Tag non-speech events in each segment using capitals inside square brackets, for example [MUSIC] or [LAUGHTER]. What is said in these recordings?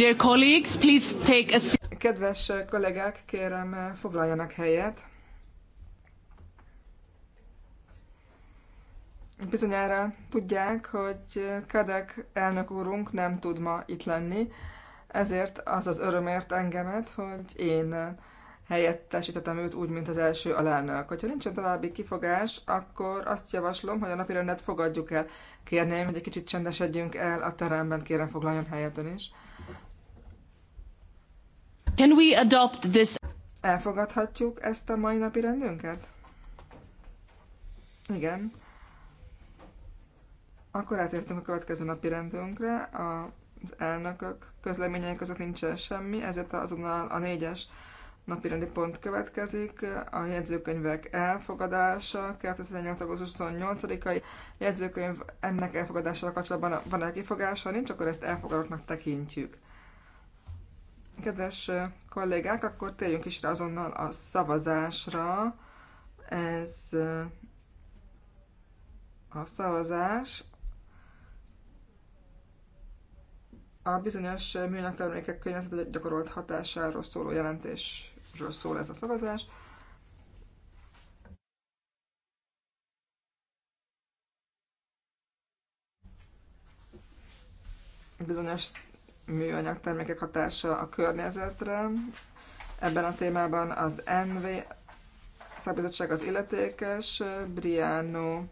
Dear colleagues, please take a seat. Kedves kollégák, kérem foglaljanak helyet. Bizonyára tudják, hogy Kadek elnök úrunk nem tud ma itt lenni, ezért az az örömért engemet, hogy én helyettesítettem őt úgy, mint az első alelnök. Hogyha nincsen további kifogás, akkor azt javaslom, hogy a napi rendet fogadjuk el. Kérném, hogy egy kicsit csendesedjünk el a teremben, kérem foglaljon helyet ön is. Can we adopt this? Elfogadhatjuk ezt a mai napi rendünket? Igen. Akkor átértünk a következő napi rendünkre. Az elnökök közleményei között nincsen semmi, ezért azonnal a négyes rendi pont következik. A jegyzőkönyvek elfogadása 2018. augusztus 28-ai jegyzőkönyv ennek elfogadásával kapcsolatban van-e kifogása, nincs, akkor ezt elfogadottnak tekintjük. Kedves kollégák, akkor térjünk is rá azonnal a szavazásra. Ez a szavazás a bizonyos műanyag termékek környezetre gyakorolt hatásáról szóló jelentésről szól ez a szavazás. Bizonyos műanyag termékek hatása a környezetre. Ebben a témában az NV szakbizottság az illetékes, Briano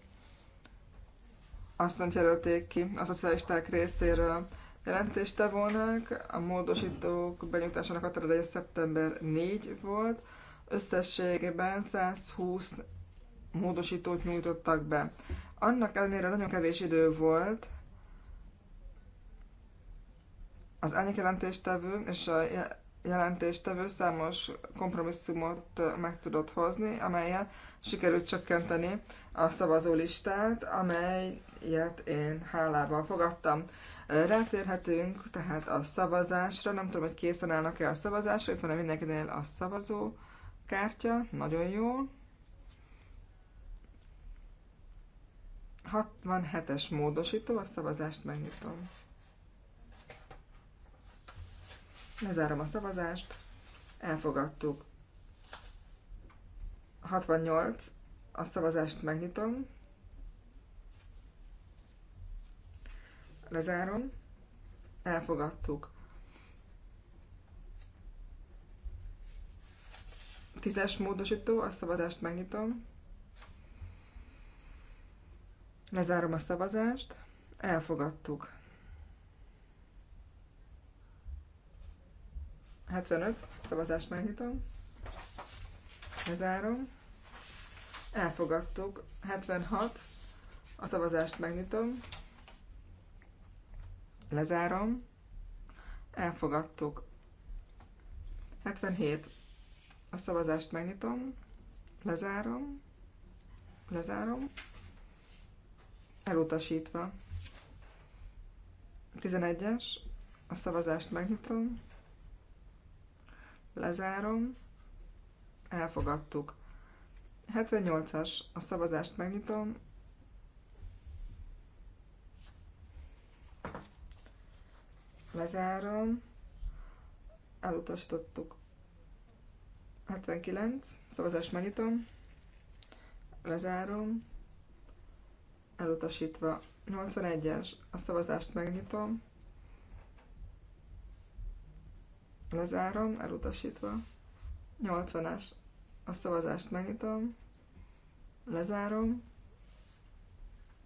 asszonyt jelölték ki a szocialisták részéről jelentéstevónak. A módosítók benyújtásának határideje szeptember 4 volt. Összességében 120 módosítót nyújtottak be. Annak ellenére nagyon kevés idő volt, az elnök jelentéstevő és a jelentéstevő számos kompromisszumot meg tudott hozni, amelyen sikerült csökkenteni a szavazólistát, amelyet én hálával fogadtam. Rátérhetünk tehát a szavazásra, nem tudom, hogy készen állnak-e a szavazásra, itt van-e mindenkinél a szavazó kártya, nagyon jó. 67-es módosító, a szavazást megnyitom. Lezárom a szavazást. Elfogadtuk. 68. A szavazást megnyitom. Lezárom. Elfogadtuk. Tízes módosító, a szavazást megnyitom. Lezárom a szavazást. Elfogadtuk. 75, szavazást megnyitom. Lezárom. Elfogadtuk. 76, a szavazást megnyitom. Lezárom. Elfogadtuk. 77, a szavazást megnyitom. Lezárom. Lezárom. Elutasítva. 11-es, a szavazást megnyitom Lezárom. Elfogadtuk. 78-as. A szavazást megnyitom. Lezárom. Elutasítottuk. 79. Szavazást megnyitom. Lezárom. Elutasítva. 81-es. A szavazást megnyitom. Lezárom, elutasítva. 80-as. A szavazást megnyitom. Lezárom.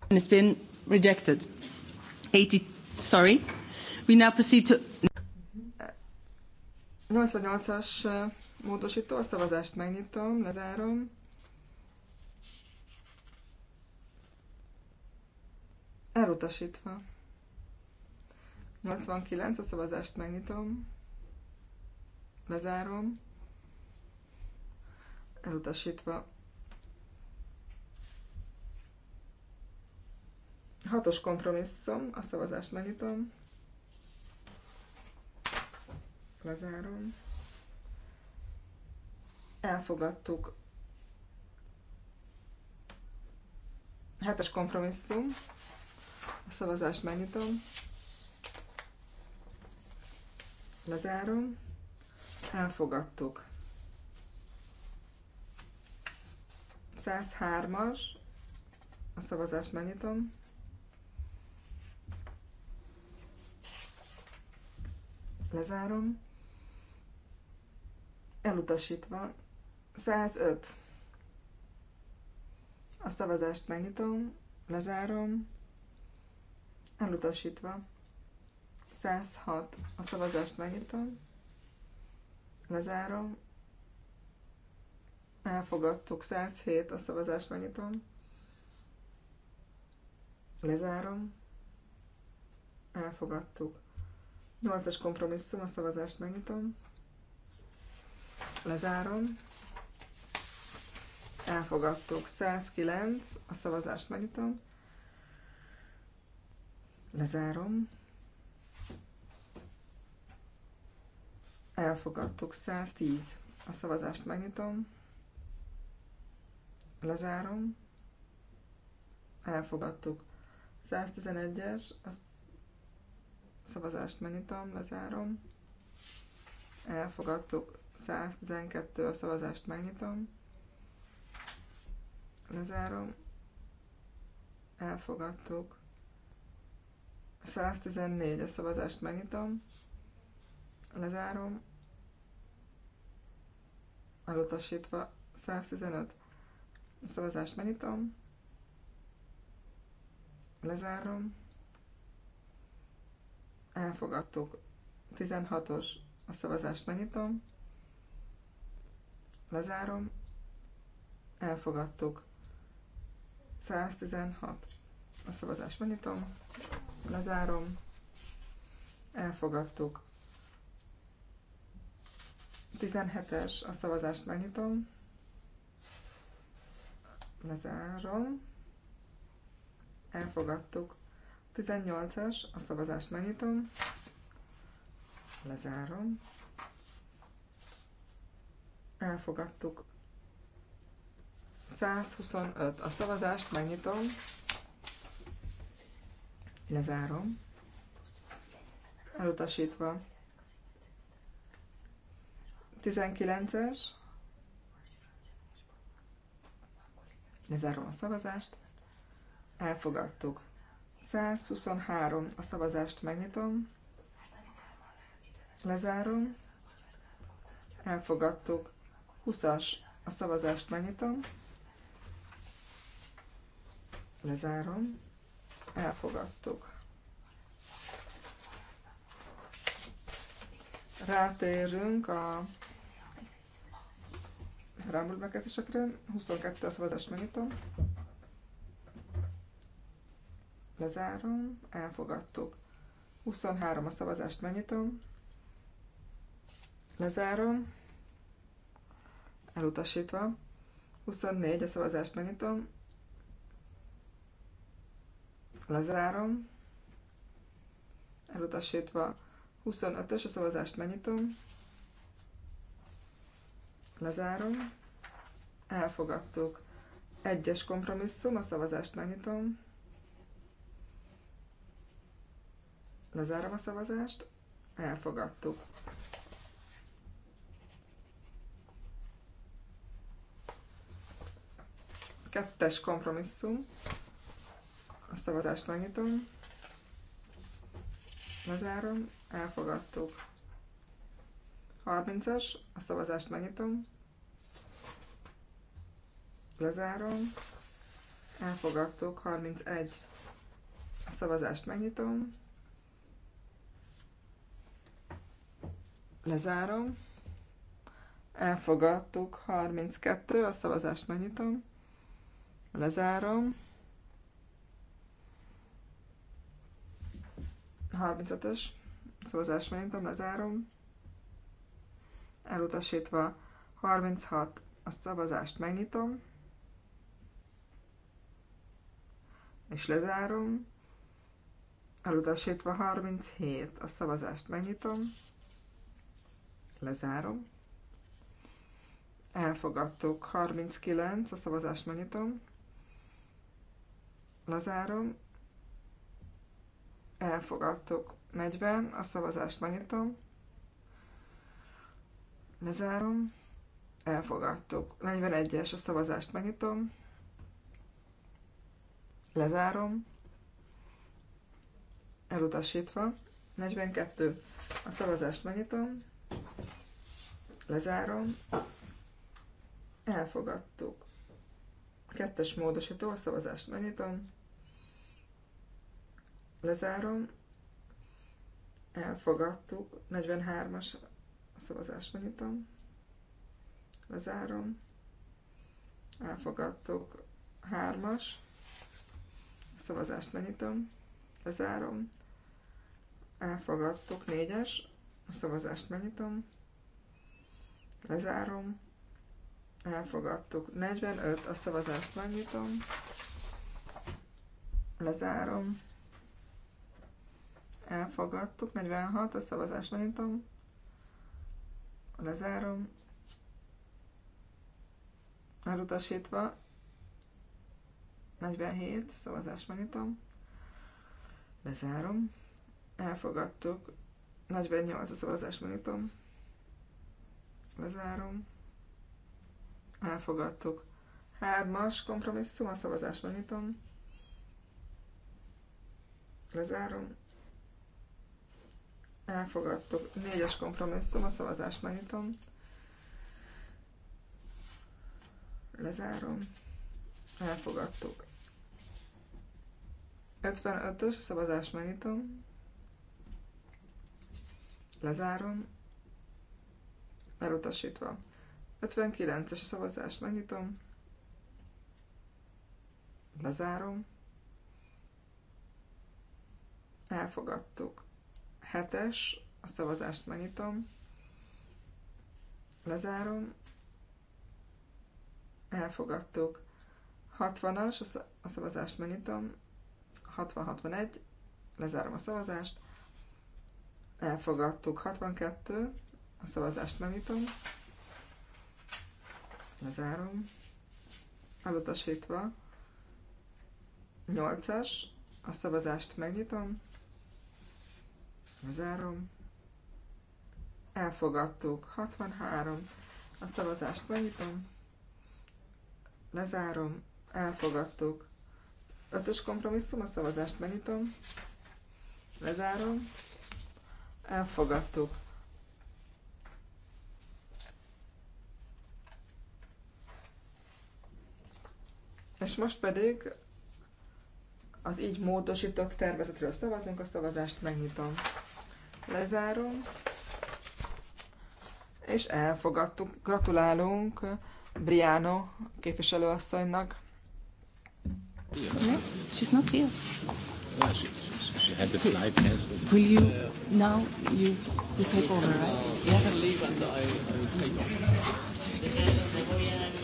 And it's been rejected. 80, sorry. We now proceed to... 88-as eh, módosító, a szavazást megnyitom, lezárom. Elutasítva. 89, a szavazást megnyitom. Lezárom. Elutasítva. Hatos kompromisszum, a szavazást megnyitom. Lezárom. Elfogadtuk. Hetes kompromisszum. A szavazást megnyitom. Lezárom elfogadtuk. 103-as, a szavazást megnyitom. Lezárom. Elutasítva. 105. A szavazást megnyitom, lezárom. Elutasítva. 106. A szavazást megnyitom, Lezárom. Elfogadtuk 107, a szavazást megnyitom. Lezárom. Elfogadtuk. 8-as kompromisszum, a szavazást megnyitom. Lezárom. Elfogadtuk. 109, a szavazást megnyitom. Lezárom Elfogadtuk. 110. A szavazást megnyitom. Lezárom. Elfogadtuk. 111-es. A szavazást megnyitom. Lezárom. Elfogadtuk. 112. A szavazást megnyitom. Lezárom. Elfogadtuk. 114. A szavazást megnyitom. Lezárom elutasítva 115. A szavazást megnyitom, lezárom, elfogadtuk 16-os, a szavazást megnyitom, lezárom, elfogadtuk 116. A szavazást megnyitom, lezárom, elfogadtuk 17-es, a szavazást megnyitom. Lezárom. Elfogadtuk. 18-as, a szavazást megnyitom. Lezárom. Elfogadtuk. 125, a szavazást megnyitom. Lezárom. Elutasítva. 19-es. Lezárom a szavazást. Elfogadtuk. 123. A szavazást megnyitom. Lezárom. Elfogadtuk. 20-as. A szavazást megnyitom. Lezárom. Elfogadtuk. Rátérünk a preambul bekezdésekre. 22 a szavazást megnyitom. Lezárom, elfogadtuk. 23 a szavazást megnyitom. Lezárom, elutasítva. 24 a szavazást megnyitom. Lezárom, elutasítva. 25-ös a szavazást megnyitom. Lezárom elfogadtuk. Egyes kompromisszum, a szavazást megnyitom. Lezárom a szavazást, elfogadtuk. Kettes kompromisszum, a szavazást megnyitom. Lezárom, elfogadtuk. 30-as, a szavazást megnyitom lezárom, elfogadtuk, 31 a szavazást megnyitom, lezárom, elfogadtuk, 32 a szavazást megnyitom, lezárom, 35-ös szavazást megnyitom, lezárom, elutasítva 36 a szavazást megnyitom, és lezárom. Elutasítva 37. A szavazást megnyitom. Lezárom. Elfogadtuk 39. A szavazást megnyitom. Lezárom. Elfogadtuk 40. A szavazást megnyitom. Lezárom. Elfogadtuk. 41-es a szavazást megnyitom. Lezárom. Elutasítva. 42. A szavazást megnyitom. Lezárom. Elfogadtuk. Kettes módosító, a szavazást megnyitom. Lezárom. Elfogadtuk. 43-as a szavazást megnyitom. Lezárom. Elfogadtuk. Hármas szavazást megnyitom, lezárom, elfogadtok, négyes, a szavazást megnyitom, lezárom, elfogadtuk, 45, a szavazást megnyitom, lezárom, elfogadtuk, 46, a szavazást megnyitom, lezárom, elutasítva, 47, szavazást megnyitom. Bezárom. Elfogadtuk. 48 a szavazást megnyitom. Bezárom. Elfogadtuk. Hármas kompromisszum, a szavazást megnyitom. Lezárom. Elfogadtuk. Négyes kompromisszum, a szavazást megnyitom. Lezárom. Elfogadtuk. 55-ös szavazás megnyitom. Lezárom. Elutasítva. 59-es szavazást megnyitom. Lezárom. Elfogadtuk. 7-es a szavazást megnyitom. Lezárom. Elfogadtuk. 60-as a szavazást megnyitom 60-61, lezárom a szavazást, elfogadtuk 62, a szavazást megnyitom, lezárom, elutasítva 8-as, a szavazást megnyitom, lezárom, elfogadtuk 63, a szavazást megnyitom, lezárom, elfogadtuk Ötös kompromisszum, a szavazást megnyitom. Lezárom. Elfogadtuk. És most pedig az így módosított tervezetről szavazunk, a szavazást megnyitom. Lezárom. És elfogadtuk. Gratulálunk Briano képviselőasszonynak. No, she's not here. Yeah, she, she had the so, flight canceled. Will you now? You, you take over, right? Yeah. leave and I, I take over.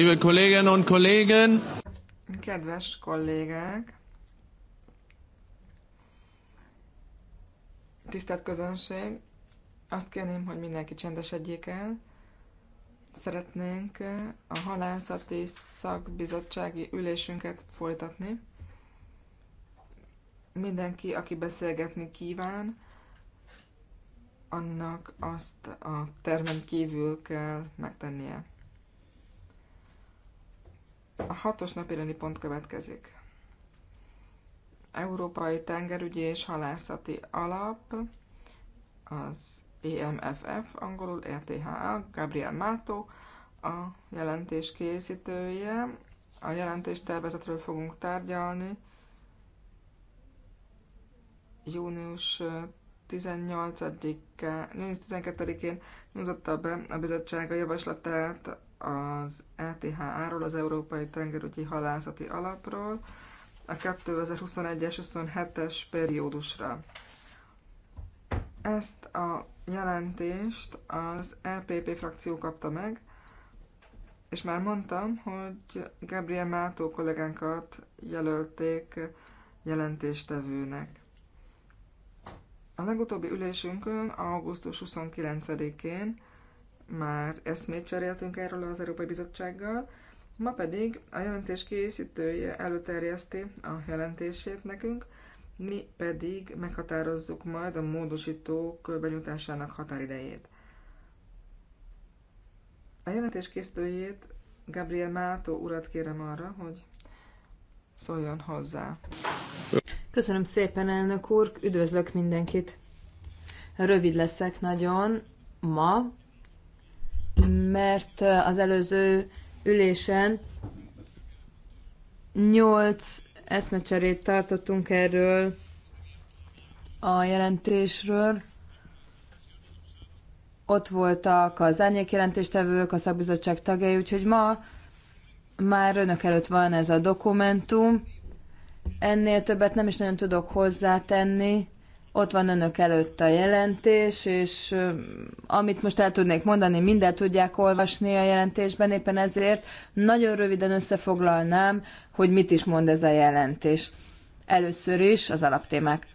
Liebe Kolleginnen und Kollegen! Kedves kollégák! Tisztelt közönség! Azt kérném, hogy mindenki csendesedjék el. Szeretnénk eh, a halászati szakbizottsági ülésünket folytatni. Mindenki, aki beszélgetni kíván, annak azt a termen kívül kell megtennie. A hatos napirendi pont következik. Európai Tengerügyi és Halászati Alap, az EMFF, angolul ETHA, Gabriel Mato, a jelentés készítője. A jelentés tervezetről fogunk tárgyalni június 18-án, június 12-én nyújtotta be a bizottság a javaslatát az ETH-ról, az Európai Tengerügyi Halászati Alapról a 2021-es 27-es periódusra. Ezt a jelentést az EPP frakció kapta meg, és már mondtam, hogy Gabriel Mátó kollégánkat jelölték jelentéstevőnek. A legutóbbi ülésünkön, augusztus 29-én már eszmét cseréltünk erről az Európai Bizottsággal, ma pedig a jelentés készítője előterjeszti a jelentését nekünk, mi pedig meghatározzuk majd a módosítók benyújtásának határidejét. A jelentés készítőjét, Gabriel Mátó urat kérem arra, hogy szóljon hozzá. Köszönöm szépen, elnök úr, üdvözlök mindenkit. Rövid leszek nagyon. Ma mert az előző ülésen nyolc eszmecserét tartottunk erről a jelentésről. Ott voltak az árnyékjelentéstevők, a szakbizottság tagjai, úgyhogy ma már önök előtt van ez a dokumentum. Ennél többet nem is nagyon tudok hozzátenni. Ott van önök előtt a jelentés, és amit most el tudnék mondani, mindent tudják olvasni a jelentésben, éppen ezért nagyon röviden összefoglalnám, hogy mit is mond ez a jelentés. Először is az alaptémák.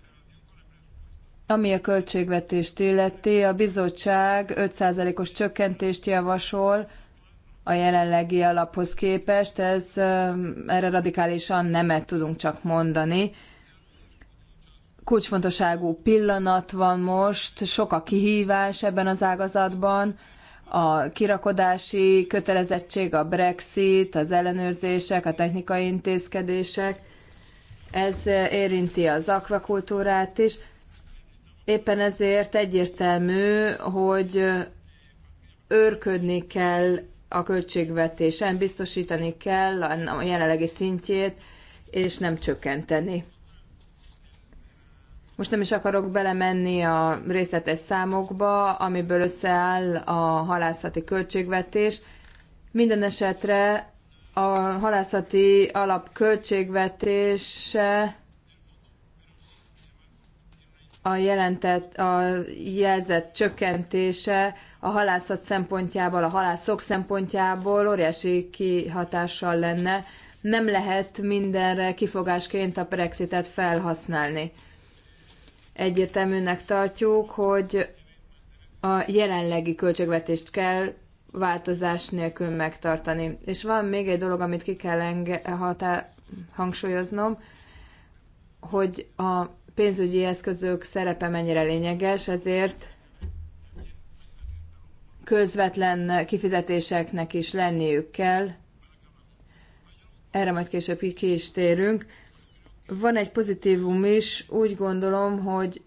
Ami a költségvetést illeti, a bizottság 5%-os csökkentést javasol a jelenlegi alaphoz képest, ez erre radikálisan nemet tudunk csak mondani kulcsfontosságú pillanat van most, sok a kihívás ebben az ágazatban, a kirakodási kötelezettség, a Brexit, az ellenőrzések, a technikai intézkedések, ez érinti az akvakultúrát is. Éppen ezért egyértelmű, hogy őrködni kell a költségvetésen, biztosítani kell a jelenlegi szintjét, és nem csökkenteni. Most nem is akarok belemenni a részletes számokba, amiből összeáll a halászati költségvetés. Minden esetre a halászati alap költségvetése a jelentett, a jelzett csökkentése a halászat szempontjából, a halászok szempontjából óriási kihatással lenne. Nem lehet mindenre kifogásként a Brexitet felhasználni egyértelműnek tartjuk, hogy a jelenlegi költségvetést kell változás nélkül megtartani. És van még egy dolog, amit ki kell enge- hatá- hangsúlyoznom, hogy a pénzügyi eszközök szerepe mennyire lényeges, ezért közvetlen kifizetéseknek is lenniük kell. Erre majd később ki is térünk van egy pozitívum is, úgy gondolom, hogy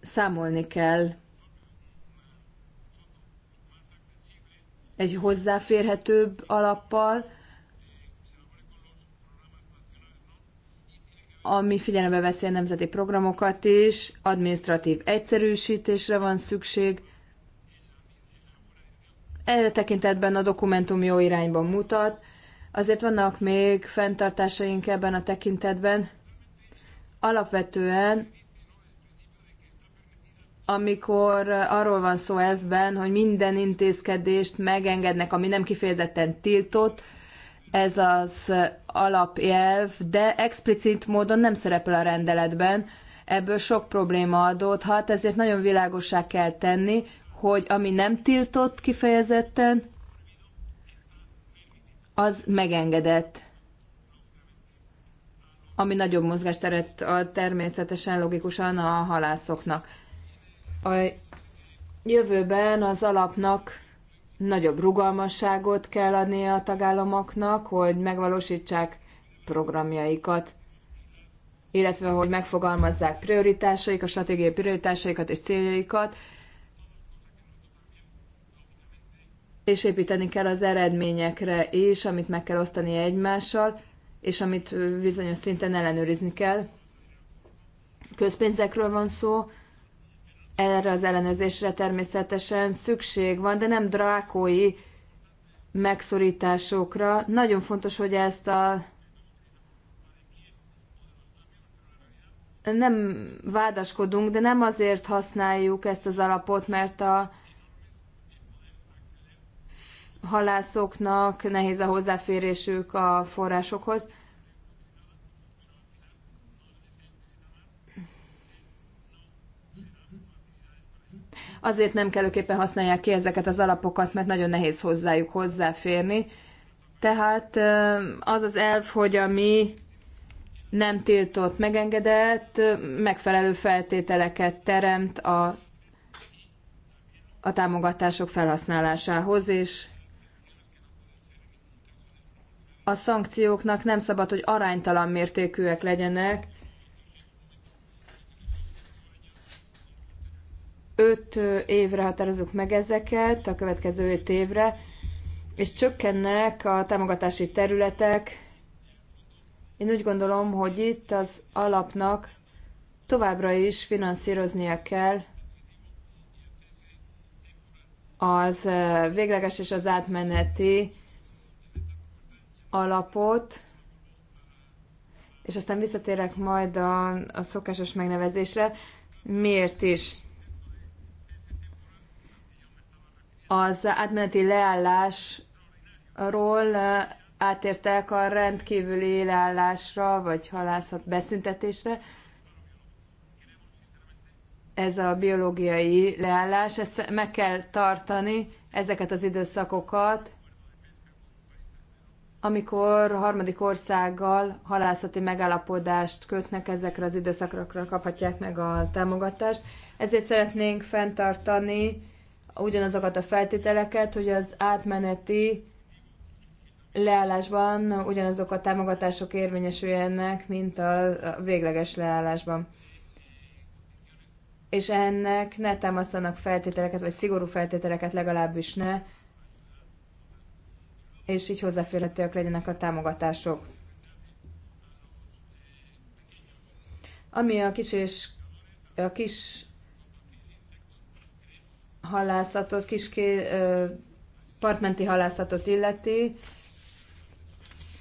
számolni kell egy hozzáférhetőbb alappal, ami figyelembe veszi a nemzeti programokat is, administratív egyszerűsítésre van szükség. E tekintetben a dokumentum jó irányban mutat, Azért vannak még fenntartásaink ebben a tekintetben. Alapvetően, amikor arról van szó F-ben, hogy minden intézkedést megengednek, ami nem kifejezetten tiltott, ez az alapjelv, de explicit módon nem szerepel a rendeletben. Ebből sok probléma adódhat, ezért nagyon világossá kell tenni, hogy ami nem tiltott kifejezetten, az megengedett, ami nagyobb mozgásteret ad természetesen logikusan a halászoknak. A jövőben az alapnak nagyobb rugalmasságot kell adni a tagállamoknak, hogy megvalósítsák programjaikat, illetve hogy megfogalmazzák prioritásaikat, a stratégiai prioritásaikat és céljaikat, és építeni kell az eredményekre is, amit meg kell osztani egymással, és amit bizonyos szinten ellenőrizni kell. Közpénzekről van szó, erre az ellenőrzésre természetesen szükség van, de nem drákói megszorításokra. Nagyon fontos, hogy ezt a nem vádaskodunk, de nem azért használjuk ezt az alapot, mert a halászoknak nehéz a hozzáférésük a forrásokhoz. Azért nem kellőképpen használják ki ezeket az alapokat, mert nagyon nehéz hozzájuk hozzáférni. Tehát az az elv, hogy a mi nem tiltott, megengedett, megfelelő feltételeket teremt a, a támogatások felhasználásához, és a szankcióknak nem szabad, hogy aránytalan mértékűek legyenek. Öt évre határozunk meg ezeket, a következő öt évre, és csökkennek a támogatási területek. Én úgy gondolom, hogy itt az alapnak továbbra is finanszíroznia kell az végleges és az átmeneti alapot, és aztán visszatérek majd a, a szokásos megnevezésre. Miért is? Az átmeneti leállásról átértek a rendkívüli leállásra, vagy halászat beszüntetésre. Ez a biológiai leállás, ezt meg kell tartani, ezeket az időszakokat, amikor harmadik országgal halászati megállapodást kötnek, ezekre az időszakokra kaphatják meg a támogatást. Ezért szeretnénk fenntartani ugyanazokat a feltételeket, hogy az átmeneti leállásban ugyanazok a támogatások érvényesüljenek, mint a végleges leállásban. És ennek ne támasztanak feltételeket, vagy szigorú feltételeket legalábbis ne, és így hozzáférhetőek legyenek a támogatások. Ami a kis és a kis halászatot, kis ké, partmenti halászatot illeti,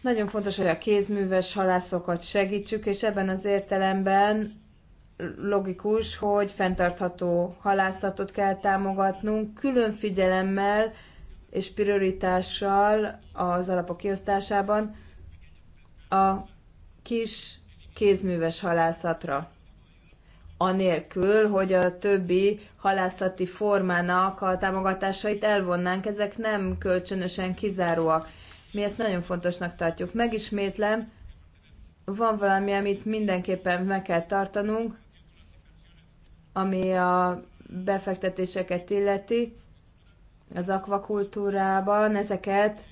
nagyon fontos, hogy a kézműves halászokat segítsük, és ebben az értelemben logikus, hogy fenntartható halászatot kell támogatnunk, külön figyelemmel és prioritással az alapok kiosztásában a kis kézműves halászatra. Anélkül, hogy a többi halászati formának a támogatásait elvonnánk, ezek nem kölcsönösen kizáróak. Mi ezt nagyon fontosnak tartjuk. Megismétlem, van valami, amit mindenképpen meg kell tartanunk, ami a befektetéseket illeti az akvakultúrában ezeket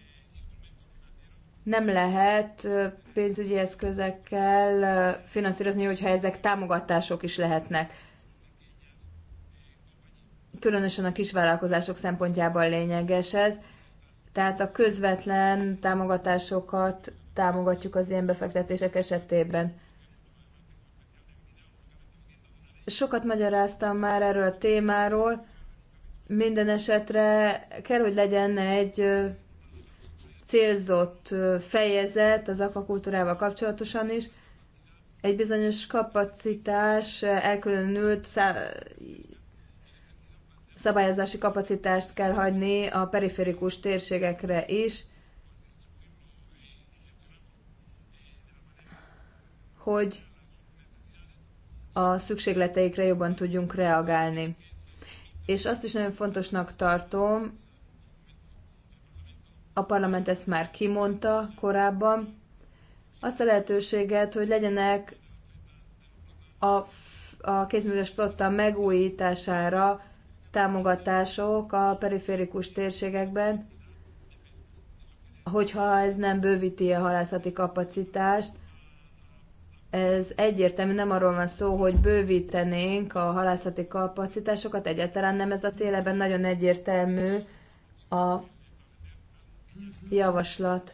nem lehet pénzügyi eszközekkel finanszírozni, hogyha ezek támogatások is lehetnek. Különösen a kisvállalkozások szempontjában lényeges ez. Tehát a közvetlen támogatásokat támogatjuk az ilyen befektetések esetében. Sokat magyaráztam már erről a témáról, minden esetre kell, hogy legyen egy célzott fejezet az akvakultúrával kapcsolatosan is. Egy bizonyos kapacitás, elkülönült szabályozási kapacitást kell hagyni a periférikus térségekre is, hogy a szükségleteikre jobban tudjunk reagálni és azt is nagyon fontosnak tartom, a parlament ezt már kimondta korábban, azt a lehetőséget, hogy legyenek a, a kézműves flotta megújítására támogatások a periférikus térségekben, hogyha ez nem bővíti a halászati kapacitást, ez egyértelmű, nem arról van szó, hogy bővítenénk a halászati kapacitásokat, egyáltalán nem ez a cél, ebben nagyon egyértelmű a javaslat.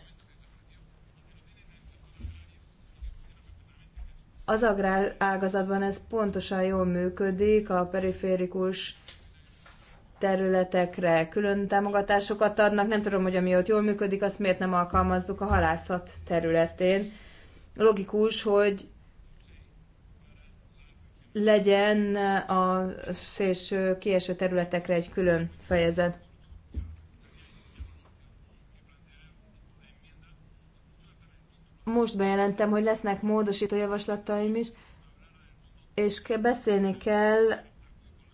Az agrár ágazatban ez pontosan jól működik, a periférikus területekre külön támogatásokat adnak. Nem tudom, hogy ami ott jól működik, azt miért nem alkalmazzuk a halászat területén logikus, hogy legyen a szélső kieső területekre egy külön fejezet. Most bejelentem, hogy lesznek módosító javaslataim is, és beszélni kell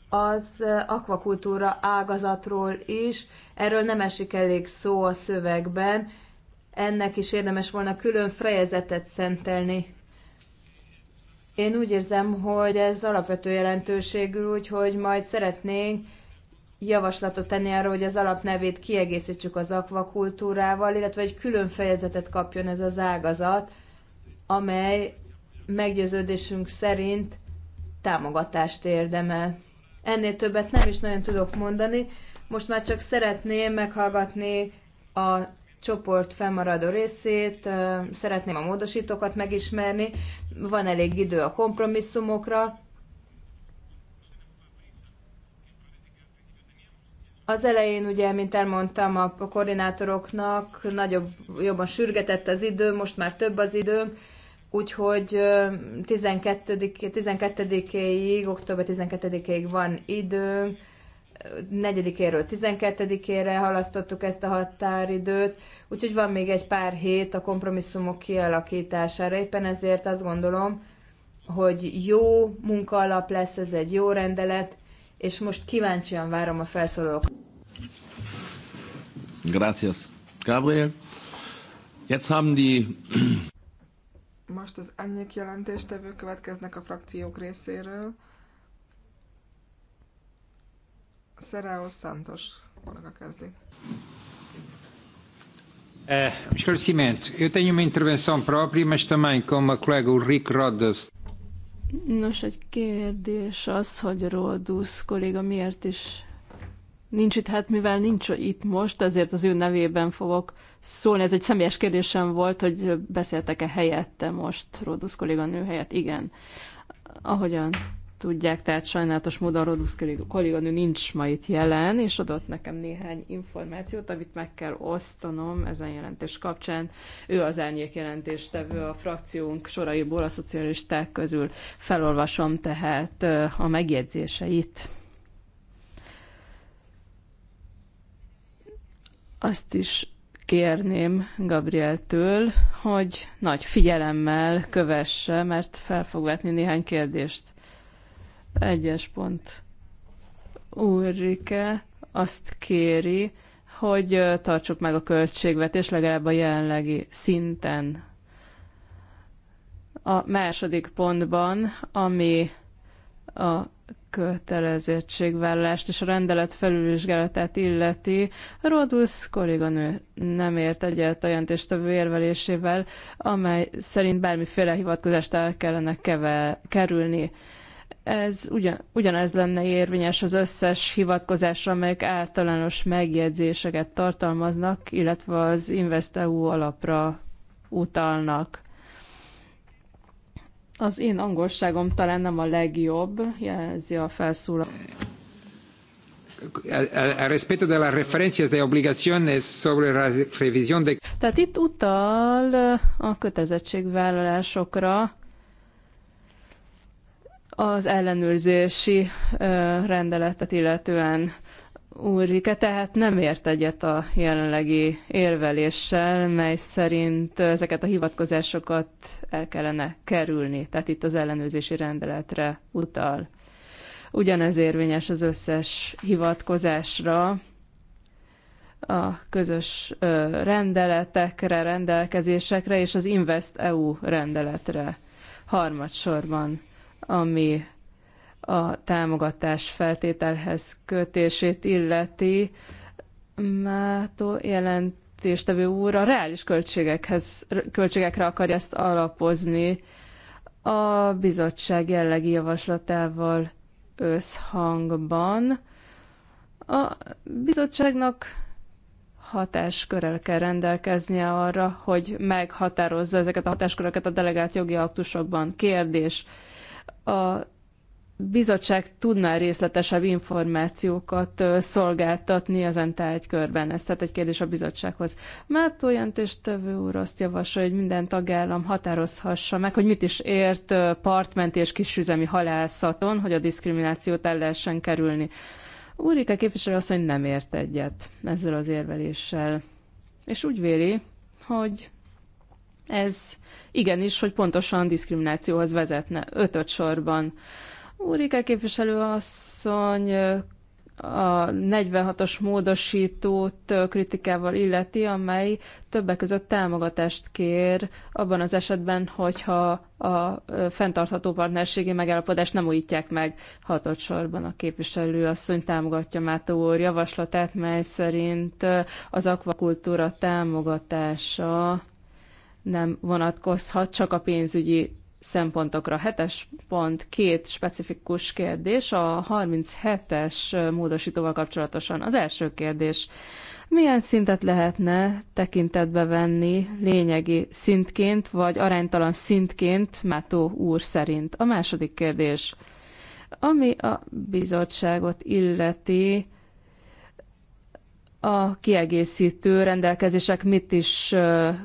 az akvakultúra ágazatról is. Erről nem esik elég szó a szövegben, ennek is érdemes volna külön fejezetet szentelni. Én úgy érzem, hogy ez alapvető jelentőségű, úgyhogy majd szeretnénk javaslatot tenni arra, hogy az alapnevét kiegészítsük az akvakultúrával, illetve egy külön fejezetet kapjon ez az ágazat, amely meggyőződésünk szerint támogatást érdemel. Ennél többet nem is nagyon tudok mondani. Most már csak szeretném meghallgatni a csoport fennmaradó részét, szeretném a módosítókat megismerni, van elég idő a kompromisszumokra. Az elején ugye, mint elmondtam, a koordinátoroknak nagyobb, jobban sürgetett az idő, most már több az idő úgyhogy 12 12-éig, október 12-éig van időm, 4-éről 12-ére halasztottuk ezt a határidőt, úgyhogy van még egy pár hét a kompromisszumok kialakítására. Éppen ezért azt gondolom, hogy jó munkaalap lesz, ez egy jó rendelet, és most kíváncsian várom a felszólalókat. Gracias, Gabriel. Jetzt haben die... Most az ennyik jelentéstevők következnek a frakciók részéről. Szereo Santos maga kezdi. esclarecimento. Eh, eu tenho uma intervenção própria, mas também com a colega Ulrich Rodas. Nos, egy kérdés az, hogy Rodusz kolléga miért is nincs itt, hát mivel nincs itt most, ezért az ő nevében fogok szólni. Ez egy személyes kérdésem volt, hogy beszéltek-e helyette most kolléga nő helyett. Igen. Ahogyan tudják, tehát sajnálatos módon Rodusz kolléganő nincs ma itt jelen, és adott nekem néhány információt, amit meg kell osztanom ezen jelentés kapcsán. Ő az árnyék jelentéstevő a frakciónk soraiból a szocialisták közül. Felolvasom tehát a megjegyzéseit. Azt is kérném Gabrieltől, hogy nagy figyelemmel kövesse, mert fel fog vetni néhány kérdést. Egyes pont. Ulrike azt kéri, hogy tartsuk meg a költségvetés legalább a jelenlegi szinten. A második pontban, ami a kötelezettségvállást és a rendelet felülvizsgálatát illeti, Rodusz kolléganő nem ért egyet a jelentéstevő érvelésével, amely szerint bármiféle hivatkozást el kellene keve- kerülni. Ez ugyan, ugyanez lenne érvényes az összes hivatkozásra, amelyek általános megjegyzéseket tartalmaznak, illetve az InvestEU alapra utalnak. Az én angolságom talán nem a legjobb, jelzi a felszólaló. A de las referencias de obligaciones sobre la revisión de... Tehát itt utal a kötelezettségvállalásokra, az ellenőrzési rendeletet illetően Úrike, tehát nem ért egyet a jelenlegi érveléssel, mely szerint ezeket a hivatkozásokat el kellene kerülni, tehát itt az ellenőrzési rendeletre utal. Ugyanez érvényes az összes hivatkozásra, a közös rendeletekre, rendelkezésekre és az Invest EU rendeletre harmadsorban ami a támogatás feltételhez kötését illeti. Mátó jelentéstevő úr a reális költségekhez, költségekre akarja ezt alapozni a bizottság jellegi javaslatával összhangban. A bizottságnak hatáskörrel kell rendelkeznie arra, hogy meghatározza ezeket a hatásköröket a delegált jogi aktusokban. Kérdés, a bizottság tudná részletesebb információkat szolgáltatni ezen tárgykörben. Ez tehát egy kérdés a bizottsághoz. olyan jelentéstevő úr azt javasolja, hogy minden tagállam határozhassa meg, hogy mit is ért partmenti és kisüzemi halászaton, hogy a diszkriminációt el lehessen kerülni. Úrika képviselő azt, hogy nem ért egyet ezzel az érveléssel. És úgy véli, hogy ez igenis, hogy pontosan diszkriminációhoz vezetne. Ötöt sorban. Úrike képviselő asszony a 46-os módosítót kritikával illeti, amely többek között támogatást kér abban az esetben, hogyha a fenntartható partnerségi megállapodást nem újítják meg hatott sorban. A képviselő asszony támogatja Mátó úr javaslatát, mely szerint az akvakultúra támogatása nem vonatkozhat csak a pénzügyi szempontokra. Hetes pont, két specifikus kérdés a 37-es módosítóval kapcsolatosan. Az első kérdés, milyen szintet lehetne tekintetbe venni lényegi szintként, vagy aránytalan szintként Mátó úr szerint? A második kérdés, ami a bizottságot illeti, a kiegészítő rendelkezések mit is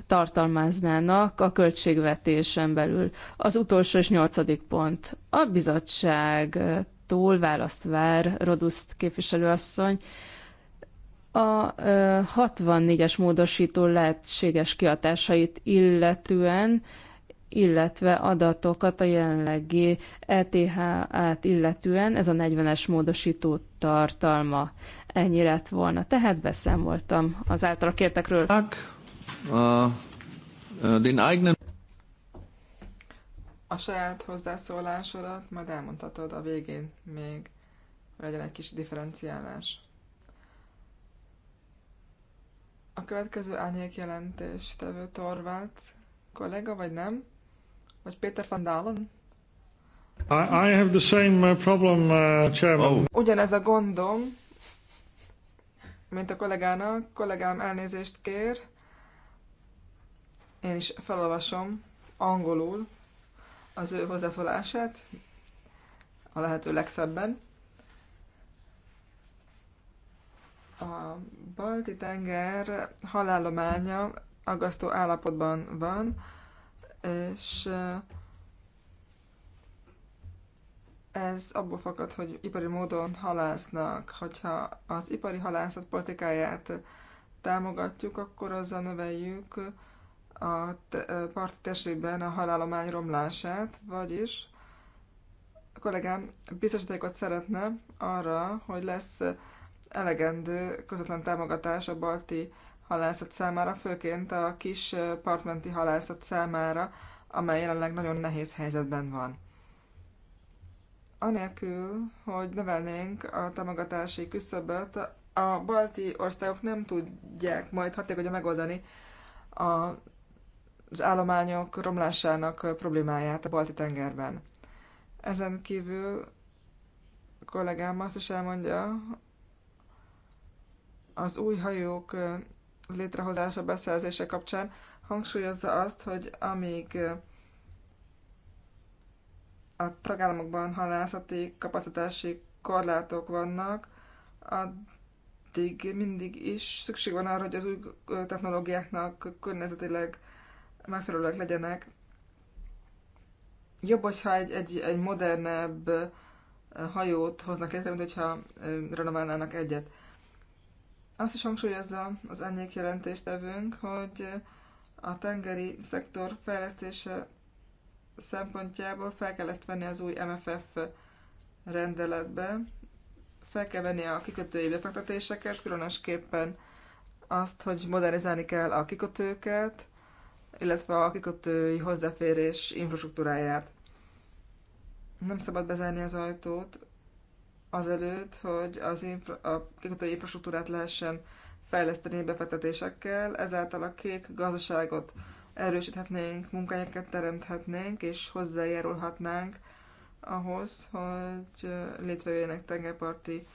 tartalmaznának a költségvetésen belül. Az utolsó és nyolcadik pont. A bizottságtól választ vár Roduszt képviselőasszony. A 64-es módosító lehetséges kiadásait illetően illetve adatokat a jelenlegi ETH-át illetően, ez a 40-es módosító tartalma. Ennyi lett volna. Tehát beszámoltam az általa kértekről. A saját hozzászólásodat majd elmondhatod a végén még, legyen egy kis differenciálás. A következő árnyék jelentés tevő Torvalds kollega, vagy nem? Vagy Péter van Dalen? I, I have the same uh, problem, uh, Chairman. Oh. Ugyanez a gondom, mint a kollégának. Kollégám elnézést kér. Én is felolvasom angolul az ő hozzászólását a lehető legszebben. A balti tenger halállománya aggasztó állapotban van, és ez abból fakad, hogy ipari módon halásznak. Hogyha az ipari halászat politikáját támogatjuk, akkor azzal növeljük a parti térségben a halálomány romlását, vagyis a kollégám biztosítékot szeretne arra, hogy lesz elegendő közvetlen támogatás a balti halászat számára, főként a kis partmenti halászat számára, amely jelenleg nagyon nehéz helyzetben van anélkül, hogy növelnénk a támogatási küszöböt, a balti országok nem tudják majd hatékonyan megoldani a, az állományok romlásának problémáját a balti tengerben. Ezen kívül a kollégám azt is elmondja, az új hajók létrehozása beszerzése kapcsán hangsúlyozza azt, hogy amíg a tagállamokban halászati kapacitási korlátok vannak, addig mindig is szükség van arra, hogy az új technológiáknak környezetileg megfelelőek legyenek. Jobb, hogyha egy, egy, egy modernebb hajót hoznak létre, mint hogyha renoválnának egyet. Azt is hangsúlyozza az jelentést jelentéstevőnk, hogy a tengeri szektor fejlesztése szempontjából fel kell ezt venni az új MFF rendeletbe, fel kell venni a kikötői befektetéseket, különösképpen azt, hogy modernizálni kell a kikötőket, illetve a kikötői hozzáférés infrastruktúráját. Nem szabad bezárni az ajtót azelőtt, hogy az infra, a kikötői infrastruktúrát lehessen fejleszteni befektetésekkel, ezáltal a kék gazdaságot erősíthetnénk, munkahelyeket teremthetnénk, és hozzájárulhatnánk ahhoz, hogy létrejöjjenek tengerparti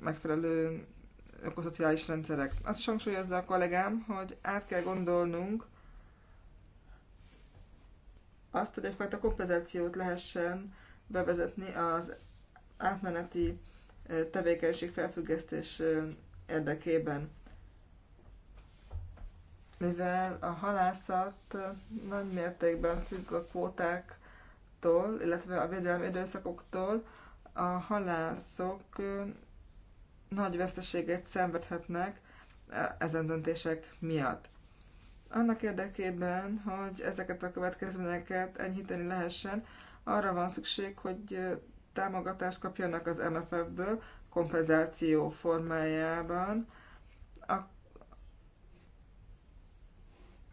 megfelelő ökoszociális rendszerek. Azt is hangsúlyozza a kollégám, hogy át kell gondolnunk azt, hogy egyfajta kompenzációt lehessen bevezetni az átmeneti tevékenység felfüggesztés érdekében mivel a halászat nagy mértékben függ a kvótáktól, illetve a védelmi időszakoktól, a halászok nagy veszteséget szenvedhetnek e- ezen döntések miatt. Annak érdekében, hogy ezeket a következményeket enyhíteni lehessen, arra van szükség, hogy támogatást kapjanak az MFF-ből kompenzáció formájában, a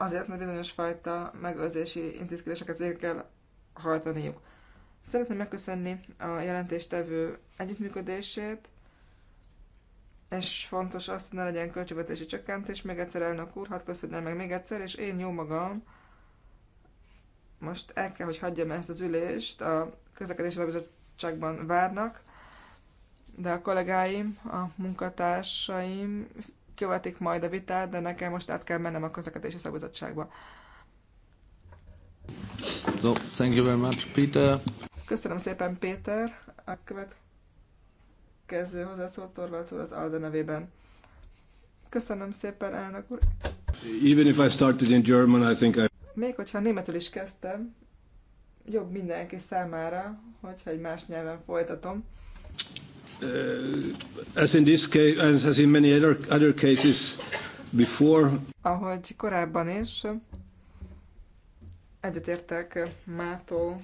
azért, mert bizonyos fajta megőrzési intézkedéseket végre kell hajtaniuk. Szeretném megköszönni a jelentéstevő együttműködését, és fontos azt, hogy ne legyen költségvetési csökkentés. Még egyszer elnök úr, hadd köszönjem meg még egyszer, és én jó magam most el kell, hogy hagyjam ezt az ülést, a közlekedési bizottságban várnak, de a kollégáim, a munkatársaim követik majd a vitát, de nekem most át kell mennem a közlekedési szabadságba. So, thank you very much, Peter. Köszönöm szépen, Péter. A következő hozzászólt Torvalds úr az Alda nevében. Köszönöm szépen, elnök úr. Even if I started in German, I think I... Még hogyha németül is kezdtem, jobb mindenki számára, hogyha egy más nyelven folytatom. Uh, as in this case, as in many other, other cases before. Ahogy korábban is, egyetértek Mátó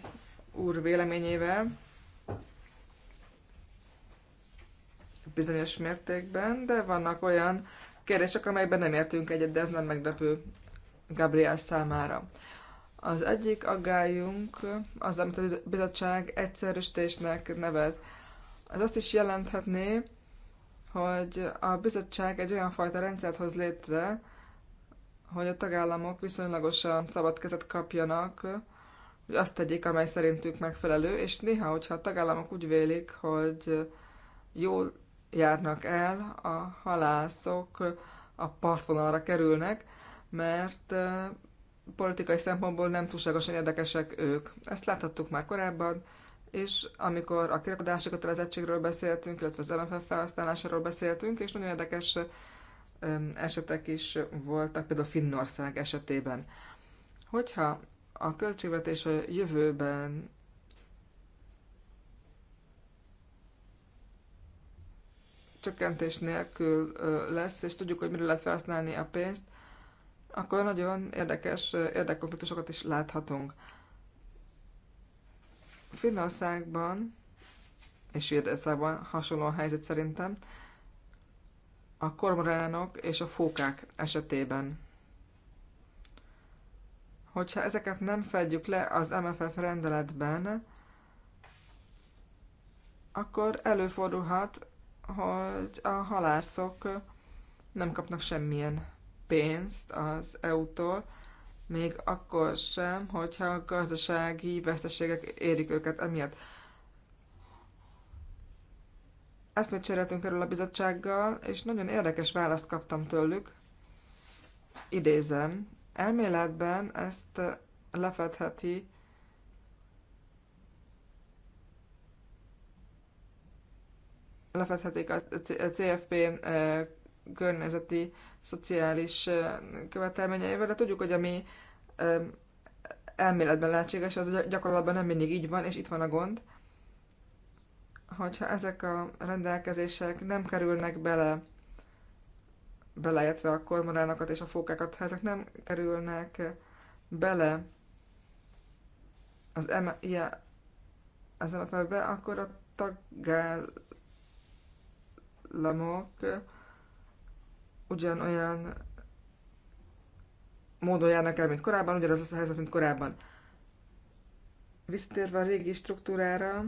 úr véleményével, bizonyos mértékben, de vannak olyan kérdések, amelyben nem értünk egyet, de ez nem meglepő Gabriel számára. Az egyik aggályunk az, amit a bizottság egyszerűsítésnek nevez. Ez azt is jelenthetné, hogy a bizottság egy olyan fajta rendszert hoz létre, hogy a tagállamok viszonylagosan szabad kezet kapjanak, hogy azt tegyék, amely szerintük megfelelő, és néha, hogyha a tagállamok úgy vélik, hogy jól járnak el, a halászok a partvonalra kerülnek, mert politikai szempontból nem túlságosan érdekesek ők. Ezt láthattuk már korábban, és amikor a kirakodási kötelezettségről beszéltünk, illetve az MFF felhasználásáról beszéltünk, és nagyon érdekes esetek is voltak, például Finnország esetében. Hogyha a költségvetés a jövőben csökkentés nélkül lesz, és tudjuk, hogy mire lehet felhasználni a pénzt, akkor nagyon érdekes érdekkonfliktusokat is láthatunk. Finnországban és Svédországban hasonló a helyzet szerintem, a kormoránok és a fókák esetében. Hogyha ezeket nem fedjük le az MFF rendeletben, akkor előfordulhat, hogy a halászok nem kapnak semmilyen pénzt az EU-tól, még akkor sem, hogyha a gazdasági veszteségek érik őket emiatt. Ezt még cseréltünk erről a bizottsággal, és nagyon érdekes választ kaptam tőlük. Idézem, elméletben ezt lefedheti lefedhetik a CFP eh, környezeti szociális követelményeivel, de tudjuk, hogy ami elméletben lehetséges, az gyakorlatban nem mindig így van, és itt van a gond. Hogyha ezek a rendelkezések nem kerülnek bele, beleértve a kormoránokat és a fókákat, ha ezek nem kerülnek bele az M- ilyen, az MFF-be, akkor a tagállamok ugyanolyan módon járnak el, mint korábban, ugyanaz lesz a helyzet, mint korábban. Visszatérve a régi struktúrára,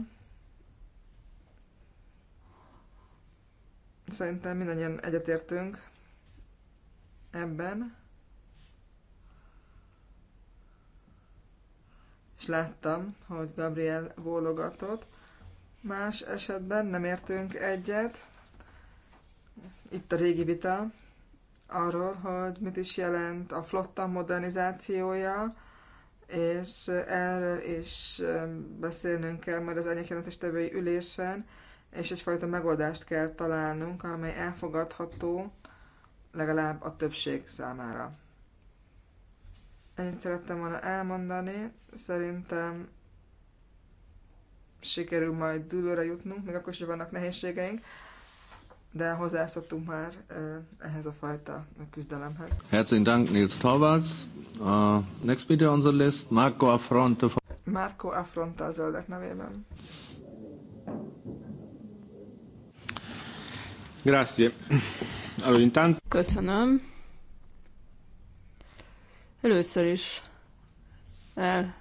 szerintem mindannyian egyetértünk ebben. És láttam, hogy Gabriel bólogatott. Más esetben nem értünk egyet. Itt a régi vita arról, hogy mit is jelent a flotta modernizációja, és erről is beszélnünk kell majd az enyek jelentéstevői ülésen, és egyfajta megoldást kell találnunk, amely elfogadható legalább a többség számára. Ennyit szerettem volna elmondani, szerintem sikerül majd dőlőre jutnunk, még akkor is, hogy vannak nehézségeink, de hozzászoktunk már ehhez a fajta küzdelemhez. Herzlichen Dank, Nils Torvalds. Uh, next video on the list, Marco Affronte. Marco Affronte a zöldek nevében. Grazie. Allora, intanto... Köszönöm. Először is el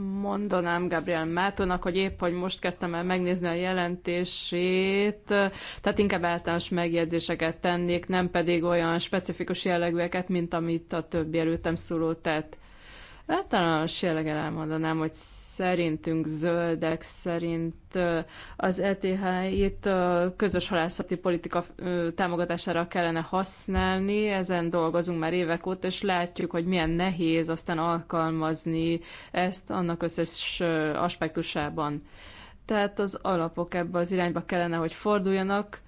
mondanám Gabriel Mátonak, hogy épp, hogy most kezdtem el megnézni a jelentését, tehát inkább általános megjegyzéseket tennék, nem pedig olyan specifikus jellegűeket, mint amit a többi előttem szóló tett. Általános hát, jellegen elmondanám, hogy szerintünk zöldek szerint az eth itt közös halászati politika támogatására kellene használni. Ezen dolgozunk már évek óta, és látjuk, hogy milyen nehéz aztán alkalmazni ezt annak összes aspektusában. Tehát az alapok ebbe az irányba kellene, hogy forduljanak,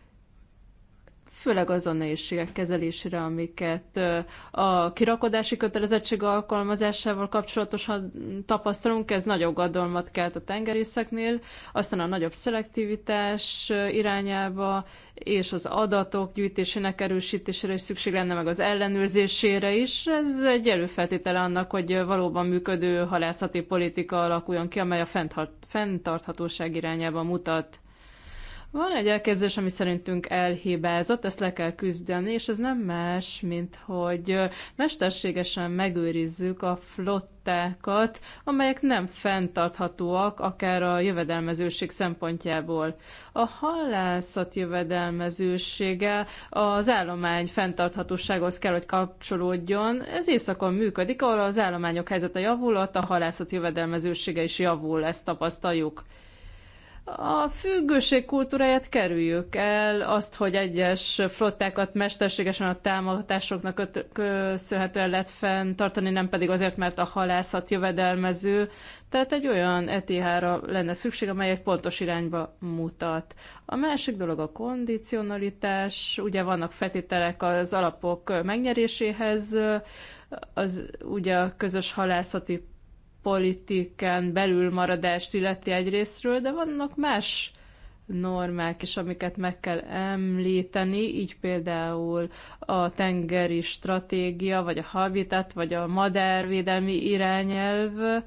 főleg azon nehézségek kezelésére, amiket a kirakodási kötelezettség alkalmazásával kapcsolatosan tapasztalunk. Ez nagyobb gondolmat kelt a tengerészeknél, aztán a nagyobb szelektivitás irányába, és az adatok gyűjtésének erősítésére is szükség lenne, meg az ellenőrzésére is. Ez egy előfeltétele annak, hogy valóban működő halászati politika alakuljon ki, amely a fenntarthatóság irányába mutat. Van egy elképzelés, ami szerintünk elhibázott, ezt le kell küzdeni, és ez nem más, mint hogy mesterségesen megőrizzük a flottákat, amelyek nem fenntarthatóak, akár a jövedelmezőség szempontjából. A halászat jövedelmezősége az állomány fenntarthatósághoz kell, hogy kapcsolódjon. Ez éjszakon működik, ahol az állományok helyzete javul, ott a halászat jövedelmezősége is javul, ezt tapasztaljuk a függőség kultúráját kerüljük el, azt, hogy egyes flottákat mesterségesen a támogatásoknak köszönhetően lehet fenntartani, nem pedig azért, mert a halászat jövedelmező. Tehát egy olyan etihára lenne szükség, amely egy pontos irányba mutat. A másik dolog a kondicionalitás. Ugye vannak feltételek az alapok megnyeréséhez, az ugye a közös halászati politikán belül maradást illeti egyrésztről, de vannak más normák is, amiket meg kell említeni, így például a tengeri stratégia, vagy a habitat, vagy a madárvédelmi irányelv,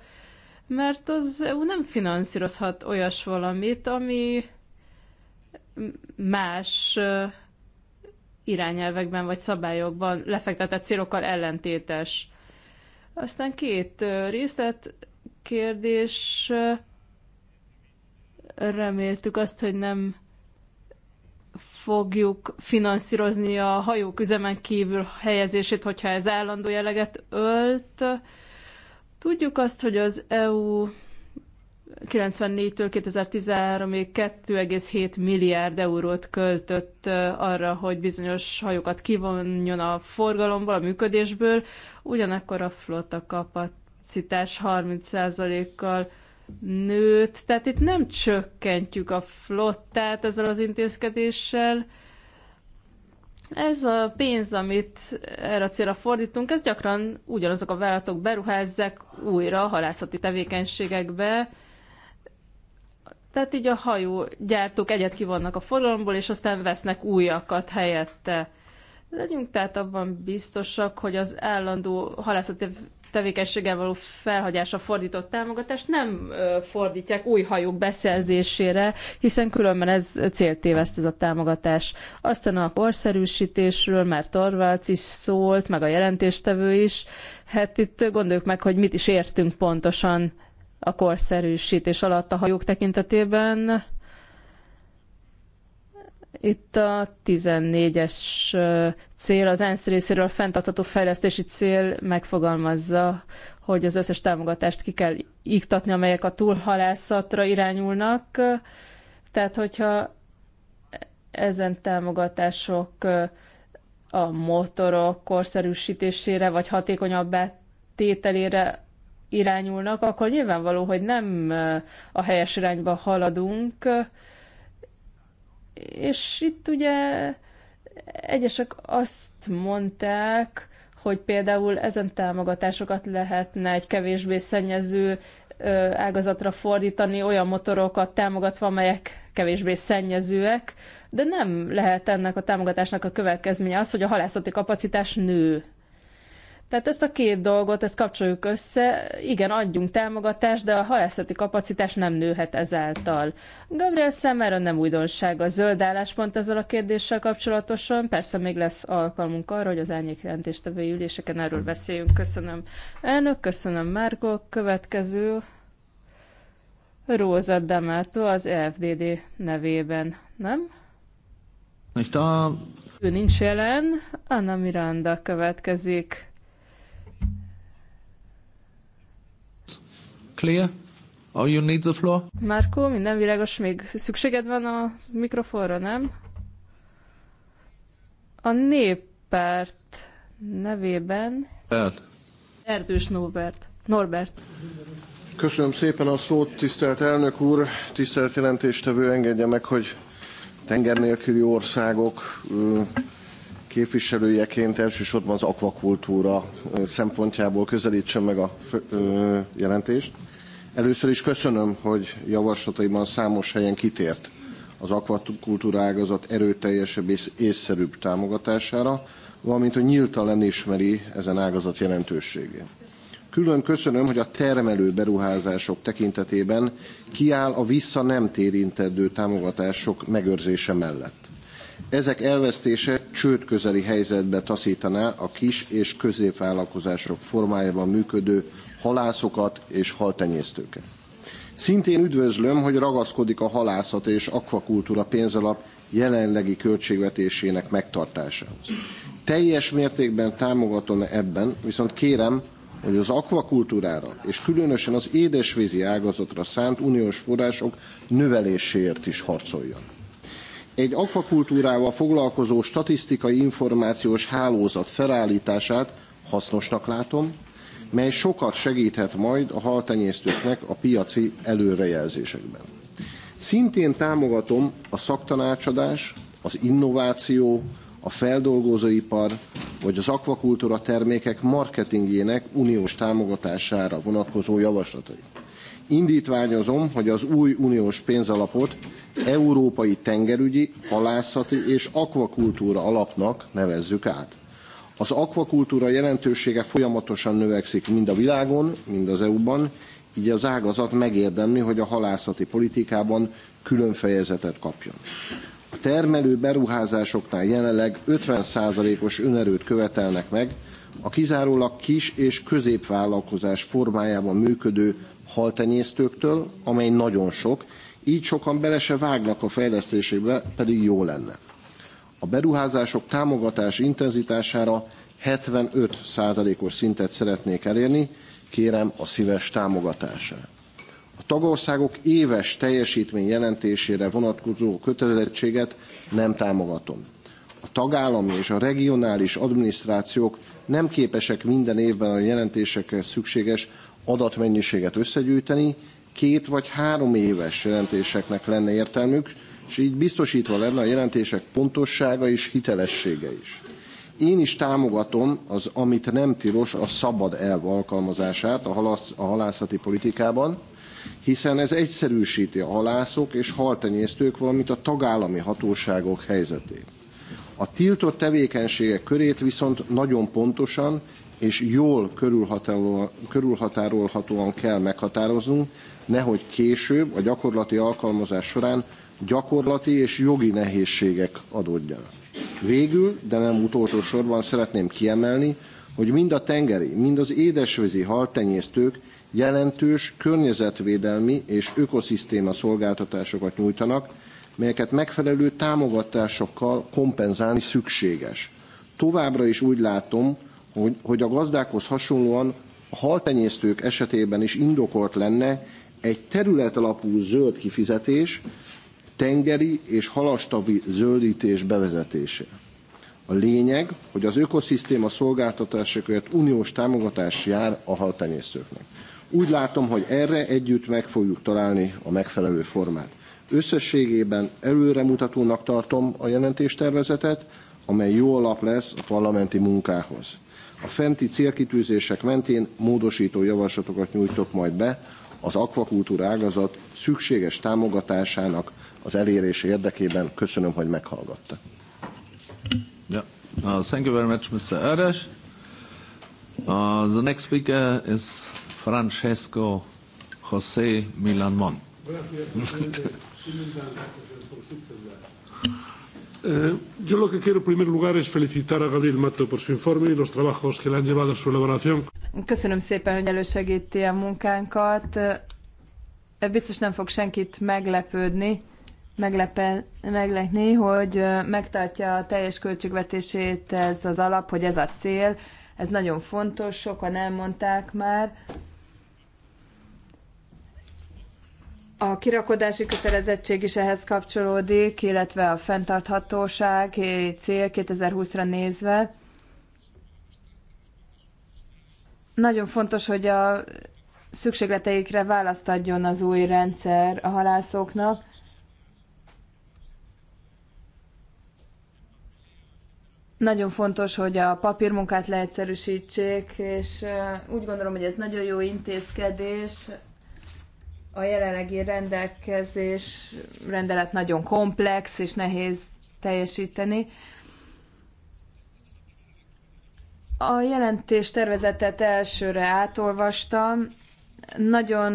mert az EU nem finanszírozhat olyas valamit, ami más irányelvekben vagy szabályokban lefektetett célokkal ellentétes. Aztán két részlet kérdés. Reméltük azt, hogy nem fogjuk finanszírozni a hajók üzemen kívül helyezését, hogyha ez állandó jelleget ölt. Tudjuk azt, hogy az EU 94-től 2013-ig 2,7 milliárd eurót költött arra, hogy bizonyos hajókat kivonjon a forgalomból, a működésből, ugyanakkor a flotta kapacitás 30%-kal nőtt, tehát itt nem csökkentjük a flottát ezzel az intézkedéssel, ez a pénz, amit erre a célra fordítunk, ez gyakran ugyanazok a vállalatok beruházzák újra halászati tevékenységekbe, tehát így a hajógyártók egyet kivonnak a forgalomból, és aztán vesznek újakat helyette. Legyünk tehát abban biztosak, hogy az állandó halászati tevékenységgel való felhagyása fordított támogatást nem fordítják új hajók beszerzésére, hiszen különben ez céltéveszt ez a támogatás. Aztán a korszerűsítésről már Torvalc is szólt, meg a jelentéstevő is. Hát itt gondoljuk meg, hogy mit is értünk pontosan a korszerűsítés alatt a hajók tekintetében. Itt a 14-es cél, az ENSZ részéről a fenntartható fejlesztési cél megfogalmazza, hogy az összes támogatást ki kell iktatni, amelyek a túlhalászatra irányulnak. Tehát, hogyha ezen támogatások a motorok korszerűsítésére vagy hatékonyabb tételére irányulnak, akkor nyilvánvaló, hogy nem a helyes irányba haladunk. És itt ugye egyesek azt mondták, hogy például ezen támogatásokat lehetne egy kevésbé szennyező ágazatra fordítani, olyan motorokat támogatva, amelyek kevésbé szennyezőek, de nem lehet ennek a támogatásnak a következménye az, hogy a halászati kapacitás nő. Tehát ezt a két dolgot, ezt kapcsoljuk össze, igen, adjunk támogatást, de a halászati kapacitás nem nőhet ezáltal. Gabriel számára nem újdonság a zöld álláspont ezzel a kérdéssel kapcsolatosan, persze még lesz alkalmunk arra, hogy az árnyék jelentéstevő üléseken erről beszéljünk. Köszönöm elnök, köszönöm Márko, következő Róza Damato az EFDD nevében, nem? Most a... Ő nincs jelen, Anna Miranda következik. Clear? All you need the floor? Marco, minden világos még. Szükséged van a mikrofonra, nem? A néppárt nevében... Bert. Erdős Norbert. Norbert. Köszönöm szépen a szót, tisztelt elnök úr, tisztelt jelentéstevő, engedje meg, hogy tenger nélküli országok képviselőjeként elsősorban az akvakultúra szempontjából közelítsen meg a jelentést. Először is köszönöm, hogy javaslataiban számos helyen kitért az akvakultúra ágazat erőteljesebb és észszerűbb támogatására, valamint hogy nyíltan elismeri ezen ágazat jelentőségét. Külön köszönöm, hogy a termelő beruházások tekintetében kiáll a vissza nem térintendő támogatások megőrzése mellett. Ezek elvesztése csőd közeli helyzetbe taszítaná a kis és középvállalkozások formájában működő halászokat és haltenyésztőket. Szintén üdvözlöm, hogy ragaszkodik a halászat és akvakultúra pénzalap jelenlegi költségvetésének megtartásához. Teljes mértékben támogatom ebben, viszont kérem, hogy az akvakultúrára és különösen az édesvízi ágazatra szánt uniós források növeléséért is harcoljon. Egy akvakultúrával foglalkozó statisztikai információs hálózat felállítását hasznosnak látom, mely sokat segíthet majd a haltenyésztőknek a piaci előrejelzésekben. Szintén támogatom a szaktanácsadás, az innováció, a feldolgozóipar vagy az akvakultúra termékek marketingjének uniós támogatására vonatkozó javaslatait. Indítványozom, hogy az új uniós pénzalapot Európai Tengerügyi, Halászati és Akvakultúra Alapnak nevezzük át. Az akvakultúra jelentősége folyamatosan növekszik mind a világon, mind az EU-ban, így az ágazat megérdemli, hogy a halászati politikában külön fejezetet kapjon. A termelő beruházásoknál jelenleg 50%-os önerőt követelnek meg a kizárólag kis és középvállalkozás formájában működő haltenyésztőktől, amely nagyon sok, így sokan bele se vágnak a fejlesztésébe, pedig jó lenne. A beruházások támogatási intenzitására 75%-os szintet szeretnék elérni, kérem a szíves támogatását. A tagországok éves teljesítmény jelentésére vonatkozó kötelezettséget nem támogatom. A tagállami és a regionális adminisztrációk nem képesek minden évben a jelentésekhez szükséges adatmennyiséget összegyűjteni, két vagy három éves jelentéseknek lenne értelmük, és így biztosítva lenne a jelentések pontossága és hitelessége is. Én is támogatom az, amit nem tilos, a szabad elv alkalmazását a, halász, a halászati politikában, hiszen ez egyszerűsíti a halászok és haltenyésztők, valamint a tagállami hatóságok helyzetét. A tiltott tevékenységek körét viszont nagyon pontosan és jól körülhatárolhatóan kell meghatároznunk, nehogy később a gyakorlati alkalmazás során gyakorlati és jogi nehézségek adódjanak. Végül, de nem utolsó sorban szeretném kiemelni, hogy mind a tengeri, mind az édesvízi haltenyésztők jelentős környezetvédelmi és ökoszisztéma szolgáltatásokat nyújtanak, melyeket megfelelő támogatásokkal kompenzálni szükséges. Továbbra is úgy látom, hogy, hogy a gazdákhoz hasonlóan a haltenyésztők esetében is indokolt lenne egy terület alapú zöld kifizetés, tengeri és halastavi zöldítés bevezetése. A lényeg, hogy az ökoszisztéma szolgáltatásokért uniós támogatás jár a haltenyésztőknek. Úgy látom, hogy erre együtt meg fogjuk találni a megfelelő formát. Összességében előremutatónak tartom a jelentéstervezetet, amely jó alap lesz a parlamenti munkához. A fenti célkitűzések mentén módosító javaslatokat nyújtok majd be az akvakultúra ágazat szükséges támogatásának az elérése érdekében. Köszönöm, hogy meghallgatta. Yeah. Uh, thank you very much, Mr. Erdes. Uh, the next speaker is Francesco José Milan Mon. Eh, yo lo que quiero en primer lugar es felicitar a Gabriel Mato por su informe y los trabajos que le han llevado a su elaboración. Köszönöm szépen, hogy elősegíti a munkánkat. Eh, biztos nem fog senkit meglepődni, meglepni, hogy megtartja a teljes költségvetését ez az alap, hogy ez a cél. Ez nagyon fontos, sokan elmondták már. A kirakodási kötelezettség is ehhez kapcsolódik, illetve a fenntarthatóság cél 2020-ra nézve. Nagyon fontos, hogy a szükségleteikre választ adjon az új rendszer a halászoknak Nagyon fontos, hogy a papírmunkát leegyszerűsítsék, és úgy gondolom, hogy ez nagyon jó intézkedés. A jelenlegi rendelkezés, rendelet nagyon komplex és nehéz teljesíteni. A jelentés tervezetet elsőre átolvastam, nagyon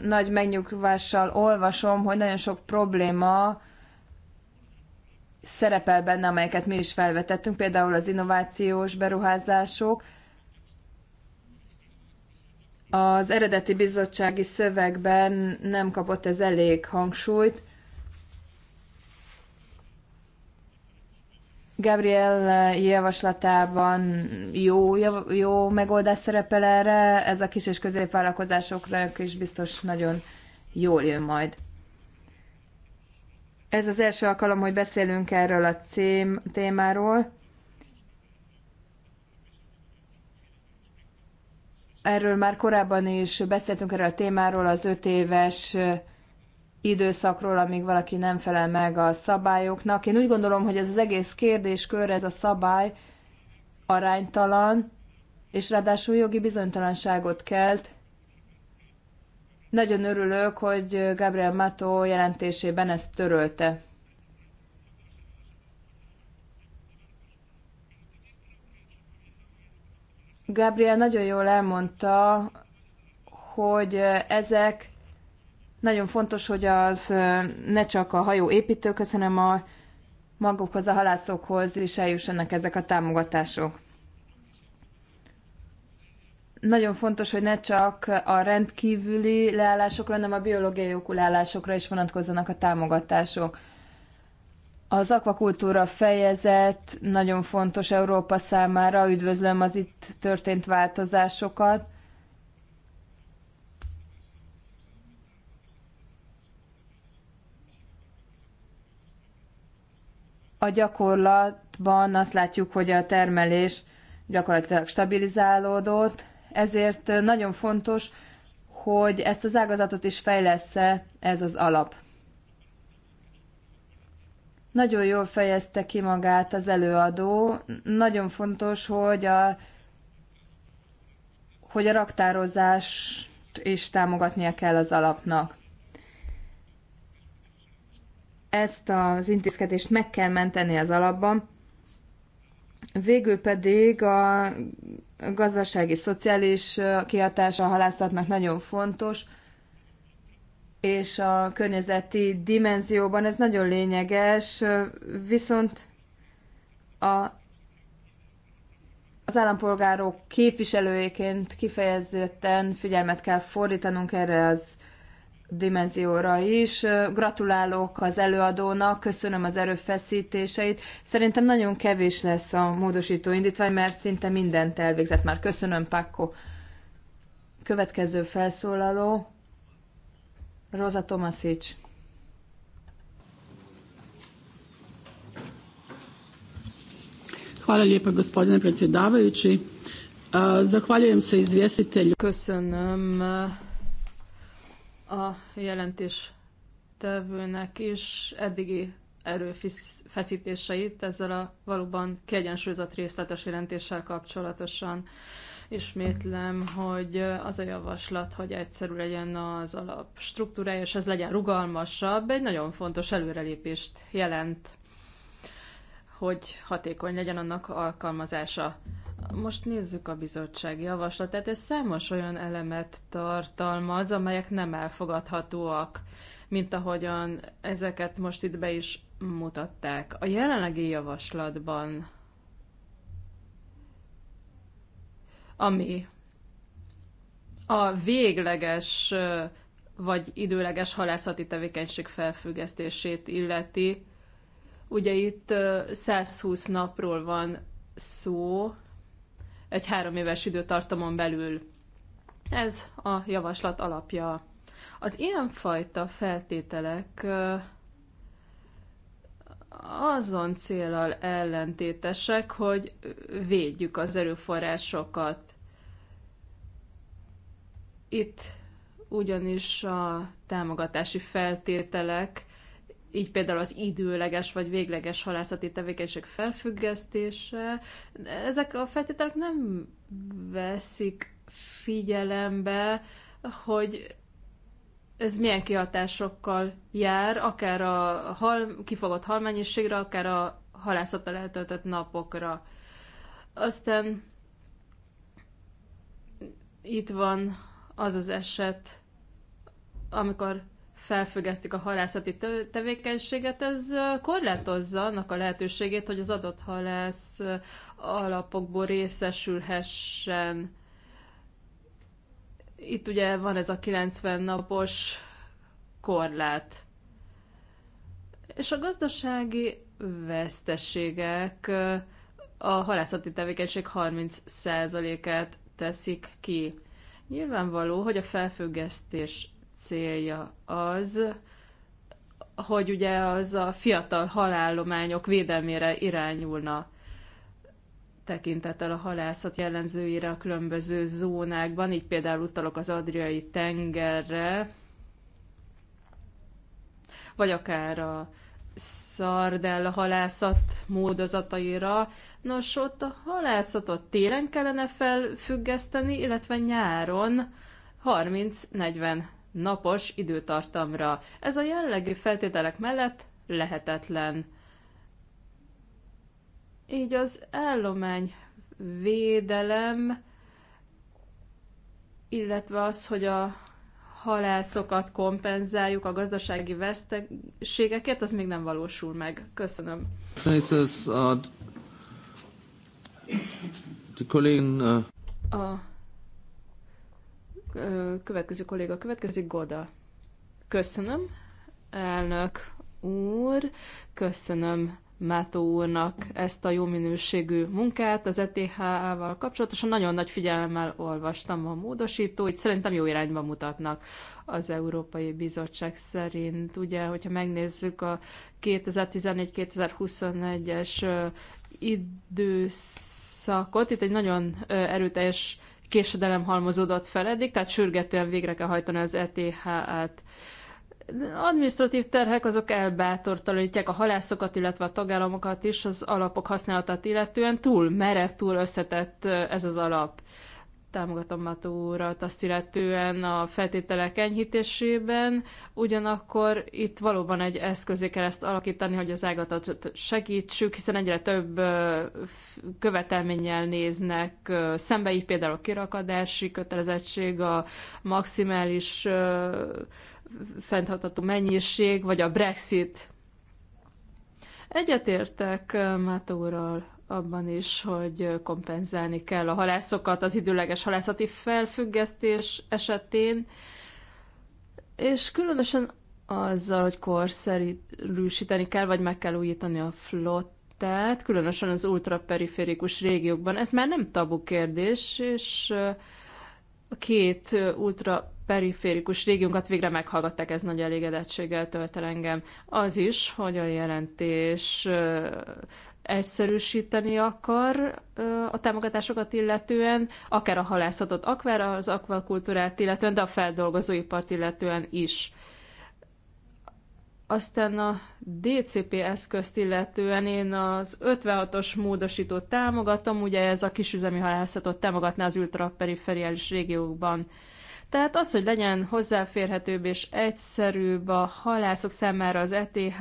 nagy megnyugvással olvasom, hogy nagyon sok probléma szerepel benne, amelyeket mi is felvetettünk, például az innovációs beruházások, az eredeti bizottsági szövegben nem kapott ez elég hangsúlyt. Gabriel javaslatában jó, jó, jó megoldás szerepel erre, ez a kis és középvállalkozásokra is biztos nagyon jól jön majd. Ez az első alkalom, hogy beszélünk erről a cím, témáról. Erről már korábban is beszéltünk erről a témáról, az öt éves időszakról, amíg valaki nem felel meg a szabályoknak. Én úgy gondolom, hogy ez az egész kérdéskör, ez a szabály aránytalan, és ráadásul jogi bizonytalanságot kelt, nagyon örülök, hogy Gabriel Mato jelentésében ezt törölte. Gabriel nagyon jól elmondta, hogy ezek nagyon fontos, hogy az ne csak a hajó építők, hanem a magukhoz, a halászokhoz is eljussanak ezek a támogatások nagyon fontos, hogy ne csak a rendkívüli leállásokra, hanem a biológiai okú leállásokra is vonatkozzanak a támogatások. Az akvakultúra fejezet nagyon fontos Európa számára, üdvözlöm az itt történt változásokat. A gyakorlatban azt látjuk, hogy a termelés gyakorlatilag stabilizálódott, ezért nagyon fontos, hogy ezt az ágazatot is fejlesz-e ez az alap. Nagyon jól fejezte ki magát az előadó. Nagyon fontos, hogy a, hogy a raktározást is támogatnia kell az alapnak. Ezt az intézkedést meg kell menteni az alapban. Végül pedig a gazdasági, szociális kihatása a halászatnak nagyon fontos, és a környezeti dimenzióban ez nagyon lényeges, viszont a, az állampolgárok képviselőjéként kifejezetten figyelmet kell fordítanunk erre az dimenzióra is. Gratulálok az előadónak, köszönöm az erőfeszítéseit. Szerintem nagyon kevés lesz a módosító indítvány, mert szinte mindent elvégzett már. Köszönöm, Pakko. Következő felszólaló, Rosa Tomasics. Hvala lijepa gospodine predsjedavajući. Zahvaljujem se izvjestitelju. Köszönöm a jelentés is eddigi erőfeszítéseit ezzel a valóban kiegyensúlyozott részletes jelentéssel kapcsolatosan. Ismétlem, hogy az a javaslat, hogy egyszerű legyen az alap struktúrája, és ez legyen rugalmasabb, egy nagyon fontos előrelépést jelent hogy hatékony legyen annak alkalmazása. Most nézzük a bizottság javaslatát. Ez számos olyan elemet tartalmaz, amelyek nem elfogadhatóak, mint ahogyan ezeket most itt be is mutatták. A jelenlegi javaslatban, ami a végleges vagy időleges halászati tevékenység felfüggesztését illeti, Ugye itt 120 napról van szó, egy három éves időtartamon belül. Ez a javaslat alapja. Az ilyenfajta feltételek azon célral ellentétesek, hogy védjük az erőforrásokat. Itt ugyanis a támogatási feltételek így például az időleges vagy végleges halászati tevékenység felfüggesztése, ezek a feltételek nem veszik figyelembe, hogy ez milyen kihatásokkal jár, akár a hal, kifogott halmennyiségre, akár a halászattal eltöltött napokra. Aztán itt van az az eset, amikor felfüggesztik a halászati tevékenységet, ez korlátozza annak a lehetőségét, hogy az adott halász alapokból részesülhessen. Itt ugye van ez a 90 napos korlát. És a gazdasági veszteségek a halászati tevékenység 30%-át teszik ki. Nyilvánvaló, hogy a felfüggesztés célja az, hogy ugye az a fiatal halállományok védelmére irányulna tekintettel a halászat jellemzőire a különböző zónákban, így például utalok az Adriai tengerre, vagy akár a szardella halászat módozataira. Nos, ott a halászatot télen kellene felfüggeszteni, illetve nyáron 30-40 napos időtartamra. Ez a jellegű feltételek mellett lehetetlen. Így az állomány védelem, illetve az, hogy a halászokat kompenzáljuk a gazdasági veszteségekért, az még nem valósul meg. Köszönöm. Uh, uh, a Következő kolléga következik, Goda. Köszönöm, elnök úr, köszönöm Mátó úrnak ezt a jó minőségű munkát az ETH-val kapcsolatosan. Nagyon nagy figyelemmel olvastam a módosítóit, szerintem jó irányba mutatnak az Európai Bizottság szerint. Ugye, hogyha megnézzük a 2014-2021-es időszakot, itt egy nagyon erőteljes késedelem halmozódott fel eddig, tehát sürgetően végre kell hajtani az ETH-t. Administratív terhek azok elbátortalanítják a halászokat, illetve a tagállamokat is az alapok használatát illetően. Túl merev, túl összetett ez az alap támogatom Mató urat azt illetően a feltételek enyhítésében, ugyanakkor itt valóban egy eszközé kell ezt alakítani, hogy az ágatot segítsük, hiszen egyre több követelménnyel néznek szembe, így például a kirakadási kötelezettség, a maximális fenntartható mennyiség, vagy a Brexit. Egyetértek Mátóral abban is, hogy kompenzálni kell a halászokat az időleges halászati felfüggesztés esetén, és különösen azzal, hogy korszerűsíteni kell, vagy meg kell újítani a flottát, különösen az ultraperiférikus régiókban. Ez már nem tabu kérdés, és uh, a két uh, ultraperiférikus régiónkat végre meghallgatták, ez nagy elégedettséggel tölt el engem. Az is, hogy a jelentés uh, egyszerűsíteni akar a támogatásokat illetően, akár a halászatot, akár az akvakultúrát illetően, de a feldolgozóipart illetően is. Aztán a DCP eszközt illetően én az 56-os módosítót támogatom, ugye ez a kisüzemi halászatot támogatná az ultraperiferiális régiókban. Tehát az, hogy legyen hozzáférhetőbb és egyszerűbb a halászok számára az ETH,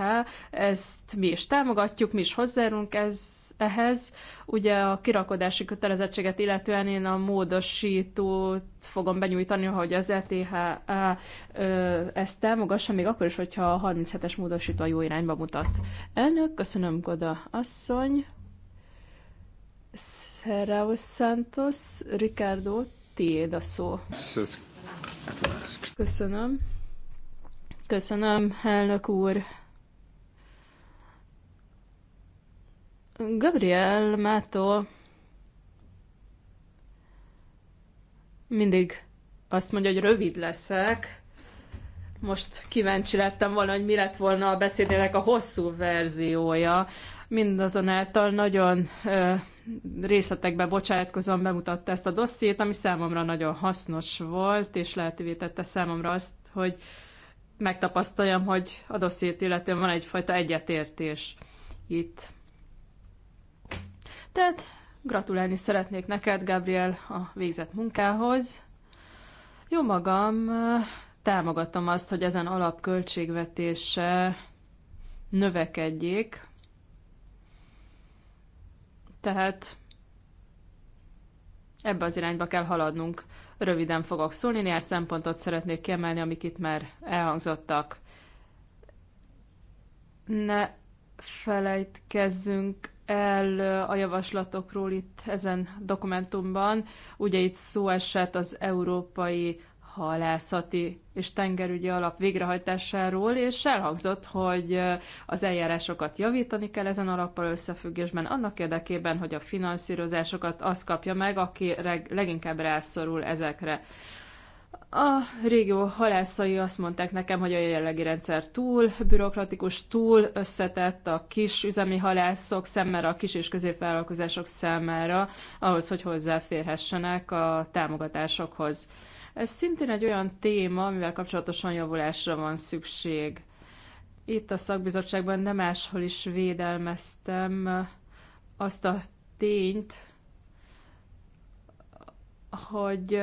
ezt mi is támogatjuk, mi is hozzárunk ez, ehhez. Ugye a kirakodási kötelezettséget illetően én a módosítót fogom benyújtani, hogy az ETH ezt támogassa, még akkor is, hogyha a 37-es módosító a jó irányba mutat. Elnök, köszönöm, Goda asszony. Serraus Santos, Ricardo, tiéd a szó. Köszönöm. Köszönöm, elnök úr. Gabriel Mátó mindig azt mondja, hogy rövid leszek. Most kíváncsi lettem volna, hogy mi lett volna a beszédének a hosszú verziója. Mindazonáltal nagyon részletekbe bocsájtkozom, bemutatta ezt a dossziét, ami számomra nagyon hasznos volt, és lehetővé tette számomra azt, hogy megtapasztaljam, hogy a dossziét illetően van egyfajta egyetértés itt. Tehát gratulálni szeretnék neked, Gabriel, a végzett munkához. Jó magam, támogatom azt, hogy ezen alapköltségvetése növekedjék, tehát ebbe az irányba kell haladnunk. Röviden fogok szólni, néhány szempontot szeretnék kiemelni, amik itt már elhangzottak. Ne felejtkezzünk el a javaslatokról itt ezen dokumentumban. Ugye itt szó esett az európai halászati és tengerügyi alap végrehajtásáról, és elhangzott, hogy az eljárásokat javítani kell ezen alappal összefüggésben, annak érdekében, hogy a finanszírozásokat az kapja meg, aki leginkább rászorul ezekre. A régió halászai azt mondták nekem, hogy a jelenlegi rendszer túl bürokratikus, túl összetett a kis üzemi halászok szemmel, a kis és középvállalkozások számára, ahhoz, hogy hozzáférhessenek a támogatásokhoz. Ez szintén egy olyan téma, amivel kapcsolatosan javulásra van szükség. Itt a szakbizottságban nem máshol is védelmeztem azt a tényt, hogy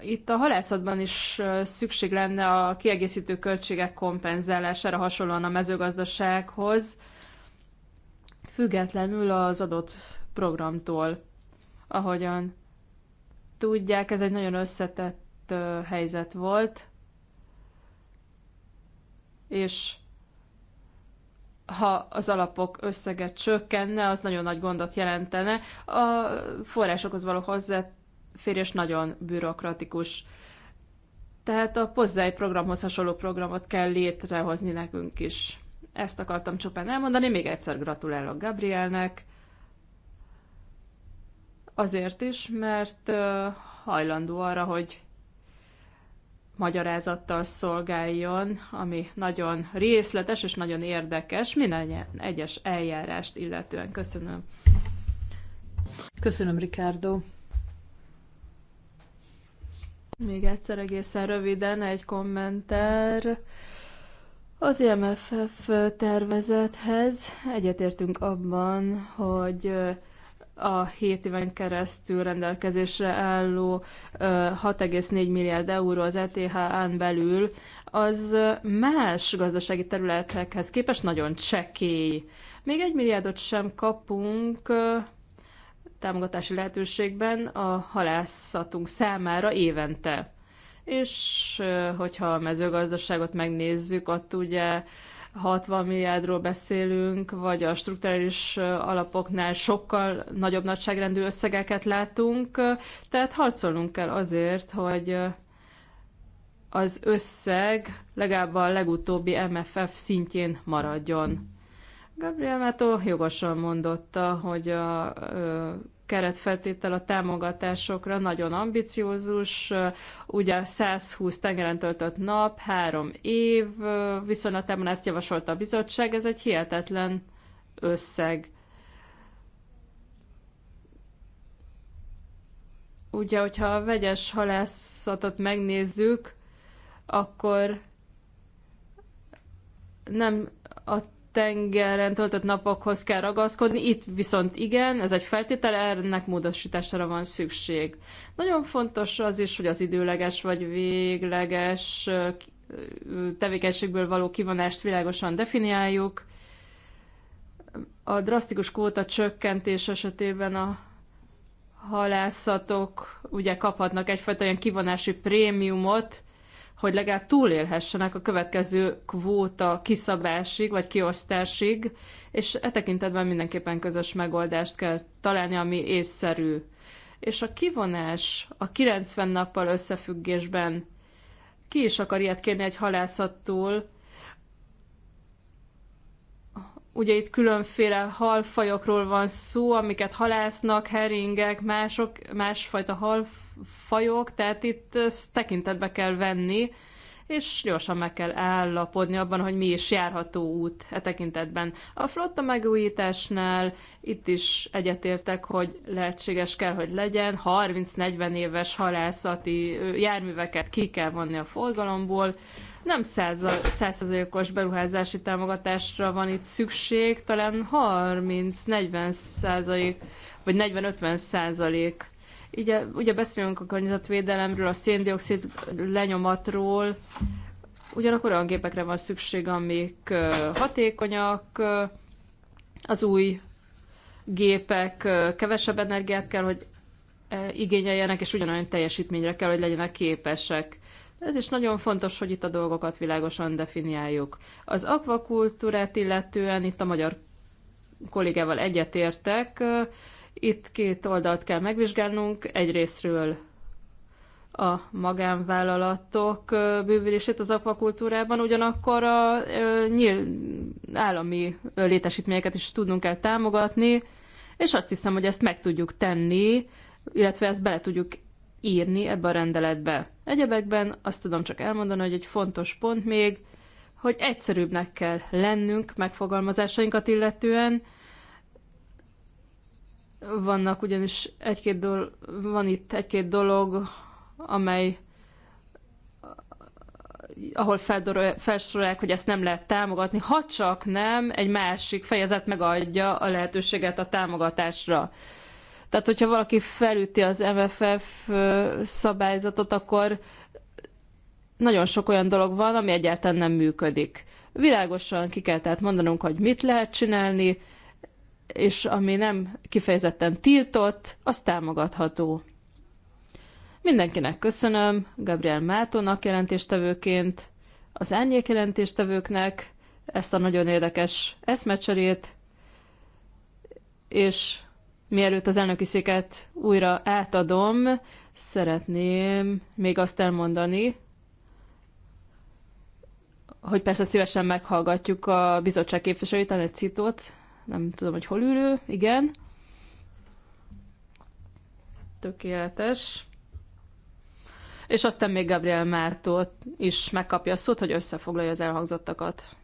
itt a halászatban is szükség lenne a kiegészítő költségek kompenzálására hasonlóan a mezőgazdasághoz, függetlenül az adott programtól, ahogyan tudják, ez egy nagyon összetett helyzet volt, és ha az alapok összege csökkenne, az nagyon nagy gondot jelentene. A forrásokhoz való hozzáférés nagyon bürokratikus. Tehát a Pozzai programhoz hasonló programot kell létrehozni nekünk is. Ezt akartam csupán elmondani, még egyszer gratulálok Gabrielnek, Azért is, mert hajlandó arra, hogy magyarázattal szolgáljon, ami nagyon részletes és nagyon érdekes minden egyes eljárást illetően. Köszönöm. Köszönöm, Ricardo. Még egyszer egészen röviden egy kommentár. Az IMFF tervezethez egyetértünk abban, hogy a 7 éven keresztül rendelkezésre álló 6,4 milliárd euró az ETH-án belül, az más gazdasági területekhez képest nagyon csekély. Még egy milliárdot sem kapunk támogatási lehetőségben a halászatunk számára évente. És hogyha a mezőgazdaságot megnézzük, ott ugye 60 milliárdról beszélünk, vagy a strukturális alapoknál sokkal nagyobb nagyságrendű összegeket látunk, tehát harcolnunk kell azért, hogy az összeg legalább a legutóbbi MFF szintjén maradjon. Gabriel Mato jogosan mondotta, hogy a keretfeltétel a támogatásokra nagyon ambiciózus, ugye 120 tengeren töltött nap, három év viszonylatában ezt javasolta a bizottság, ez egy hihetetlen összeg. Ugye, hogyha a vegyes halászatot megnézzük, akkor nem a tengeren töltött napokhoz kell ragaszkodni, itt viszont igen, ez egy feltétel, ennek módosítására van szükség. Nagyon fontos az is, hogy az időleges vagy végleges tevékenységből való kivonást világosan definiáljuk. A drasztikus kóta csökkentés esetében a halászatok ugye kaphatnak egyfajta olyan kivonási prémiumot, hogy legalább túlélhessenek a következő kvóta kiszabásig vagy kiosztásig, és e tekintetben mindenképpen közös megoldást kell találni, ami észszerű. És a kivonás a 90 nappal összefüggésben ki is akar ilyet kérni egy halászattól, ugye itt különféle halfajokról van szó, amiket halásznak, heringek, mások, másfajta halfajok, fajok, tehát itt ezt tekintetbe kell venni, és gyorsan meg kell állapodni abban, hogy mi is járható út e tekintetben. A flotta megújításnál itt is egyetértek, hogy lehetséges kell, hogy legyen. 30-40 éves halászati járműveket ki kell vonni a forgalomból. Nem 100%-os beruházási támogatásra van itt szükség, talán 30-40 százalék, vagy 40-50 százalék Ugye, ugye beszélünk a környezetvédelemről, a széndiokszid lenyomatról, ugyanakkor olyan gépekre van szükség, amik hatékonyak, az új gépek kevesebb energiát kell, hogy igényeljenek, és ugyanolyan teljesítményre kell, hogy legyenek képesek. Ez is nagyon fontos, hogy itt a dolgokat világosan definiáljuk. Az akvakultúrát illetően itt a magyar kollégával egyetértek, itt két oldalt kell megvizsgálnunk, egyrésztről a magánvállalatok bővülését az akvakultúrában, ugyanakkor a nyíl állami létesítményeket is tudnunk kell támogatni, és azt hiszem, hogy ezt meg tudjuk tenni, illetve ezt bele tudjuk írni ebbe a rendeletbe. Egyebekben azt tudom csak elmondani, hogy egy fontos pont még, hogy egyszerűbbnek kell lennünk megfogalmazásainkat illetően, vannak ugyanis egy-két dolog, van itt egy-két dolog, amely ahol felsorolják, hogy ezt nem lehet támogatni, ha csak nem, egy másik fejezet megadja a lehetőséget a támogatásra. Tehát, hogyha valaki felüti az MFF szabályzatot, akkor nagyon sok olyan dolog van, ami egyáltalán nem működik. Világosan ki kell tehát mondanunk, hogy mit lehet csinálni, és ami nem kifejezetten tiltott, az támogatható. Mindenkinek köszönöm, Gabriel Mátónak jelentéstevőként, az árnyék jelentéstevőknek ezt a nagyon érdekes eszmecserét, és mielőtt az elnöki széket újra átadom, szeretném még azt elmondani, hogy persze szívesen meghallgatjuk a bizottság képviselőit, a citót, nem tudom, hogy hol ülő, igen. Tökéletes. És aztán még Gabriel Mártó is megkapja a szót, hogy összefoglalja az elhangzottakat.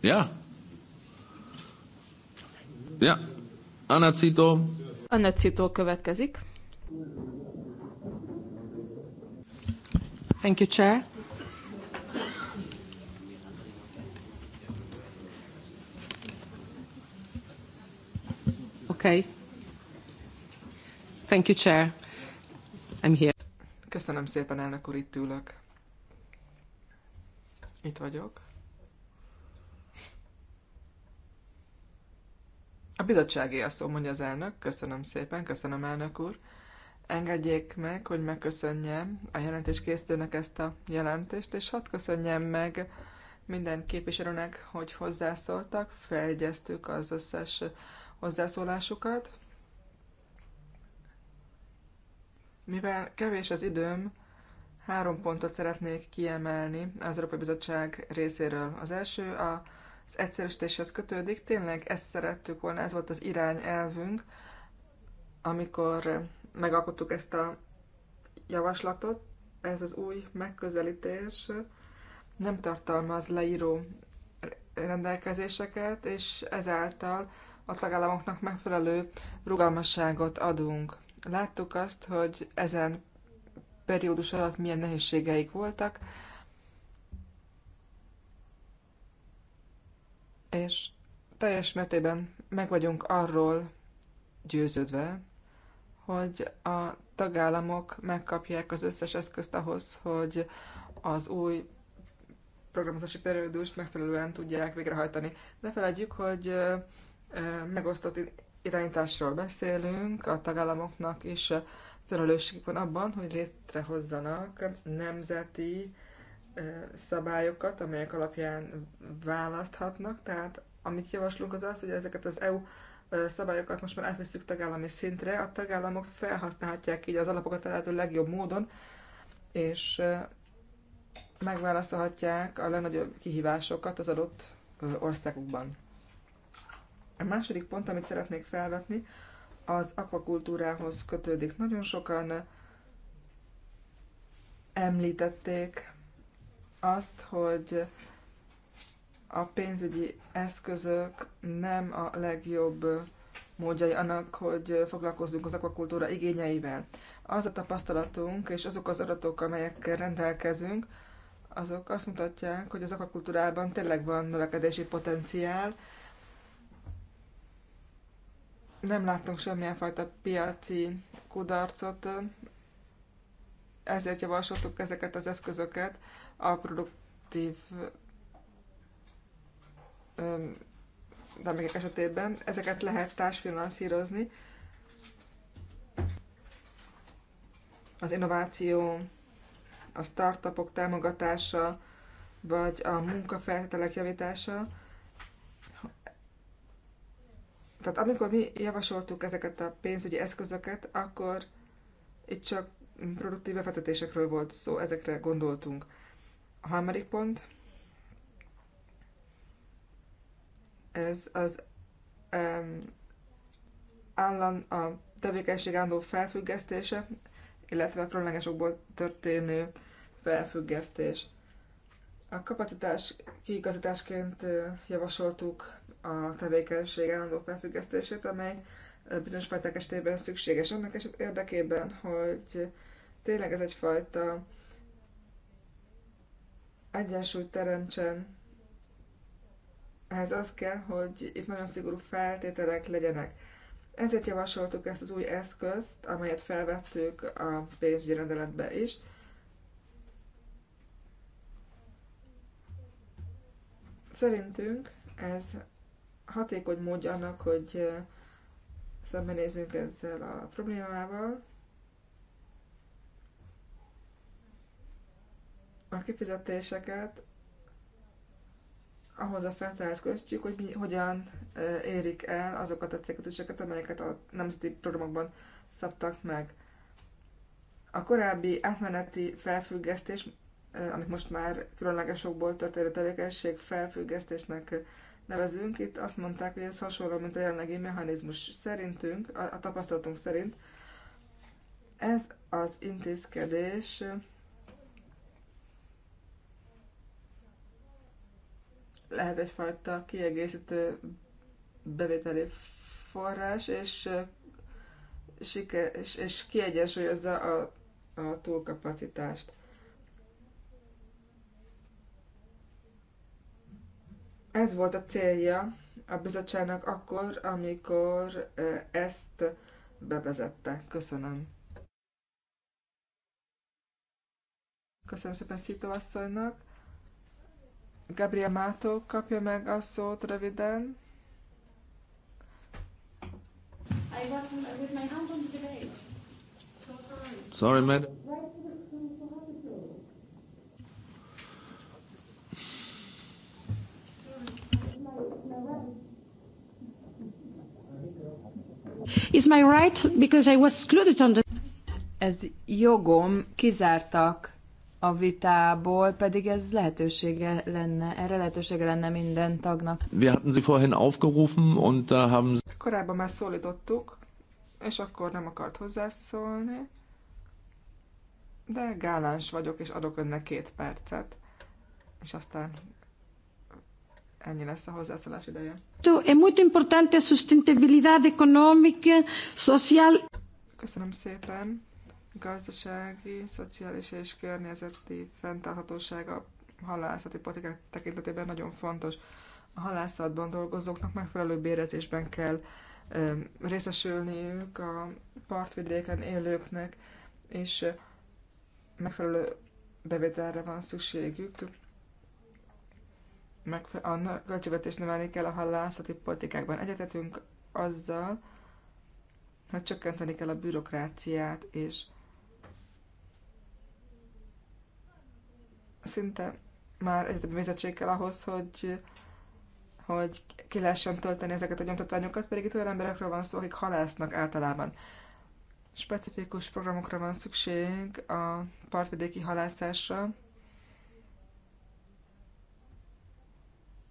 Ja. Ja. Anna Cito. Anna Cito következik. Thank you, Chair. Okay. Thank you, Chair. I'm here. Köszönöm szépen, elnök úr, itt ülök. Itt vagyok. A bizottságé a szó, mondja az elnök. Köszönöm szépen, köszönöm, elnök úr. Engedjék meg, hogy megköszönjem a jelentéskészítőnek ezt a jelentést, és hadd köszönjem meg minden képviselőnek, hogy hozzászóltak, felegyeztük az összes hozzászólásukat. Mivel kevés az időm, három pontot szeretnék kiemelni az Európai Bizottság részéről. Az első a az egyszerűsítéshez kötődik. Tényleg ezt szerettük volna, ez volt az irányelvünk, amikor megalkottuk ezt a javaslatot. Ez az új megközelítés nem tartalmaz leíró rendelkezéseket, és ezáltal a tagállamoknak megfelelő rugalmasságot adunk. Láttuk azt, hogy ezen periódus alatt milyen nehézségeik voltak, és teljes mértékben meg vagyunk arról győződve, hogy a tagállamok megkapják az összes eszközt ahhoz, hogy az új programozási periódust megfelelően tudják végrehajtani. Ne felejtjük, hogy megosztott irányításról beszélünk, a tagállamoknak is felelősségük van abban, hogy létrehozzanak nemzeti szabályokat, amelyek alapján választhatnak. Tehát amit javaslunk az az, hogy ezeket az EU szabályokat most már átvisszük tagállami szintre, a tagállamok felhasználhatják így az alapokat a lehető legjobb módon, és megválaszolhatják a legnagyobb kihívásokat az adott országukban. A második pont, amit szeretnék felvetni, az akvakultúrához kötődik. Nagyon sokan említették azt, hogy a pénzügyi eszközök nem a legjobb módjai annak, hogy foglalkozzunk az akvakultúra igényeivel. Az a tapasztalatunk és azok az adatok, amelyekkel rendelkezünk, azok azt mutatják, hogy az akvakultúrában tényleg van növekedési potenciál, nem láttunk semmilyen fajta piaci kudarcot, ezért javasoltuk ezeket az eszközöket a produktív termékek esetében. Ezeket lehet társfinanszírozni. Az innováció, a startupok támogatása, vagy a munkafeltételek javítása tehát amikor mi javasoltuk ezeket a pénzügyi eszközöket, akkor itt csak produktív befektetésekről volt szó, ezekre gondoltunk. A harmadik pont, ez az um, állam, a tevékenység állandó felfüggesztése, illetve a különlegesokból történő felfüggesztés. A kapacitás kiigazításként javasoltuk a tevékenység állandó felfüggesztését, amely bizonyos fajták esetében szükséges. Annak eset érdekében, hogy tényleg ez egyfajta egyensúlyt teremtsen, ehhez az kell, hogy itt nagyon szigorú feltételek legyenek. Ezért javasoltuk ezt az új eszközt, amelyet felvettük a pénzügyi rendeletbe is. Szerintünk ez hatékony módja annak, hogy szembenézzünk ezzel a problémával. A kifizetéseket ahhoz a feltárhoz köztjük, hogy mi, hogyan érik el azokat a cégkötéseket, amelyeket a nemzeti programokban szabtak meg. A korábbi átmeneti felfüggesztés, amit most már különlegesokból történő tevékenység felfüggesztésnek nevezünk. Itt azt mondták, hogy ez hasonló, mint a jelenlegi mechanizmus szerintünk, a, a tapasztalatunk szerint. Ez az intézkedés lehet egyfajta kiegészítő bevételi forrás, és, és, és kiegyensúlyozza a, a túlkapacitást. Ez volt a célja a bizottságnak akkor, amikor ezt bevezette. Köszönöm. Köszönöm szépen Szító asszonynak. Gabriel Mátó kapja meg a szót röviden. I with my hand on the debate. So sorry. Sorry, madam. Is my right because I was excluded on the... Ez jogom, kizártak a vitából, pedig ez lehetősége lenne, erre lehetősége lenne minden tagnak. Wir hatten sie vorhin aufgerufen und da haben sie... Korábban már szólítottuk, és akkor nem akart hozzászólni, de gáláns vagyok, és adok önnek két percet, és aztán Ennyi lesz a hozzászólás ideje. Es muito importante a sustentabilidad económica, social. Köszönöm szépen. Gazdasági, szociális és környezeti fenntarthatósága a halászati politikák tekintetében nagyon fontos. A halászatban dolgozóknak megfelelő bérezésben kell részesülniük a partvidéken élőknek, és megfelelő bevételre van szükségük a költségvetés növelni kell a halászati politikákban. Egyetetünk azzal, hogy csökkenteni kell a bürokráciát, és szinte már egyetemi végzettség kell ahhoz, hogy, hogy ki lehessen tölteni ezeket a nyomtatványokat, pedig itt olyan emberekről van szó, akik halásznak általában. Specifikus programokra van szükség a partvidéki halászásra,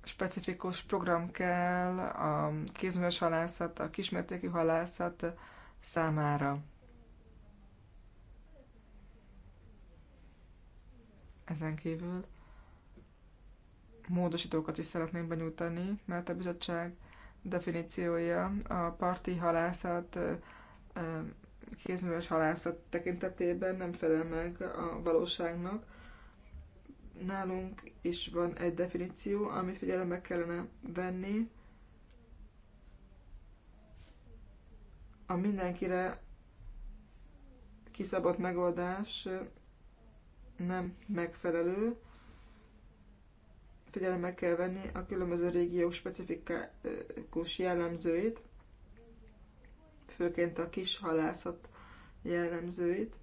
specifikus program kell a kézműves halászat, a kismértékű halászat számára. Ezen kívül módosítókat is szeretném benyújtani, mert a bizottság definíciója a parti halászat, kézműves halászat tekintetében nem felel meg a valóságnak nálunk is van egy definíció, amit figyelembe kellene venni. A mindenkire kiszabott megoldás nem megfelelő. Figyelembe kell venni a különböző régiók specifikus jellemzőit, főként a kis halászat jellemzőit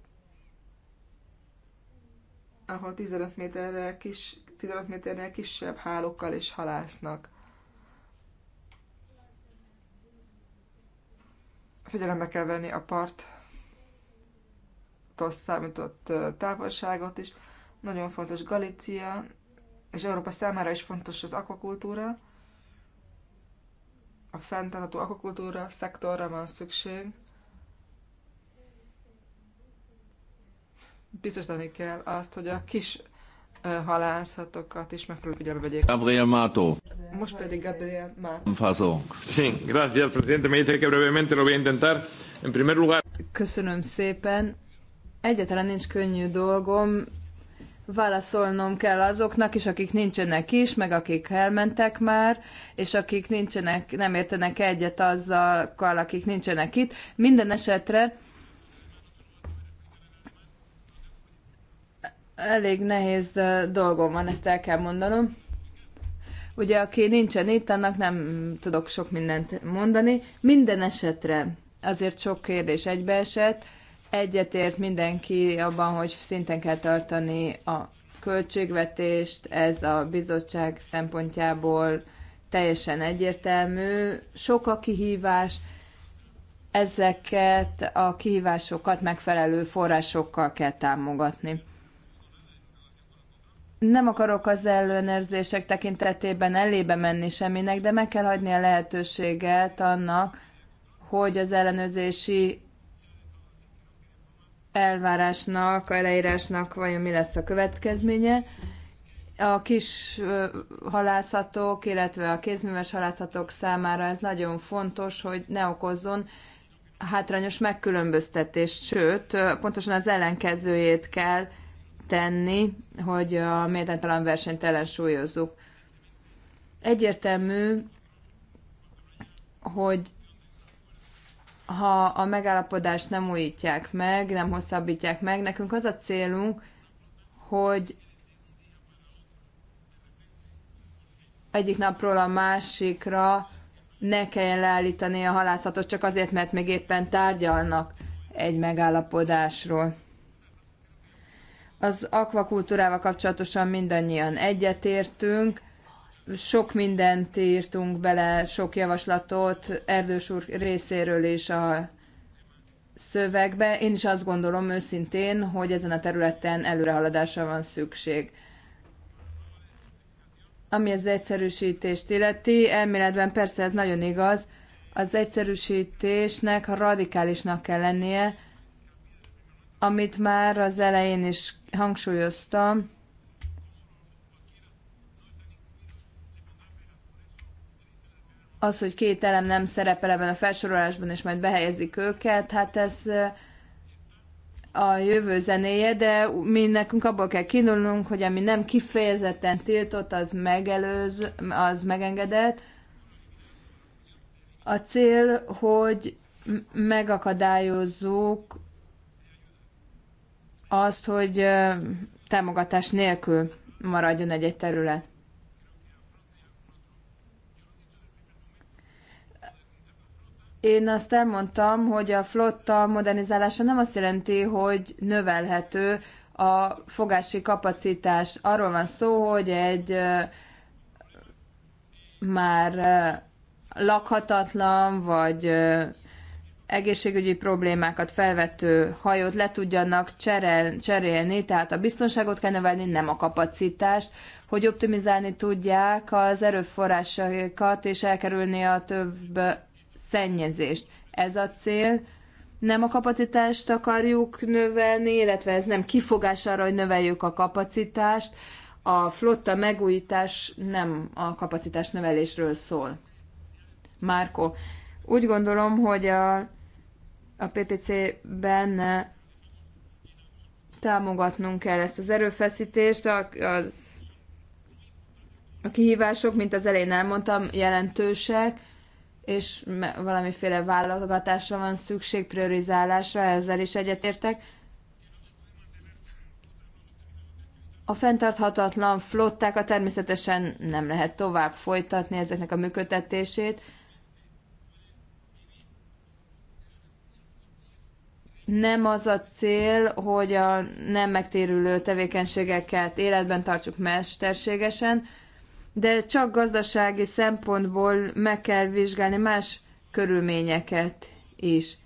ahol 15 méterrel, kis, 15 méternél kisebb hálókkal is halásznak. Figyelembe kell venni a part számított távolságot is. Nagyon fontos Galícia, és Európa számára is fontos az akvakultúra. A fenntartható akvakultúra szektorra van szükség. biztosítani kell azt, hogy a kis halászatokat is megfelelő figyelembe vegyék. Gabriel Mato. Most pedig Gabriel Mato. Fazó. Sí, gracias, presidente. Me dice que brevemente lo voy a intentar. En primer lugar... Köszönöm szépen. Egyetlen nincs könnyű dolgom. Válaszolnom kell azoknak is, akik nincsenek is, meg akik elmentek már, és akik nincsenek, nem értenek egyet azzal, akik nincsenek itt. Minden esetre elég nehéz dolgom van, ezt el kell mondanom. Ugye, aki nincsen itt, annak nem tudok sok mindent mondani. Minden esetre azért sok kérdés egybeesett. Egyetért mindenki abban, hogy szinten kell tartani a költségvetést, ez a bizottság szempontjából teljesen egyértelmű. Sok a kihívás, ezeket a kihívásokat megfelelő forrásokkal kell támogatni nem akarok az ellenőrzések tekintetében elébe menni semminek, de meg kell hagyni a lehetőséget annak, hogy az ellenőrzési elvárásnak, a leírásnak vajon mi lesz a következménye. A kis halászatok, illetve a kézműves halászatok számára ez nagyon fontos, hogy ne okozzon hátrányos megkülönböztetést, sőt, pontosan az ellenkezőjét kell tenni, hogy a méltánytalan versenyt ellensúlyozzuk. Egyértelmű, hogy ha a megállapodást nem újítják meg, nem hosszabbítják meg, nekünk az a célunk, hogy egyik napról a másikra ne kelljen leállítani a halászatot, csak azért, mert még éppen tárgyalnak egy megállapodásról. Az akvakultúrával kapcsolatosan mindannyian egyetértünk, sok mindent írtunk bele, sok javaslatot Erdős úr részéről is a szövegbe. Én is azt gondolom őszintén, hogy ezen a területen előrehaladásra van szükség. Ami az egyszerűsítést illeti, elméletben persze ez nagyon igaz, az egyszerűsítésnek radikálisnak kell lennie, amit már az elején is hangsúlyoztam, az, hogy két elem nem szerepel ebben a felsorolásban, és majd behelyezik őket, hát ez a jövő zenéje, de mi nekünk abból kell kínulnunk, hogy ami nem kifejezetten tiltott, az megelőz, az megengedett. A cél, hogy megakadályozzuk azt, hogy támogatás nélkül maradjon egy-egy terület. Én azt elmondtam, hogy a flotta modernizálása nem azt jelenti, hogy növelhető a fogási kapacitás. Arról van szó, hogy egy már lakhatatlan vagy egészségügyi problémákat felvető hajót le tudjanak cserel, cserélni, tehát a biztonságot kell növelni, nem a kapacitást, hogy optimizálni tudják az erőforrásaikat és elkerülni a több szennyezést. Ez a cél. Nem a kapacitást akarjuk növelni, illetve ez nem kifogás arra, hogy növeljük a kapacitást. A flotta megújítás nem a kapacitás növelésről szól. Márko, úgy gondolom, hogy a a PPC-ben támogatnunk kell ezt az erőfeszítést. A, a, a kihívások, mint az elején elmondtam, jelentősek, és valamiféle válogatásra van szükség, priorizálásra, ezzel is egyetértek. A fenntarthatatlan flottákat természetesen nem lehet tovább folytatni ezeknek a működtetését, nem az a cél, hogy a nem megtérülő tevékenységeket életben tartsuk mesterségesen, de csak gazdasági szempontból meg kell vizsgálni más körülményeket is.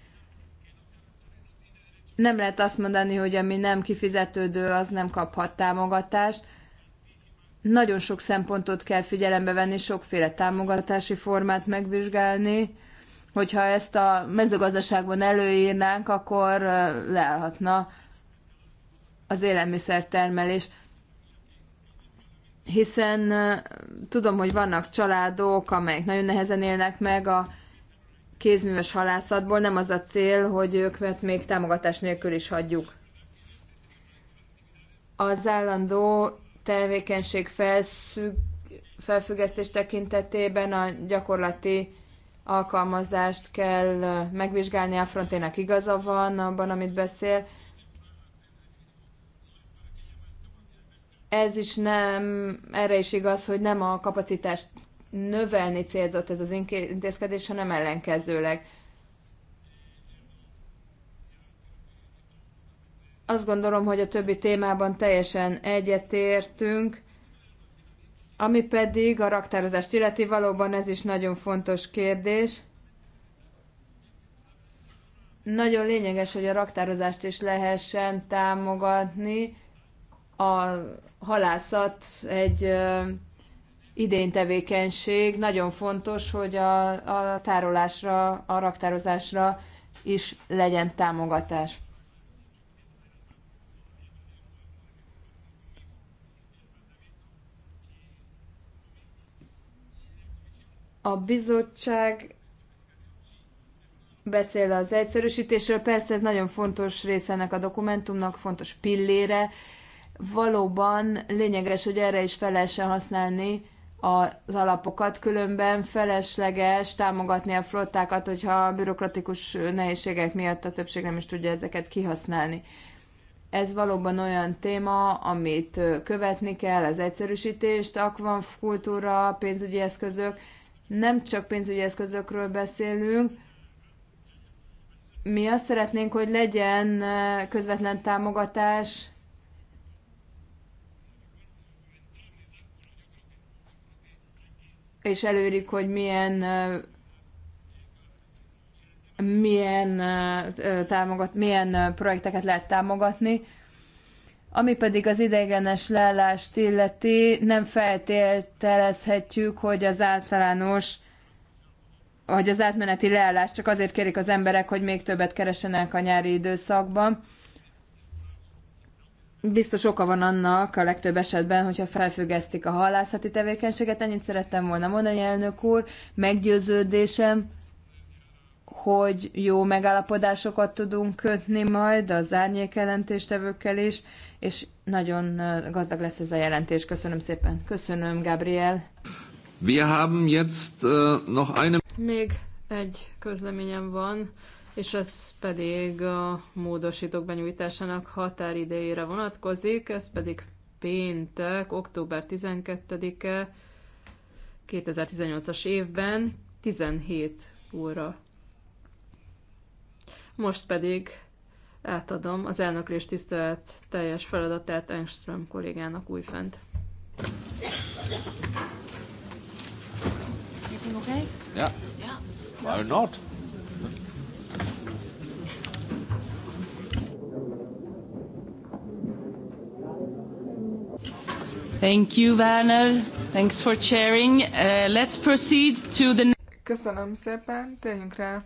Nem lehet azt mondani, hogy ami nem kifizetődő, az nem kaphat támogatást. Nagyon sok szempontot kell figyelembe venni, sokféle támogatási formát megvizsgálni hogyha ezt a mezőgazdaságban előírnánk, akkor leállhatna az élelmiszertermelés. Hiszen tudom, hogy vannak családok, amelyek nagyon nehezen élnek meg a kézműves halászatból, nem az a cél, hogy őket még támogatás nélkül is hagyjuk. Az állandó tevékenység felszüg, felfüggesztés tekintetében a gyakorlati alkalmazást kell megvizsgálni, a frontének igaza van abban, amit beszél. Ez is nem, erre is igaz, hogy nem a kapacitást növelni célzott ez az intézkedés, hanem ellenkezőleg. Azt gondolom, hogy a többi témában teljesen egyetértünk ami pedig a raktározást illeti, valóban ez is nagyon fontos kérdés. Nagyon lényeges, hogy a raktározást is lehessen támogatni. A halászat egy idénytevékenység. Nagyon fontos, hogy a, a tárolásra, a raktározásra is legyen támogatás. A bizottság beszél az egyszerűsítésről, persze ez nagyon fontos része ennek a dokumentumnak, fontos pillére. Valóban lényeges, hogy erre is fel lehessen használni az alapokat, különben felesleges támogatni a flottákat, hogyha a bürokratikus nehézségek miatt a többség nem is tudja ezeket kihasználni. Ez valóban olyan téma, amit követni kell, az egyszerűsítést, akvankultúra, pénzügyi eszközök, nem csak pénzügyi eszközökről beszélünk, mi azt szeretnénk, hogy legyen eh, közvetlen támogatás és előrik, hogy milyen eh, milyen, eh, támogat, milyen projekteket lehet támogatni. Ami pedig az ideiglenes leállást illeti, nem feltételezhetjük, hogy az általános, hogy az átmeneti leállást csak azért kérik az emberek, hogy még többet keresenek a nyári időszakban. Biztos oka van annak a legtöbb esetben, hogyha felfüggesztik a halászati tevékenységet. Ennyit szerettem volna mondani, elnök úr. Meggyőződésem, hogy jó megállapodásokat tudunk kötni majd az árnyék jelentéstevőkkel is, és nagyon gazdag lesz ez a jelentés. Köszönöm szépen. Köszönöm, Gabriel. Wir haben jetzt uh, noch eine... Még egy közleményem van, és ez pedig a módosítók benyújtásának határidejére vonatkozik, ez pedig péntek, október 12-e 2018-as évben 17 óra. Most pedig Átadom az elnöklés tisztelet teljes feladatát Engström kollégának újfent. okay? Yeah. Yeah. Why not? Thank you, Werner. Thanks for chairing. Uh, let's proceed to the... Köszönöm szépen, térjünk rá.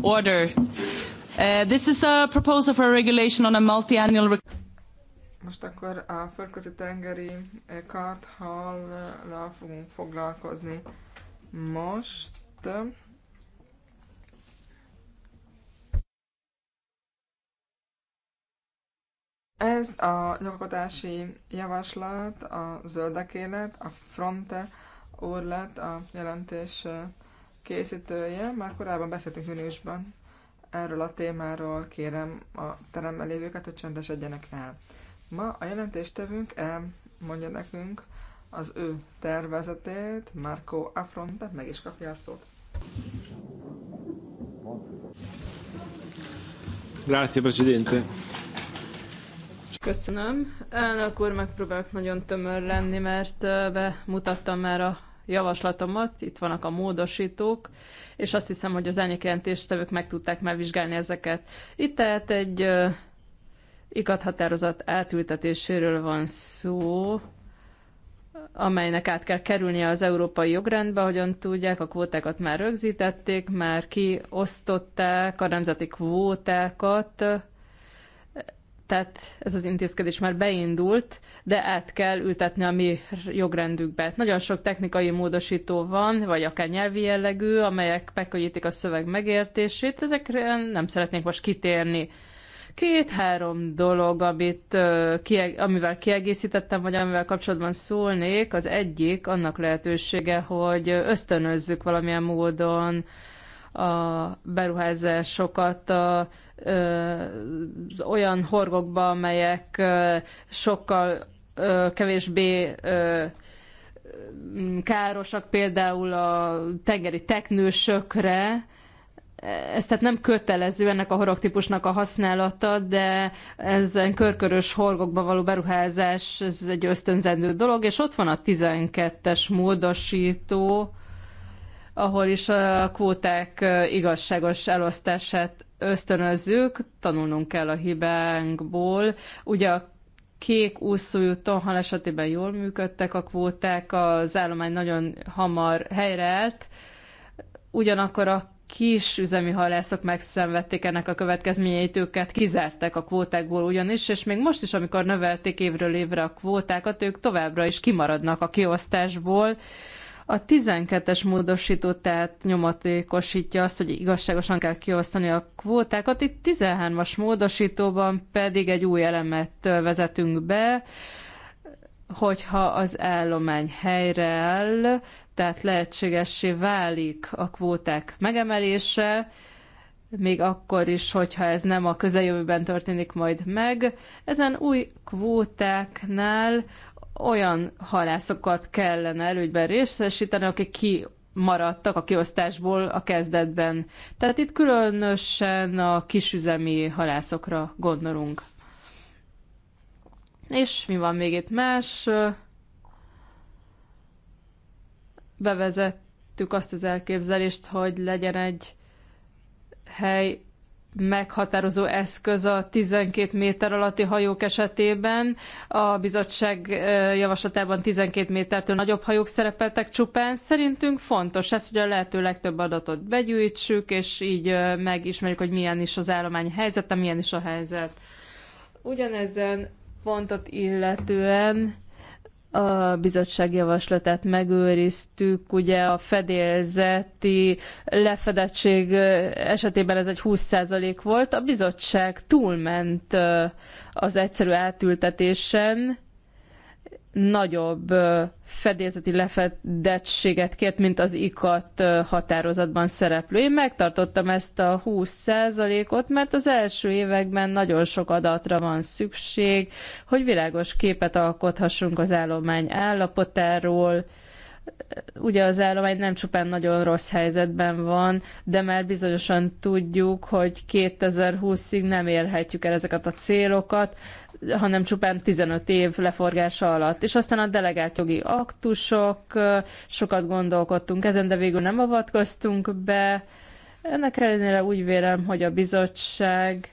Order. Uh, this is a proposal for a regulation on a multi-annual... Most akkor a földközi tengeri eh, karthallal fogunk foglalkozni most. Eh, ez a jogalkotási javaslat, a zöldek élet, a Fronte úr lett a jelentés eh, készítője, már korábban beszéltünk júniusban erről a témáról, kérem a teremben lévőket, hogy csendesedjenek el. Ma a jelentéstevünk elmondja nekünk az ő tervezetét, Marco Afronte meg is kapja a szót. Grazie, Presidente. Köszönöm. Elnök úr, megpróbálok nagyon tömör lenni, mert bemutattam már a javaslatomat, itt vannak a módosítók, és azt hiszem, hogy az jelentéstevők meg tudták már vizsgálni ezeket. Itt tehát egy ikat határozat átültetéséről van szó, amelynek át kell kerülnie az európai jogrendbe, hogyan tudják, a kvótákat már rögzítették, már kiosztották a nemzeti kvótákat, tehát ez az intézkedés már beindult, de át kell ültetni a mi jogrendükbe. Nagyon sok technikai módosító van, vagy akár nyelvi jellegű, amelyek megkönnyítik a szöveg megértését. Ezekre nem szeretnék most kitérni. Két-három dolog, amit, amivel kiegészítettem, vagy amivel kapcsolatban szólnék, az egyik annak lehetősége, hogy ösztönözzük valamilyen módon a beruházásokat a, az olyan horgokba, amelyek sokkal kevésbé károsak, például a tengeri teknősökre, ez tehát nem kötelező ennek a horogtípusnak a használata, de ezen körkörös horgokba való beruházás, ez egy ösztönzendő dolog, és ott van a 12-es módosító, ahol is a kvóták igazságos elosztását ösztönözzük, tanulnunk kell a hibánkból. Ugye a kék úszójú tonhal esetében jól működtek a kvóták, az állomány nagyon hamar helyreállt, ugyanakkor a kis üzemi halászok megszenvedték ennek a következményeit, őket kizárták a kvótákból ugyanis, és még most is, amikor növelték évről évre a kvótákat, ők továbbra is kimaradnak a kiosztásból, a 12-es módosító tehát nyomatékosítja azt, hogy igazságosan kell kiosztani a kvótákat. Itt 13-as módosítóban pedig egy új elemet vezetünk be, hogyha az állomány helyreáll, tehát lehetségessé válik a kvóták megemelése, még akkor is, hogyha ez nem a közeljövőben történik majd meg. Ezen új kvótáknál olyan halászokat kellene előgyben részesíteni, akik ki maradtak a kiosztásból a kezdetben. Tehát itt különösen a kisüzemi halászokra gondolunk. És mi van még itt más? Bevezettük azt az elképzelést, hogy legyen egy hely meghatározó eszköz a 12 méter alatti hajók esetében. A bizottság javaslatában 12 métertől nagyobb hajók szerepeltek csupán. Szerintünk fontos ez, hogy a lehető legtöbb adatot begyűjtsük, és így megismerjük, hogy milyen is az állomány helyzete, milyen is a helyzet. Ugyanezen pontot illetően a bizottság javaslatát megőriztük, ugye a fedélzeti lefedettség esetében ez egy 20% volt, a bizottság túlment az egyszerű átültetésen, nagyobb fedélzeti lefedettséget kért, mint az ikat határozatban szereplő. Én megtartottam ezt a 20%-ot, mert az első években nagyon sok adatra van szükség, hogy világos képet alkothassunk az állomány állapotáról, ugye az állomány nem csupán nagyon rossz helyzetben van, de már bizonyosan tudjuk, hogy 2020-ig nem érhetjük el ezeket a célokat hanem csupán 15 év leforgása alatt. És aztán a delegált jogi aktusok, sokat gondolkodtunk ezen, de végül nem avatkoztunk be. Ennek ellenére úgy vélem, hogy a bizottság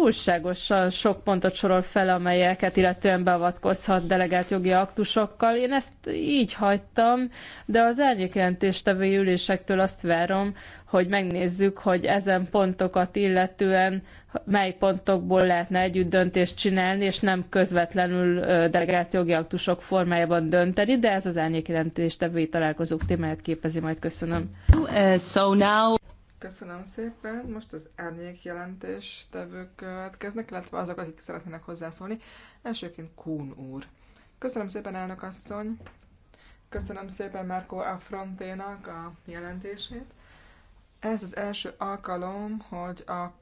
túlságosan sok pontot sorol fel, amelyeket illetően beavatkozhat delegált jogi aktusokkal. Én ezt így hagytam, de az elnyékjelentéstevő ülésektől azt várom, hogy megnézzük, hogy ezen pontokat illetően mely pontokból lehetne együtt döntést csinálni, és nem közvetlenül delegált jogi aktusok formájában dönteni, de ez az elnyékjelentéstevői találkozók témáját képezi majd. Köszönöm. Uh, so now... Köszönöm szépen. Most az árnyék tevők következnek, illetve azok, akik szeretnének hozzászólni. Elsőként Kún úr. Köszönöm szépen, elnök asszony. Köszönöm szépen Márko Affronténak a jelentését. Ez az első alkalom, hogy a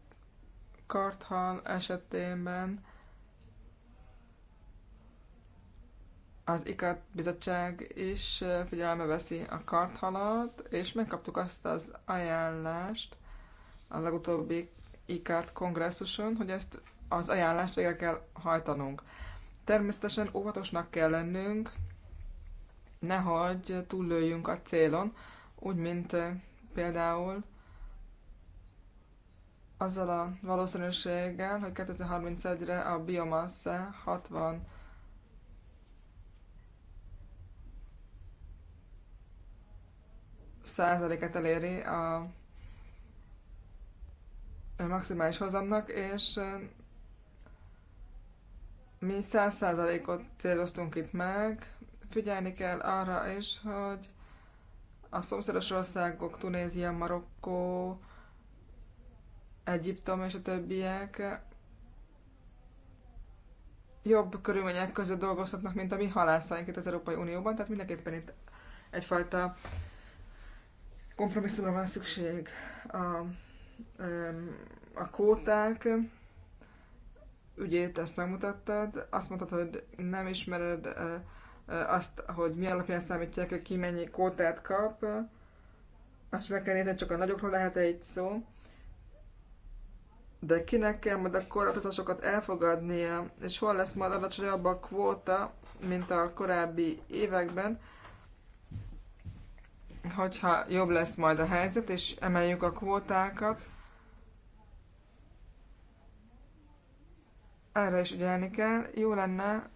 karthal esetében az IKAT bizottság is figyelme veszi a karthalat, és megkaptuk azt az ajánlást a legutóbbi IKAT kongresszuson, hogy ezt az ajánlást végre kell hajtanunk. Természetesen óvatosnak kell lennünk, nehogy túllőjünk a célon, úgy, mint például azzal a valószínűséggel, hogy 2031-re a biomassa 60 százaléket eléri a maximális hozamnak, és mi száz százalékot céloztunk itt meg. Figyelni kell arra is, hogy a szomszédos országok, Tunézia, Marokkó, Egyiptom és a többiek jobb körülmények között dolgozhatnak, mint a mi halászaink itt az Európai Unióban, tehát mindenképpen itt egyfajta kompromisszumra van szükség. A, a kóták ügyét ezt megmutattad, azt mondtad, hogy nem ismered azt, hogy mi alapján számítják, hogy ki mennyi kótát kap, azt meg kell nézni, csak a nagyokról lehet -e egy szó. De kinek kell majd a korlátozásokat elfogadnia, és hol lesz majd alacsonyabb a kvóta, mint a korábbi években, hogyha jobb lesz majd a helyzet, és emeljük a kvótákat, erre is ügyelni kell. Jó lenne,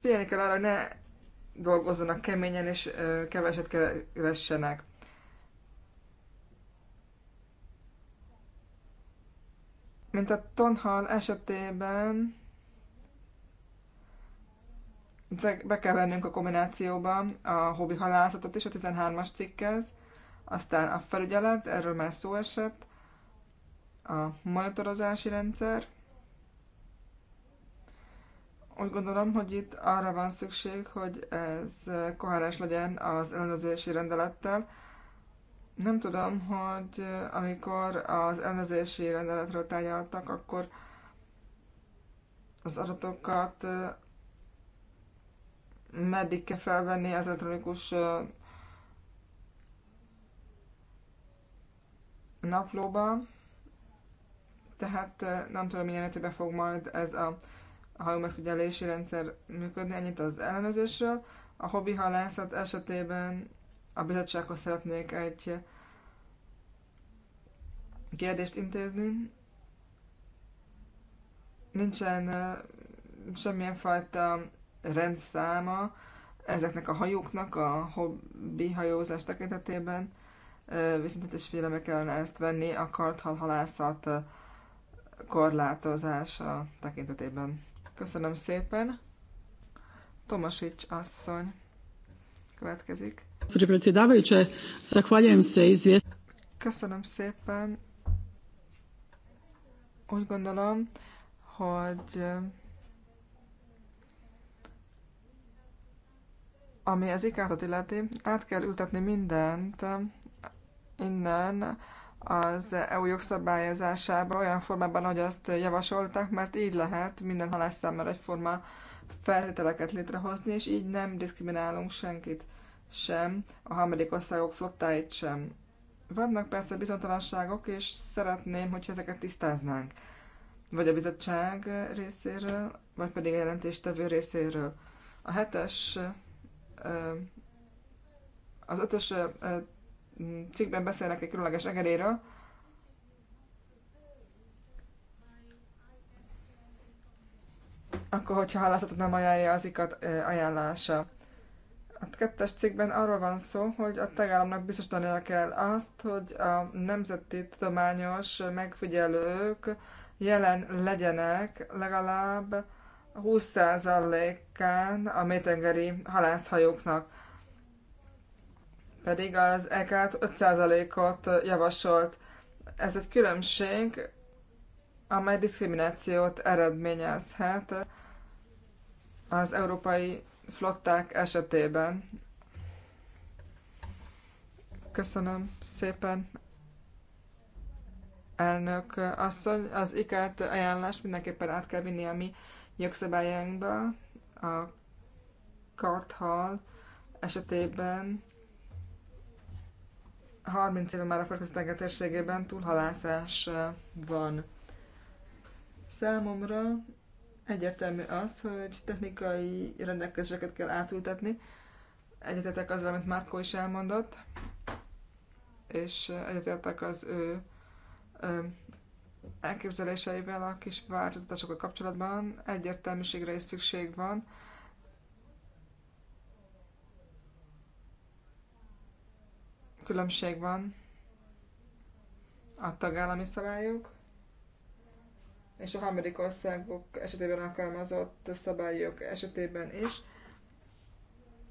figyelni kell arra, hogy ne dolgozzanak keményen, és keveset keressenek. Mint a tonhal esetében be kell vennünk a kombinációba a hobbi halászatot is, a 13-as cikkhez, aztán a felügyelet, erről már szó esett, a monitorozási rendszer, úgy gondolom, hogy itt arra van szükség, hogy ez koherens legyen az ellenőrzési rendelettel. Nem tudom, hogy amikor az ellenőrzési rendeletről tárgyaltak, akkor az adatokat meddig kell felvenni az elektronikus naplóba. Tehát nem tudom, milyen mértékben fog majd ez a a megfigyelési rendszer működni. Ennyit az ellenőrzésről. A hobbi halászat esetében a bizottsághoz szeretnék egy kérdést intézni. Nincsen semmilyen fajta rendszáma ezeknek a hajóknak a hobbi hajózás tekintetében, viszont is félelme kellene ezt venni a halászat korlátozása tekintetében. Köszönöm szépen. Tomasics asszony következik. Köszönöm szépen. Úgy gondolom, hogy ami az ikátot illeti, át kell ültetni mindent innen az EU jogszabályozásába olyan formában, hogy azt javasolták, mert így lehet minden halász számára egyforma feltételeket létrehozni, és így nem diszkriminálunk senkit sem, a harmadik országok flottáit sem. Vannak persze bizonytalanságok, és szeretném, hogy ezeket tisztáznánk. Vagy a bizottság részéről, vagy pedig a jelentéstevő részéről. A hetes, az ötös Mm, cikkben beszélnek egy különleges egeréről. Akkor, hogyha halászatot nem ajánlja az ikat ajánlása. A kettes cikkben arról van szó, hogy a tagállamnak biztosítania kell azt, hogy a nemzeti tudományos megfigyelők jelen legyenek legalább 20%-án a mélytengeri halászhajóknak pedig az ek 5%-ot javasolt. Ez egy különbség, amely diszkriminációt eredményezhet az európai flották esetében. Köszönöm szépen, elnök asszony. Az ikert ajánlást mindenképpen át kell vinni a mi jogszabályainkba. A Karthal esetében 30 éve már a Földközi-tenger térségében túlhalászás van. Számomra egyértelmű az, hogy technikai rendelkezéseket kell átültetni. Egyetetek azzal, amit Márkó is elmondott, és egyetetek az ő elképzeléseivel a kis változtatásokkal kapcsolatban. Egyértelműségre is szükség van különbség van a tagállami szabályok és a harmadik országok esetében alkalmazott szabályok esetében is.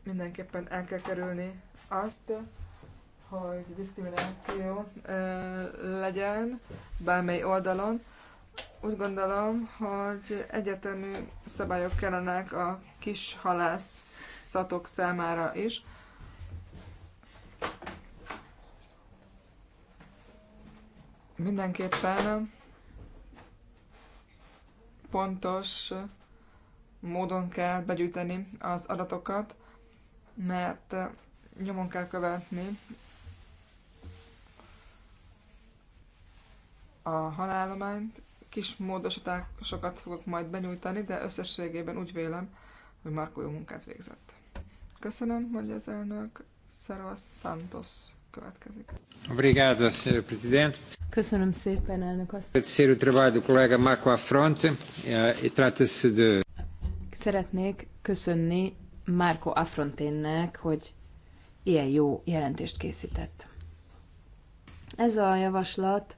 Mindenképpen el kell kerülni azt, hogy diszkrimináció legyen bármely oldalon. Úgy gondolom, hogy egyetemű szabályok kellenek a kis halászatok számára is. mindenképpen pontos módon kell begyűjteni az adatokat, mert nyomon kell követni a halálományt. Kis módosításokat fogok majd benyújtani, de összességében úgy vélem, hogy Marko jó munkát végzett. Köszönöm, hogy az elnök Szerva Santos következik. Obrigado, Sr. Presidente. Köszönöm szépen, elnök asszony. Agradecer o trabalho Marco Affronte, eh, e Szeretnék köszönni Marco Affronténnek, hogy ilyen jó jelentést készített. Ez a javaslat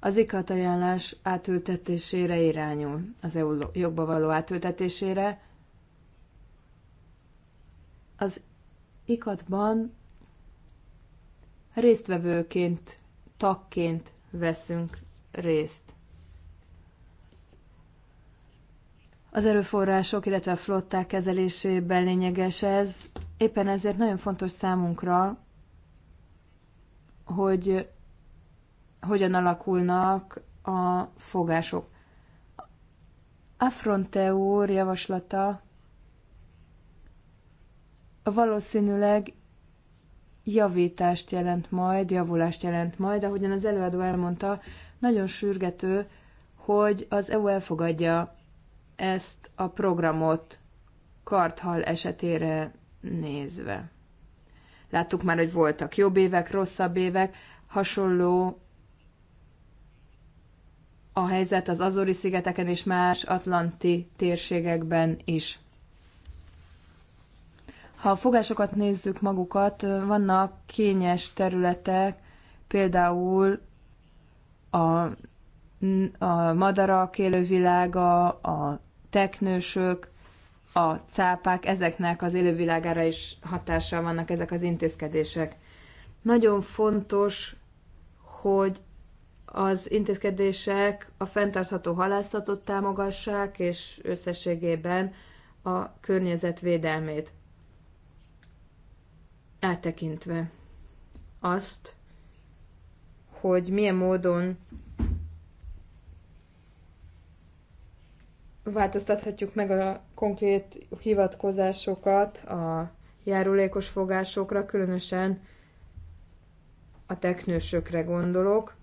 az ikat ajánlás átültetésére irányul, az EU jogba való átültetésére. Az ikatban résztvevőként, tagként veszünk részt. Az erőforrások, illetve a flották kezelésében lényeges ez. Éppen ezért nagyon fontos számunkra, hogy hogyan alakulnak a fogások. A fronteur javaslata valószínűleg javítást jelent majd, javulást jelent majd. Ahogyan az előadó elmondta, nagyon sürgető, hogy az EU elfogadja ezt a programot karthal esetére nézve. Láttuk már, hogy voltak jobb évek, rosszabb évek, hasonló a helyzet az Azori-szigeteken és más atlanti térségekben is. Ha a fogásokat nézzük magukat, vannak kényes területek, például a, a madarak élővilága, a teknősök, a cápák, ezeknek az élővilágára is hatással vannak ezek az intézkedések. Nagyon fontos, hogy az intézkedések a fenntartható halászatot támogassák, és összességében a környezet védelmét eltekintve azt, hogy milyen módon változtathatjuk meg a konkrét hivatkozásokat a járulékos fogásokra, különösen a teknősökre gondolok.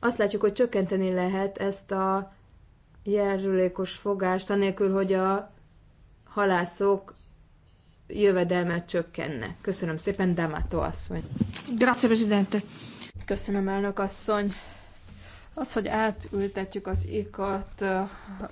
Azt látjuk, hogy csökkenteni lehet ezt a járulékos fogást, anélkül, hogy a halászok jövedelmet csökkenne. Köszönöm szépen, Damato asszony. Grazie, Presidente. Köszönöm, elnök asszony. Az, hogy átültetjük az ikat eh,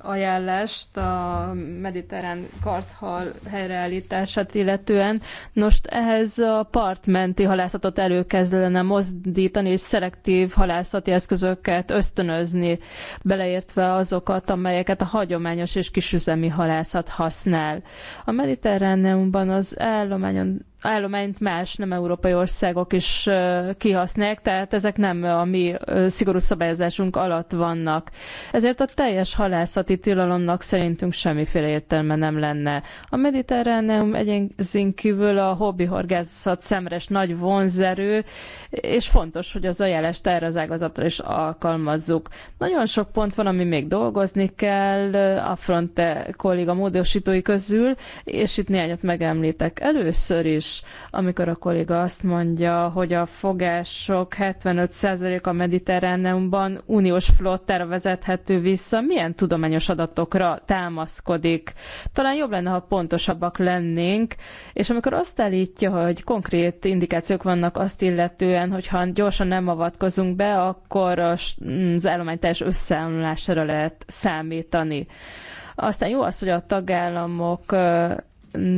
ajánlást a mediterrán karthal helyreállítását illetően, most ehhez a partmenti halászatot elő kellene mozdítani, és szelektív halászati eszközöket ösztönözni, beleértve azokat, amelyeket a hagyományos és kisüzemi halászat használ. A mediterráneumban az állományon állományt más nem európai országok is kihasználják, tehát ezek nem a mi szigorú szabályozásunk alatt vannak. Ezért a teljes halászati tilalomnak szerintünk semmiféle értelme nem lenne. A mediterráneum egyenzin kívül a hobbi horgászat szemres nagy vonzerő, és fontos, hogy az ajánlást erre az ágazatra is alkalmazzuk. Nagyon sok pont van, ami még dolgozni kell a Fronte kolléga módosítói közül, és itt néhányat megemlítek. Először is is, amikor a kolléga azt mondja, hogy a fogások 75% a mediterráneumban uniós flottára vezethető vissza. Milyen tudományos adatokra támaszkodik? Talán jobb lenne, ha pontosabbak lennénk, és amikor azt állítja, hogy konkrét indikációk vannak azt illetően, hogyha gyorsan nem avatkozunk be, akkor az állomány teljes összeomlására lehet számítani. Aztán jó az, hogy a tagállamok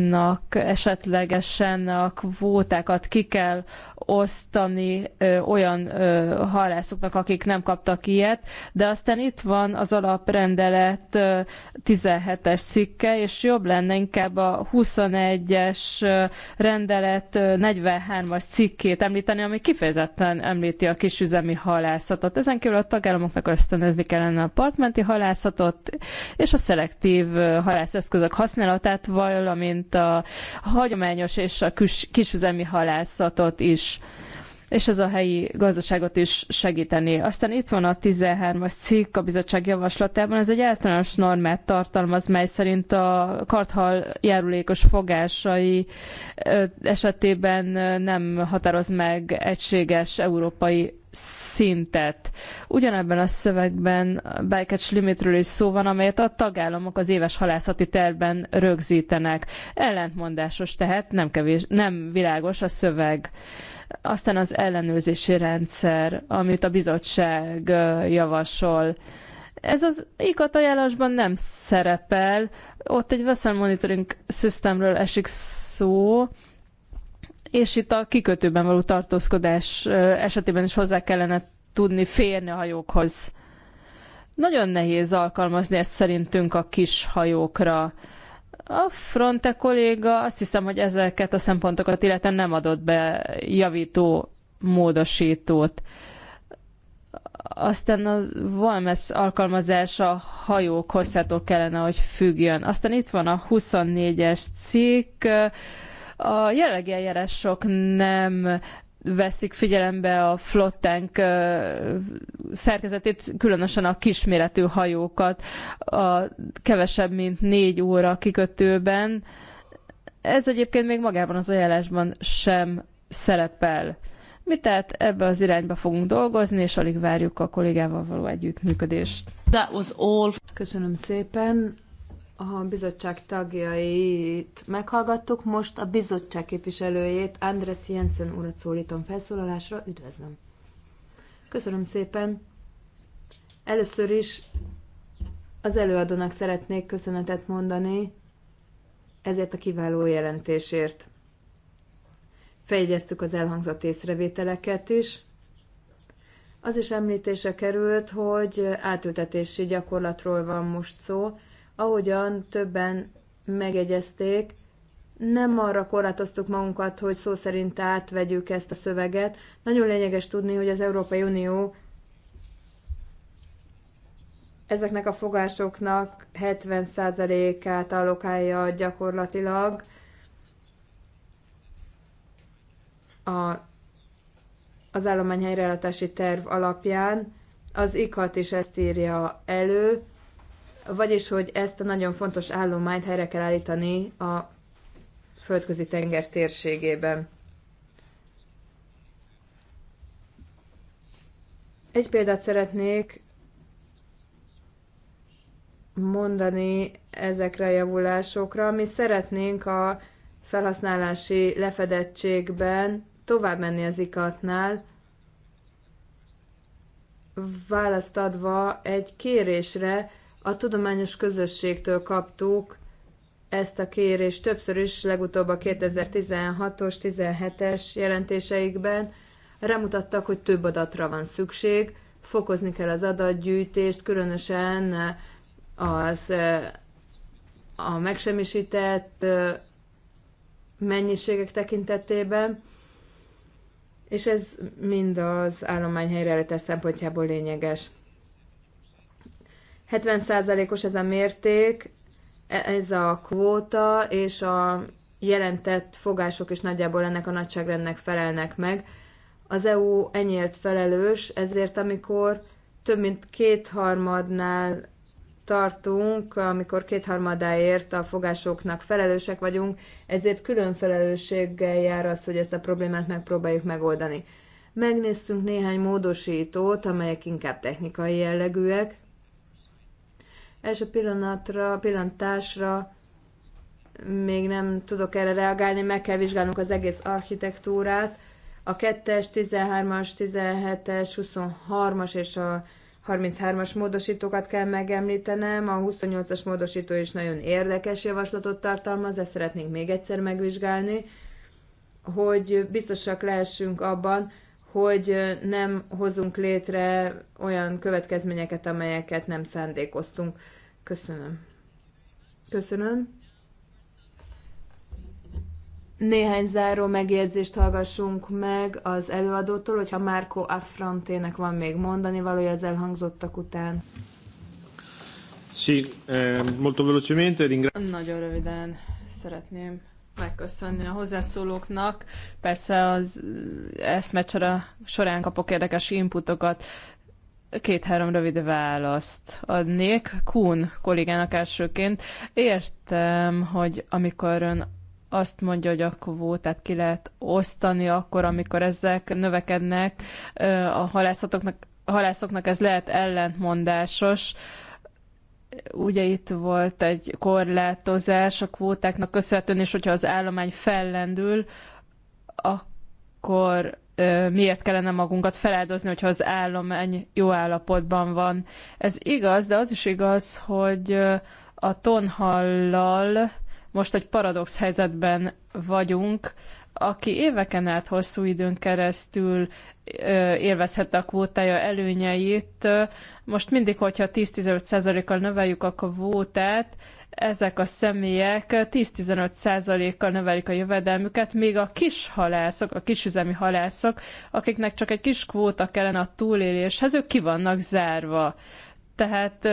nak esetlegesen a kvótákat ki kell osztani ö, olyan ö, halászoknak, akik nem kaptak ilyet, de aztán itt van az alaprendelet ö, 17-es cikke, és jobb lenne inkább a 21-es rendelet 43-as cikkét említeni, ami kifejezetten említi a kisüzemi halászatot. Ezen kívül a tagállamoknak ösztönözni kellene a partmenti halászatot, és a szelektív halászeszközök használatát, valami valamint a hagyományos és a kis, kisüzemi halászatot is és ez a helyi gazdaságot is segíteni. Aztán itt van a 13-as cikk a bizottság javaslatában, ez egy általános normát tartalmaz, mely szerint a karthal járulékos fogásai esetében nem határoz meg egységes európai szintet. Ugyanebben a szövegben a bycatch limitről is szó van, amelyet a tagállamok az éves halászati tervben rögzítenek. Ellentmondásos, tehát nem, kevés, nem világos a szöveg. Aztán az ellenőrzési rendszer, amit a bizottság javasol. Ez az ikat ajánlásban nem szerepel, ott egy vessel monitoring systemről esik szó, és itt a kikötőben való tartózkodás esetében is hozzá kellene tudni férni a hajókhoz. Nagyon nehéz alkalmazni ezt szerintünk a kis hajókra. A Fronte kolléga azt hiszem, hogy ezeket a szempontokat illetően nem adott be javító módosítót. Aztán a Valmes alkalmazása a hajók hosszától kellene, hogy függjön. Aztán itt van a 24-es cikk, a jelenlegi eljárások nem veszik figyelembe a flottánk szerkezetét, különösen a kisméretű hajókat, a kevesebb, mint négy óra kikötőben. Ez egyébként még magában az ajánlásban sem szerepel. Mi tehát ebbe az irányba fogunk dolgozni, és alig várjuk a kollégával való együttműködést. That was all. Köszönöm szépen a bizottság tagjait meghallgattuk, most a bizottság képviselőjét, Andres Jensen urat szólítom felszólalásra, üdvözlöm. Köszönöm szépen. Először is az előadónak szeretnék köszönetet mondani ezért a kiváló jelentésért. Fejegyeztük az elhangzott észrevételeket is. Az is említése került, hogy átültetési gyakorlatról van most szó, Ahogyan többen megegyezték, nem arra korlátoztuk magunkat, hogy szó szerint átvegyük ezt a szöveget. Nagyon lényeges tudni, hogy az Európai Unió ezeknek a fogásoknak 70%-át allokálja gyakorlatilag a, az állományhelyreállítási terv alapján. Az IKAT is ezt írja elő, vagyis, hogy ezt a nagyon fontos állományt helyre kell állítani a földközi tenger térségében. Egy példát szeretnék mondani ezekre a javulásokra. Mi szeretnénk a felhasználási lefedettségben tovább menni az ikatnál, választ adva egy kérésre, a tudományos közösségtől kaptuk ezt a kérést többször is, legutóbb a 2016-os, 17-es jelentéseikben Remutattak, hogy több adatra van szükség, fokozni kell az adatgyűjtést, különösen az a megsemmisített mennyiségek tekintetében, és ez mind az állományhelyreállítás szempontjából lényeges. 70%-os ez a mérték, e, ez a kvóta, és a jelentett fogások is nagyjából ennek a nagyságrendnek felelnek meg. Az EU ennyiért felelős, ezért amikor több mint kétharmadnál tartunk, amikor kétharmadáért a fogásoknak felelősek vagyunk, ezért külön felelősséggel jár az, hogy ezt a problémát megpróbáljuk megoldani. Megnéztünk néhány módosítót, amelyek inkább technikai jellegűek, Első pillanatra, pillantásra még nem tudok erre reagálni, meg kell vizsgálnunk az egész architektúrát. A 2-es, 13-as, 17-es, 23-as és a 33-as módosítókat kell megemlítenem. A 28-as módosító is nagyon érdekes javaslatot tartalmaz, ezt szeretnénk még egyszer megvizsgálni, hogy biztosak lehessünk abban, hogy nem hozunk létre olyan következményeket, amelyeket nem szándékoztunk. Köszönöm. Köszönöm. Néhány záró megjegyzést hallgassunk meg az előadótól, hogyha Márko Affrontének van még mondani valója az elhangzottak után. Sí, eh, molto velocemente. Ringra- Nagyon röviden szeretném megköszönni a hozzászólóknak. Persze az eh, eszmecsere során kapok érdekes inputokat két-három rövid választ adnék. kún kollégának elsőként. Értem, hogy amikor ön azt mondja, hogy a kvótát ki lehet osztani akkor, amikor ezek növekednek, a halászatoknak, a halászoknak ez lehet ellentmondásos. Ugye itt volt egy korlátozás a kvótáknak köszönhetően, és hogyha az állomány fellendül, akkor miért kellene magunkat feláldozni, hogyha az állomány jó állapotban van. Ez igaz, de az is igaz, hogy a tonhallal most egy paradox helyzetben vagyunk, aki éveken át hosszú időn keresztül élvezhette a kvótája előnyeit. Most mindig, hogyha 10-15%-kal növeljük a kvótát, ezek a személyek 10-15%-kal növelik a jövedelmüket, még a kis halászok, a kisüzemi halászok, akiknek csak egy kis kvóta kellene a túléléshez, ők ki vannak zárva. Tehát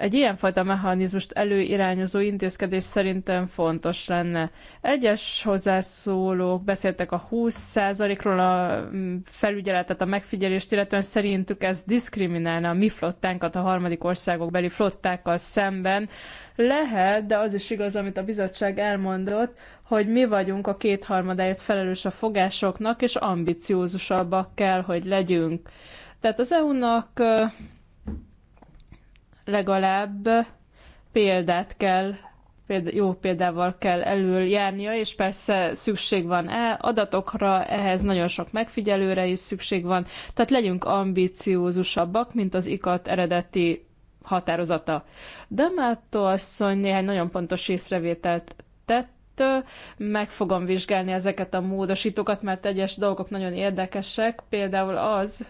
egy ilyenfajta mechanizmust előirányozó intézkedés szerintem fontos lenne. Egyes hozzászólók beszéltek a 20%-ról a mm, felügyeletet, a megfigyelést, illetően szerintük ez diszkriminálna a mi flottánkat a harmadik országok beli flottákkal szemben. Lehet, de az is igaz, amit a bizottság elmondott, hogy mi vagyunk a kétharmadáért felelős a fogásoknak, és ambiciózusabbak kell, hogy legyünk. Tehát az EU-nak legalább példát kell, példa, jó példával kell előjárnia, és persze szükség van -e adatokra, ehhez nagyon sok megfigyelőre is szükség van, tehát legyünk ambiciózusabbak, mint az ikat eredeti határozata. Damato asszony néhány nagyon pontos észrevételt tett, meg fogom vizsgálni ezeket a módosítókat, mert egyes dolgok nagyon érdekesek, például az,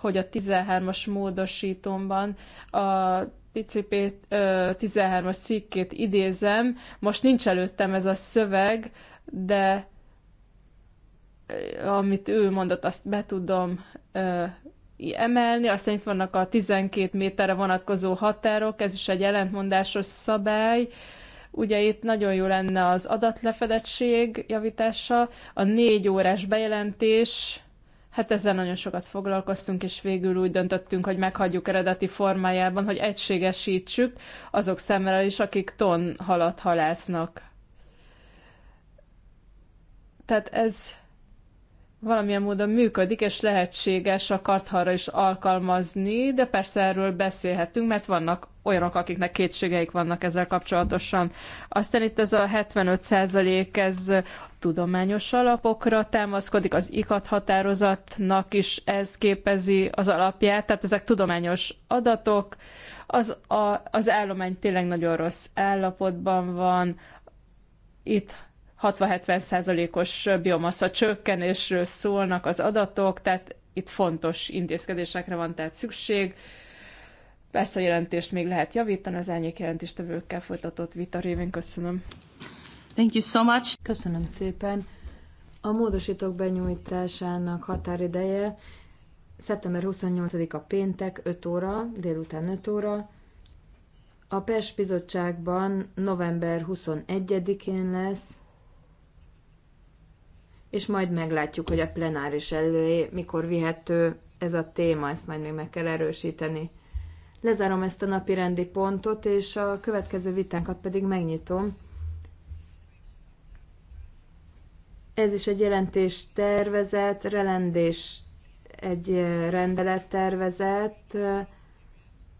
hogy a 13-as módosítomban a PCP 13-as cikkét idézem. Most nincs előttem ez a szöveg, de amit ő mondott, azt be tudom emelni, aztán itt vannak a 12 méterre vonatkozó határok, ez is egy ellentmondásos szabály. Ugye itt nagyon jó lenne az adatlefedettség javítása, a négy órás bejelentés, Hát ezzel nagyon sokat foglalkoztunk, és végül úgy döntöttünk, hogy meghagyjuk eredeti formájában, hogy egységesítsük azok számára is, akik ton halat halásznak. Tehát ez valamilyen módon működik, és lehetséges a kartharra is alkalmazni, de persze erről beszélhetünk, mert vannak olyanok, akiknek kétségeik vannak ezzel kapcsolatosan. Aztán itt ez a 75% ez tudományos alapokra támaszkodik, az ikat határozatnak is ez képezi az alapját, tehát ezek tudományos adatok, az, a, az állomány tényleg nagyon rossz állapotban van, itt 60-70 százalékos biomasza csökkenésről szólnak az adatok, tehát itt fontos intézkedésekre van tehát szükség. Persze a jelentést még lehet javítani, az elnyék jelentéstevőkkel folytatott vita révén. Köszönöm. Thank you so much. Köszönöm szépen. A módosítók benyújtásának határideje szeptember 28-a péntek, 5 óra, délután 5 óra. A PES bizottságban november 21-én lesz, és majd meglátjuk, hogy a plenáris elé mikor vihető ez a téma, ezt majd még meg kell erősíteni. Lezárom ezt a napi rendi pontot, és a következő vitánkat pedig megnyitom. Ez is egy jelentés tervezet, relendés, egy eh, rendelet tervezet,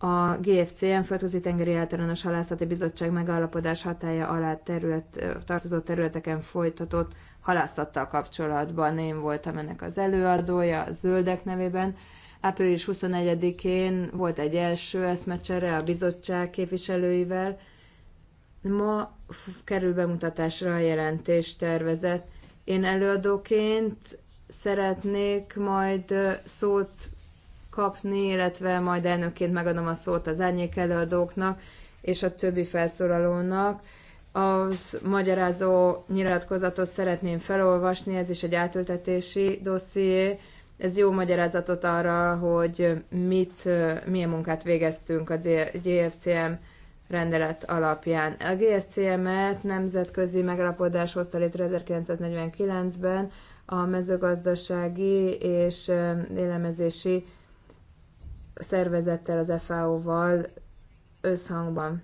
a GFCM Földközi Tengeri Általános Halászati Bizottság megállapodás hatája alá terület, eh, tartozó területeken folytatott halászattal kapcsolatban. Én voltam ennek az előadója, a Zöldek nevében. Április 21-én volt egy első eszmecsere a bizottság képviselőivel. Ma kerül bemutatásra a jelentés tervezet. Én előadóként szeretnék majd szót kapni, illetve majd elnökként megadom a szót az árnyék előadóknak és a többi felszólalónak az magyarázó nyilatkozatot szeretném felolvasni, ez is egy átültetési dosszié. Ez jó magyarázatot arra, hogy mit, milyen munkát végeztünk a GFCM rendelet alapján. A gfcm et nemzetközi megalapodás hozta létre 1949-ben a mezőgazdasági és élemezési szervezettel, az FAO-val összhangban.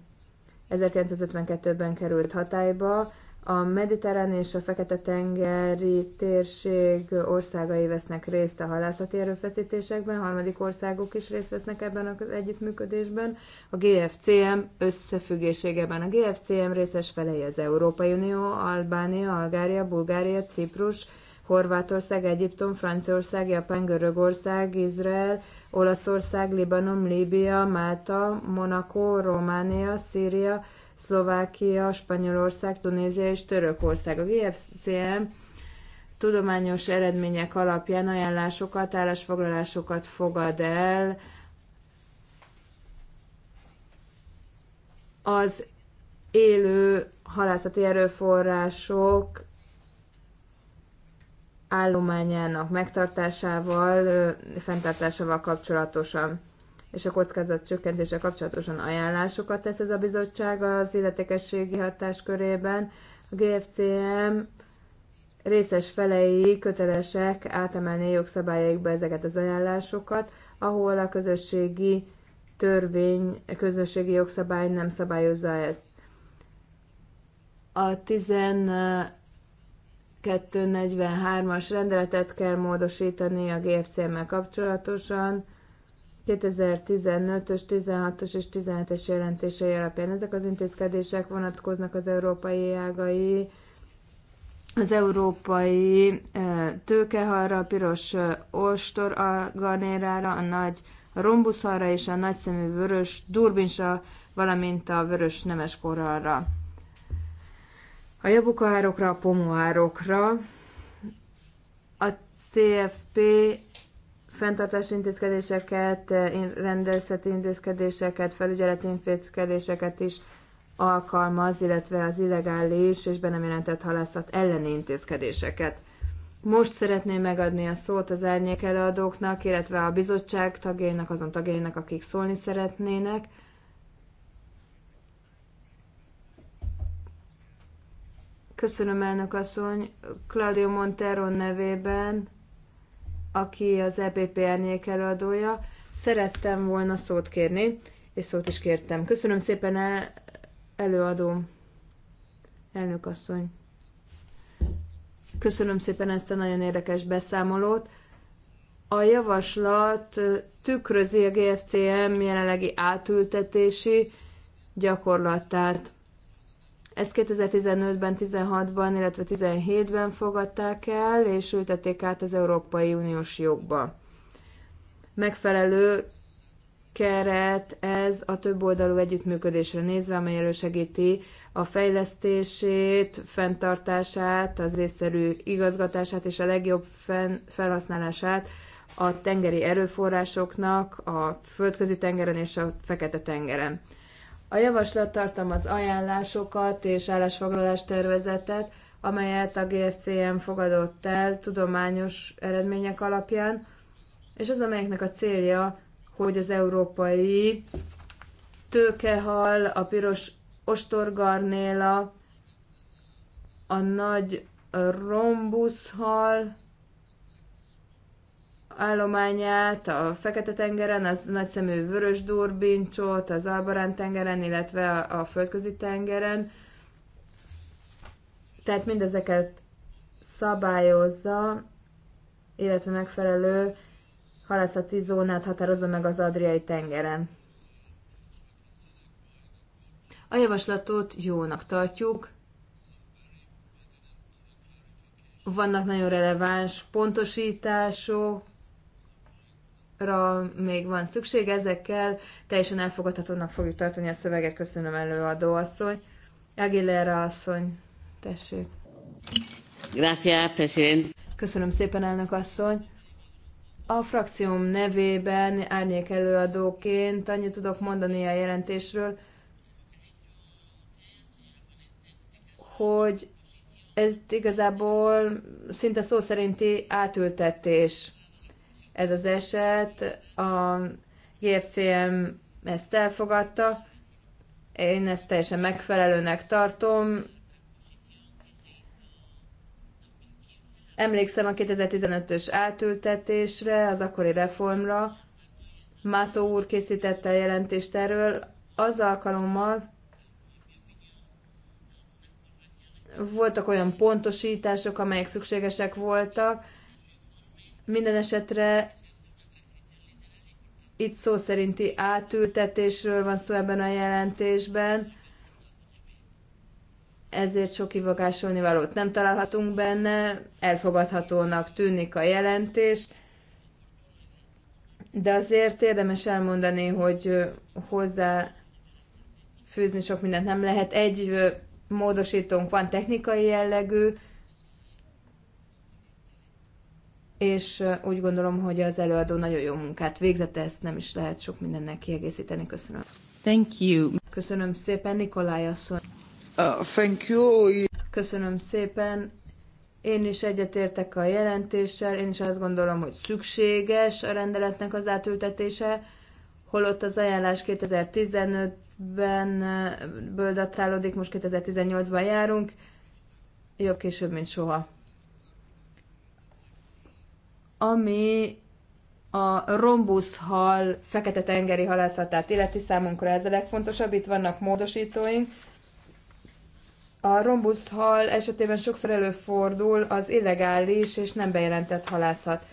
1952-ben került hatályba. A mediterrán és a Fekete-tengeri térség országai vesznek részt a halászati erőfeszítésekben, harmadik országok is részt vesznek ebben az együttműködésben. A GFCM összefüggésében a GFCM részes felei az Európai Unió, Albánia, Algária, Bulgária, Ciprus, Horvátország, Egyiptom, Franciaország, Japán, Görögország, Izrael, Olaszország, Libanon, Líbia, Málta, Monaco, Románia, Szíria, Szlovákia, Spanyolország, Tunézia és Törökország. A GFCM tudományos eredmények alapján ajánlásokat, állásfoglalásokat fogad el az élő halászati erőforrások állományának megtartásával, fenntartásával kapcsolatosan és a kockázat csökkentése kapcsolatosan ajánlásokat tesz ez a bizottság az illetékességi hatáskörében. A GFCM részes felei kötelesek átemelni jogszabályaikba ezeket az ajánlásokat, ahol a közösségi törvény, a közösségi jogszabály nem szabályozza ezt. A 10 243-as rendeletet kell módosítani a GFCM-mel kapcsolatosan, 2015-ös, 16-os és 17-es jelentései alapján. Ezek az intézkedések vonatkoznak az európai ágai, az európai tőkehalra, a piros ostor a garnérára, a nagy rombuszalra és a nagyszemű vörös durbinsa, valamint a vörös nemes korallra. A jabukaárokra, a pomoárokra a CFP fenntartási intézkedéseket, eh, rendelszeti intézkedéseket, felügyeleti intézkedéseket is alkalmaz, illetve az illegális és be nem jelentett halászat elleni intézkedéseket. Most szeretném megadni a szót az árnyékelőadóknak, illetve a bizottság tagjainak, azon tagjainak, akik szólni szeretnének. Köszönöm, elnök asszony. Claudio Monteron nevében, aki az EPP árnyék előadója, szerettem volna szót kérni, és szót is kértem. Köszönöm szépen, el, előadó, elnök asszony. Köszönöm szépen ezt a nagyon érdekes beszámolót. A javaslat tükrözi a GFCM jelenlegi átültetési gyakorlatát ezt 2015-ben, 16-ban, illetve 17-ben fogadták el, és ültették át az Európai Uniós jogba. Megfelelő keret ez a több oldalú együttműködésre nézve, amely elősegíti a fejlesztését, fenntartását, az észszerű igazgatását és a legjobb felhasználását a tengeri erőforrásoknak a földközi tengeren és a fekete tengeren. A javaslat tartalmaz ajánlásokat és állásfoglalás tervezetet, amelyet a GFCM fogadott el tudományos eredmények alapján, és az, amelyeknek a célja, hogy az európai tőkehal, a piros ostorgarnéla, a nagy rombuszhal, állományát, a Fekete-tengeren, az nagyszemű vörös durbincsot, az Albarán-tengeren, illetve a, a Földközi-tengeren. Tehát mindezeket szabályozza, illetve megfelelő halászati zónát határozza meg az Adriai tengeren. A javaslatot jónak tartjuk. Vannak nagyon releváns pontosítások, ra még van szükség, ezekkel teljesen elfogadhatónak fogjuk tartani a szöveget. Köszönöm előadó asszony. Aguilera asszony, tessék. Grazie, president. Köszönöm szépen, elnök asszony. A frakcióm nevében árnyék előadóként annyit tudok mondani a jelentésről, hogy ez igazából szinte szó szerinti átültetés ez az eset. A GFCM ezt elfogadta, én ezt teljesen megfelelőnek tartom. Emlékszem a 2015-ös átültetésre, az akkori reformra. Mátó úr készítette a jelentést erről. Az alkalommal voltak olyan pontosítások, amelyek szükségesek voltak, minden esetre itt szó szerinti átültetésről van szó ebben a jelentésben, ezért sok kivagásolni valót nem találhatunk benne, elfogadhatónak tűnik a jelentés, de azért érdemes elmondani, hogy hozzá fűzni sok mindent nem lehet. Egy módosítónk van technikai jellegű, és úgy gondolom, hogy az előadó nagyon jó munkát végzett, ezt nem is lehet sok mindennel kiegészíteni. Köszönöm. Thank you. Köszönöm szépen, Nikolaj asszony. Uh, thank you. Köszönöm szépen. Én is egyetértek a jelentéssel, én is azt gondolom, hogy szükséges a rendeletnek az átültetése, holott az ajánlás 2015-ben ből datálódik, most 2018-ban járunk, jobb később, mint soha ami a rombuszhal fekete-tengeri halászatát illeti számunkra ez a legfontosabb, itt vannak módosítóink. A rombuszhal esetében sokszor előfordul az illegális és nem bejelentett halászat,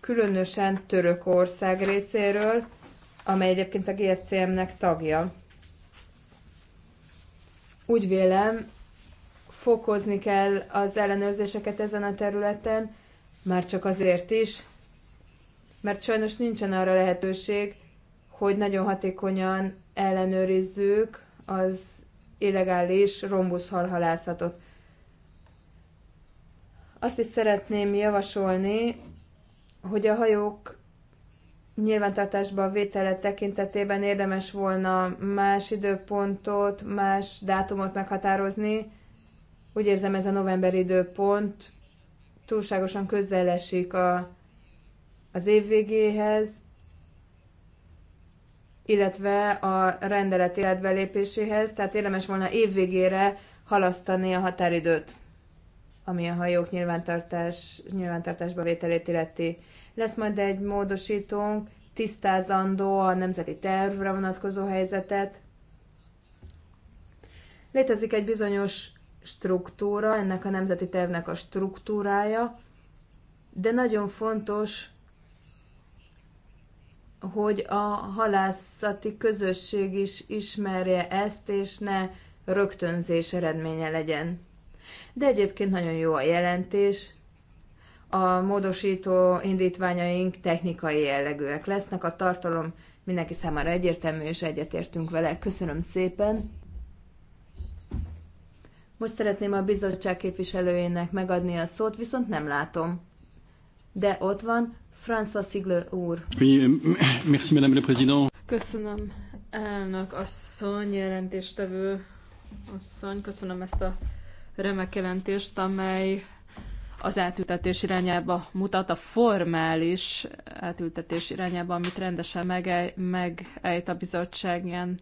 különösen Törökország részéről, amely egyébként a GFCM-nek tagja. Úgy vélem, fokozni kell az ellenőrzéseket ezen a területen, már csak azért is, mert sajnos nincsen arra lehetőség, hogy nagyon hatékonyan ellenőrizzük az illegális rombuszhalhalászatot. Azt is szeretném javasolni, hogy a hajók nyilvántartásba vétele tekintetében érdemes volna más időpontot, más dátumot meghatározni. Úgy érzem, ez a novemberi időpont túlságosan közel esik a, az év végéhez, illetve a rendelet életbelépéséhez, tehát érdemes volna évvégére halasztani a határidőt, ami a hajók nyilvántartás, nyilvántartásba vételét illeti. Lesz majd egy módosítónk, tisztázandó a nemzeti tervre vonatkozó helyzetet. Létezik egy bizonyos struktúra, ennek a nemzeti tervnek a struktúrája, de nagyon fontos, hogy a halászati közösség is ismerje ezt, és ne rögtönzés eredménye legyen. De egyébként nagyon jó a jelentés, a módosító indítványaink technikai jellegűek lesznek, a tartalom mindenki számára egyértelmű, és egyetértünk vele. Köszönöm szépen! Most szeretném a bizottság képviselőjének megadni a szót, viszont nem látom. De ott van François Sigle úr. Euh, [COUGHS] merci, madame la Président. Köszönöm, elnök asszony, jelentéstevő asszony, köszönöm ezt a remek jelentést, amely az átültetés irányába mutat, a formális átültetés irányába, amit rendesen megejt a bizottság ilyen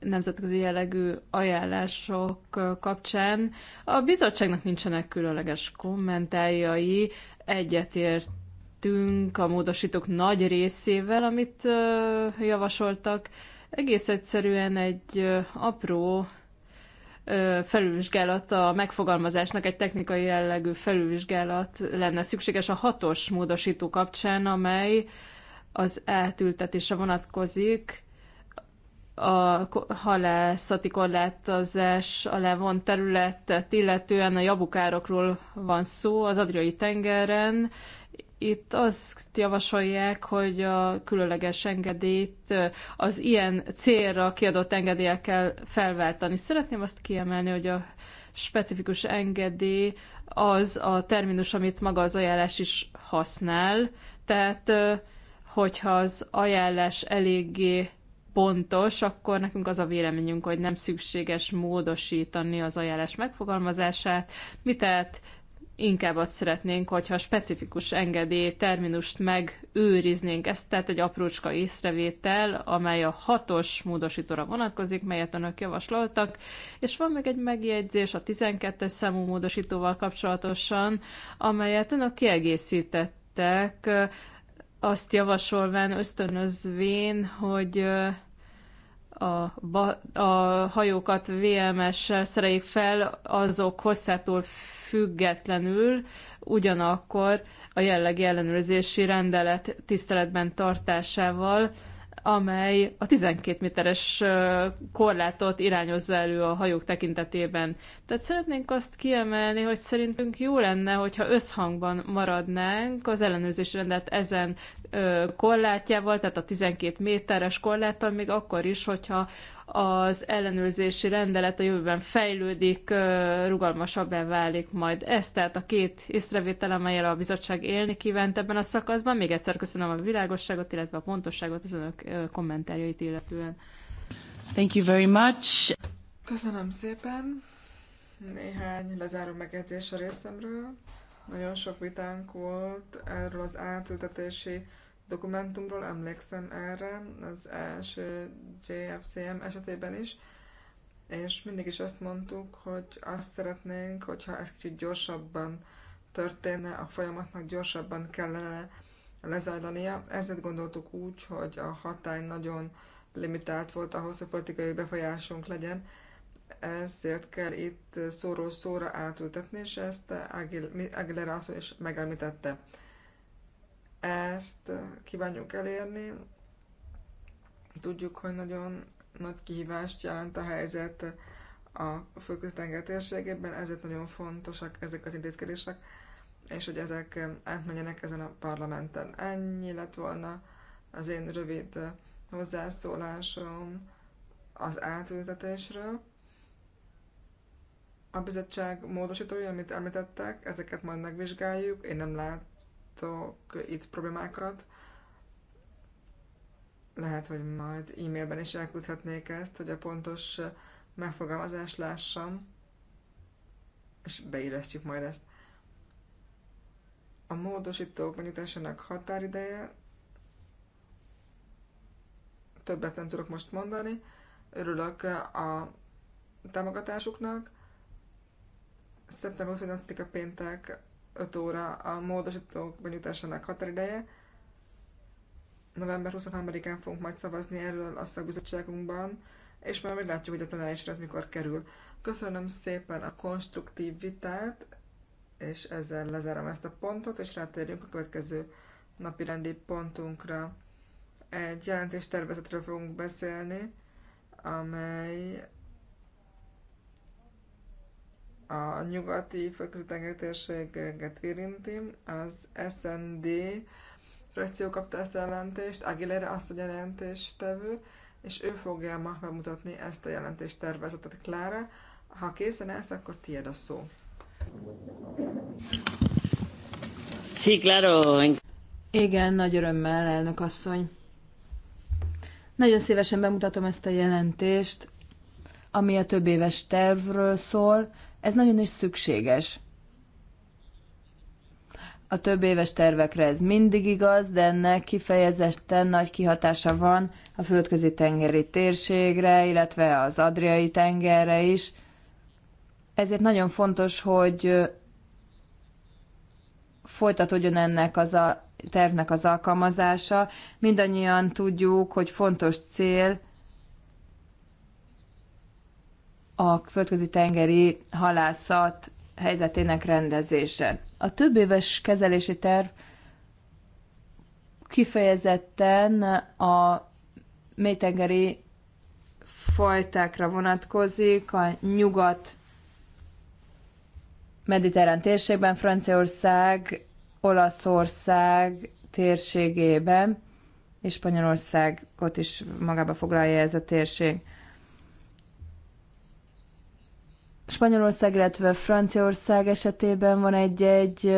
nemzetközi jellegű ajánlások kapcsán. A bizottságnak nincsenek különleges kommentárjai, egyetértünk a módosítók nagy részével, amit javasoltak. Egész egyszerűen egy apró felülvizsgálat a megfogalmazásnak, egy technikai jellegű felülvizsgálat lenne szükséges a hatos módosító kapcsán, amely az átültetése vonatkozik a halászati korlátozás alá von területet, illetően a jabukárokról van szó az Adriai tengeren. Itt azt javasolják, hogy a különleges engedélyt az ilyen célra kiadott engedélyekkel felváltani. Szeretném azt kiemelni, hogy a specifikus engedély az a terminus, amit maga az ajánlás is használ, tehát hogyha az ajánlás eléggé pontos, akkor nekünk az a véleményünk, hogy nem szükséges módosítani az ajánlás megfogalmazását, mi tehát inkább azt szeretnénk, hogyha a specifikus engedély terminust megőriznénk. ezt tehát egy aprócska észrevétel, amely a hatos módosítóra vonatkozik, melyet önök javasoltak, és van még egy megjegyzés a 12-es számú módosítóval kapcsolatosan, amelyet önök kiegészítettek, azt javasolván, ösztönözvén, hogy a, ba, a hajókat VMS-sel szereljék fel azok hosszától függetlenül, ugyanakkor a jellegi ellenőrzési rendelet tiszteletben tartásával, amely a 12 méteres korlátot irányozza elő a hajók tekintetében. Tehát szeretnénk azt kiemelni, hogy szerintünk jó lenne, hogyha összhangban maradnánk az ellenőrzés rendet ezen korlátjával, tehát a 12 méteres korláttal, még akkor is, hogyha az ellenőrzési rendelet a jövőben fejlődik, rugalmasabbá válik majd. Ez tehát a két észrevétel, amelyel a bizottság élni kívánt ebben a szakaszban. Még egyszer köszönöm a világosságot, illetve a pontosságot az önök kommentárjait illetően. Thank you very much. Köszönöm szépen. Néhány lezáró megjegyzés a részemről. Nagyon sok vitánk volt erről az átültetési dokumentumról, emlékszem erre, az első JFCM esetében is, és mindig is azt mondtuk, hogy azt szeretnénk, hogyha ez kicsit gyorsabban történne, a folyamatnak gyorsabban kellene lezajlania. Ezért gondoltuk úgy, hogy a hatály nagyon limitált volt ahhoz, hogy politikai befolyásunk legyen, ezért kell itt szóról szóra átültetni, és ezt Aguilera asszony is megelmítette ezt kívánjuk elérni. Tudjuk, hogy nagyon nagy kihívást jelent a helyzet a földközi-tenger térségében, ezért nagyon fontosak ezek az intézkedések, és hogy ezek átmenjenek ezen a parlamenten. Ennyi lett volna az én rövid hozzászólásom az átültetésről. A bizottság módosítói, amit említettek, ezeket majd megvizsgáljuk. Én nem lát látok itt problémákat. Lehet, hogy majd e-mailben is elküldhetnék ezt, hogy a pontos megfogalmazást lássam, és beillesztjük majd ezt. A módosítók benyújtásának határideje, többet nem tudok most mondani, örülök a támogatásuknak. Szeptember 28-a péntek 5 óra a módosítók benyújtásának határideje. November 23-án fogunk majd szavazni erről a szakbizottságunkban, és már meglátjuk, hogy a plenárisra ez mikor kerül. Köszönöm szépen a konstruktív vitát, és ezzel lezárom ezt a pontot, és rátérjünk a következő napi rendi pontunkra. Egy jelentéstervezetről fogunk beszélni, amely a nyugati földközi térséget érinti. Az SND frakció kapta ezt a jelentést, Aguilera azt a jelentést tevő, és ő fogja ma bemutatni ezt a jelentést tervezetet. Klára, ha készen állsz, akkor tiéd a szó. Sí, claro. Igen, nagy örömmel, elnök asszony. Nagyon szívesen bemutatom ezt a jelentést, ami a több éves tervről szól, ez nagyon is szükséges. A több éves tervekre ez mindig igaz, de ennek kifejezetten nagy kihatása van a földközi tengeri térségre, illetve az Adriai tengerre is. Ezért nagyon fontos, hogy folytatódjon ennek az a tervnek az alkalmazása. Mindannyian tudjuk, hogy fontos cél a földközi tengeri halászat helyzetének rendezése. A több éves kezelési terv kifejezetten a mélytengeri fajtákra vonatkozik, a nyugat mediterrán térségben, Franciaország, Olaszország térségében, és Spanyolországot is magába foglalja ez a térség. Spanyolország, illetve Franciaország esetében van egy-egy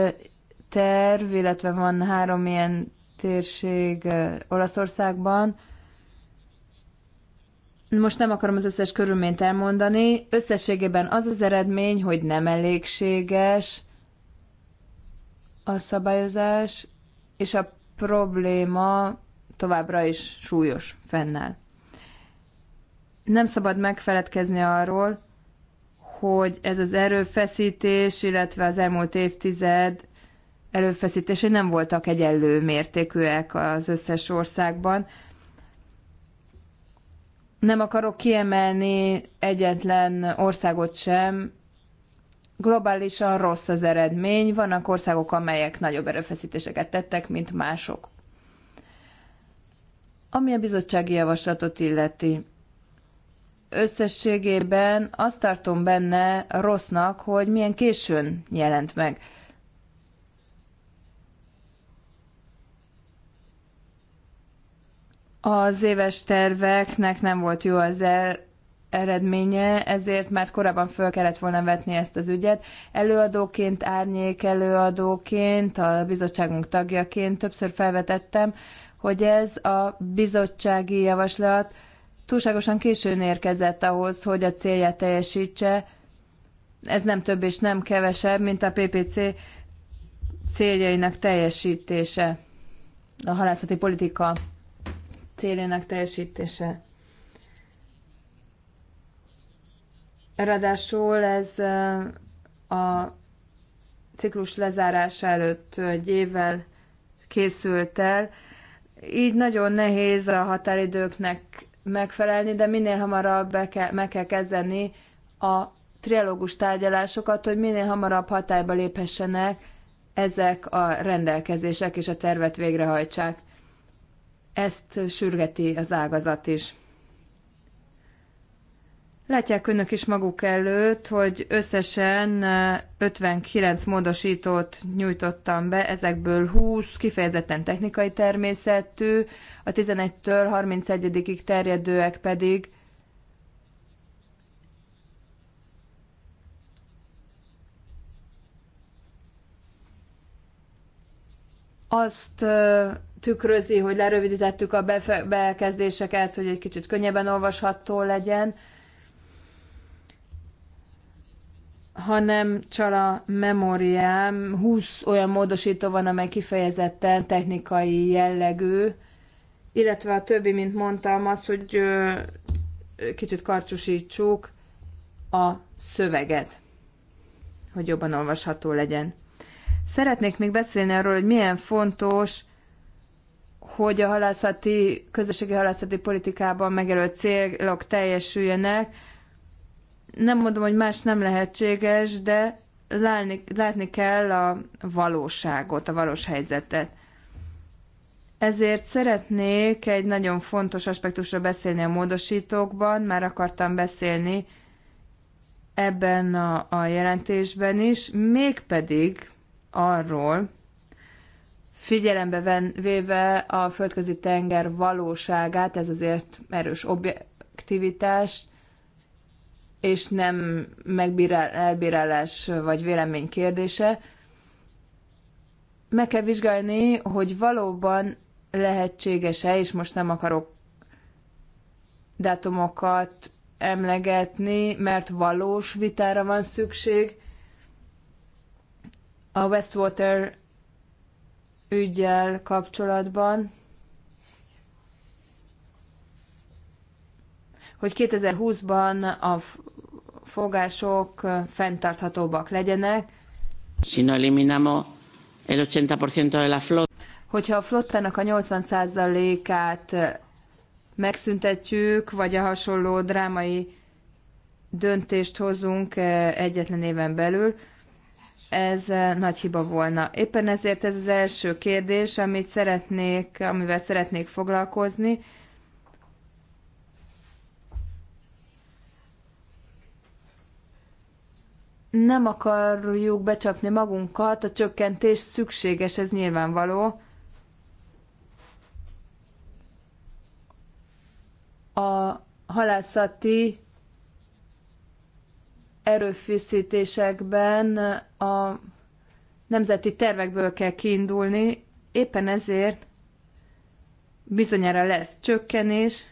terv, illetve van három ilyen térség Olaszországban. Most nem akarom az összes körülményt elmondani. Összességében az az eredmény, hogy nem elégséges a szabályozás, és a probléma továbbra is súlyos fennáll. Nem szabad megfeledkezni arról, hogy ez az erőfeszítés, illetve az elmúlt évtized előfeszítései nem voltak egyenlő mértékűek az összes országban. Nem akarok kiemelni egyetlen országot sem, globálisan rossz az eredmény, vannak országok, amelyek nagyobb erőfeszítéseket tettek, mint mások. Ami a bizottsági javaslatot illeti, összességében azt tartom benne rossznak, hogy milyen későn jelent meg. Az éves terveknek nem volt jó az eredménye, ezért már korábban föl kellett volna vetni ezt az ügyet. Előadóként, árnyék előadóként, a bizottságunk tagjaként többször felvetettem, hogy ez a bizottsági javaslat túlságosan későn érkezett ahhoz, hogy a célját teljesítse. Ez nem több és nem kevesebb, mint a PPC céljainak teljesítése, a halászati politika céljainak teljesítése. Ráadásul ez a ciklus lezárása előtt egy évvel készült el, így nagyon nehéz a határidőknek megfelelni, de minél hamarabb be kell, meg kell kezdeni a trialógus tárgyalásokat, hogy minél hamarabb hatályba léphessenek ezek a rendelkezések és a tervet végrehajtsák. Ezt sürgeti az ágazat is. Látják önök is maguk előtt, hogy összesen 59 eh, módosítót nyújtottam be, ezekből 20 kifejezetten technikai természetű, a 11-től 31-ig terjedőek pedig azt eh, tükrözi, hogy lerövidítettük a bekezdéseket, hogy egy kicsit könnyebben olvasható legyen, hanem a memóriám, 20 olyan módosító van, amely kifejezetten technikai jellegű, illetve a többi, mint mondtam, az, hogy kicsit karcsúsítsuk a szöveget, hogy jobban olvasható legyen. Szeretnék még beszélni arról, hogy milyen fontos, hogy a halászati, közösségi halászati politikában megjelölt célok teljesüljenek, nem mondom, hogy más nem lehetséges, de látni, látni kell a valóságot, a valós helyzetet. Ezért szeretnék egy nagyon fontos aspektusra beszélni a módosítókban, már akartam beszélni ebben a, a jelentésben is, mégpedig arról, figyelembe ven, véve a földközi tenger valóságát, ez azért erős objektivitást, és nem megbírál, elbírálás vagy vélemény kérdése. Meg kell vizsgálni, hogy valóban lehetséges-e, és most nem akarok dátumokat emlegetni, mert valós vitára van szükség. A Westwater ügyel kapcsolatban, hogy 2020-ban a fogások fenntarthatóbbak legyenek. Si no eliminamos el 80% de la flota. Hogyha a flottának a 80%-át megszüntetjük, vagy a hasonló drámai döntést hozunk egyetlen éven belül, ez nagy hiba volna. Éppen ezért ez az első kérdés, amit szeretnék, amivel szeretnék foglalkozni, nem akarjuk becsapni magunkat, a csökkentés szükséges, ez nyilvánvaló. A halászati erőfeszítésekben a nemzeti tervekből kell kiindulni, éppen ezért bizonyára lesz csökkenés.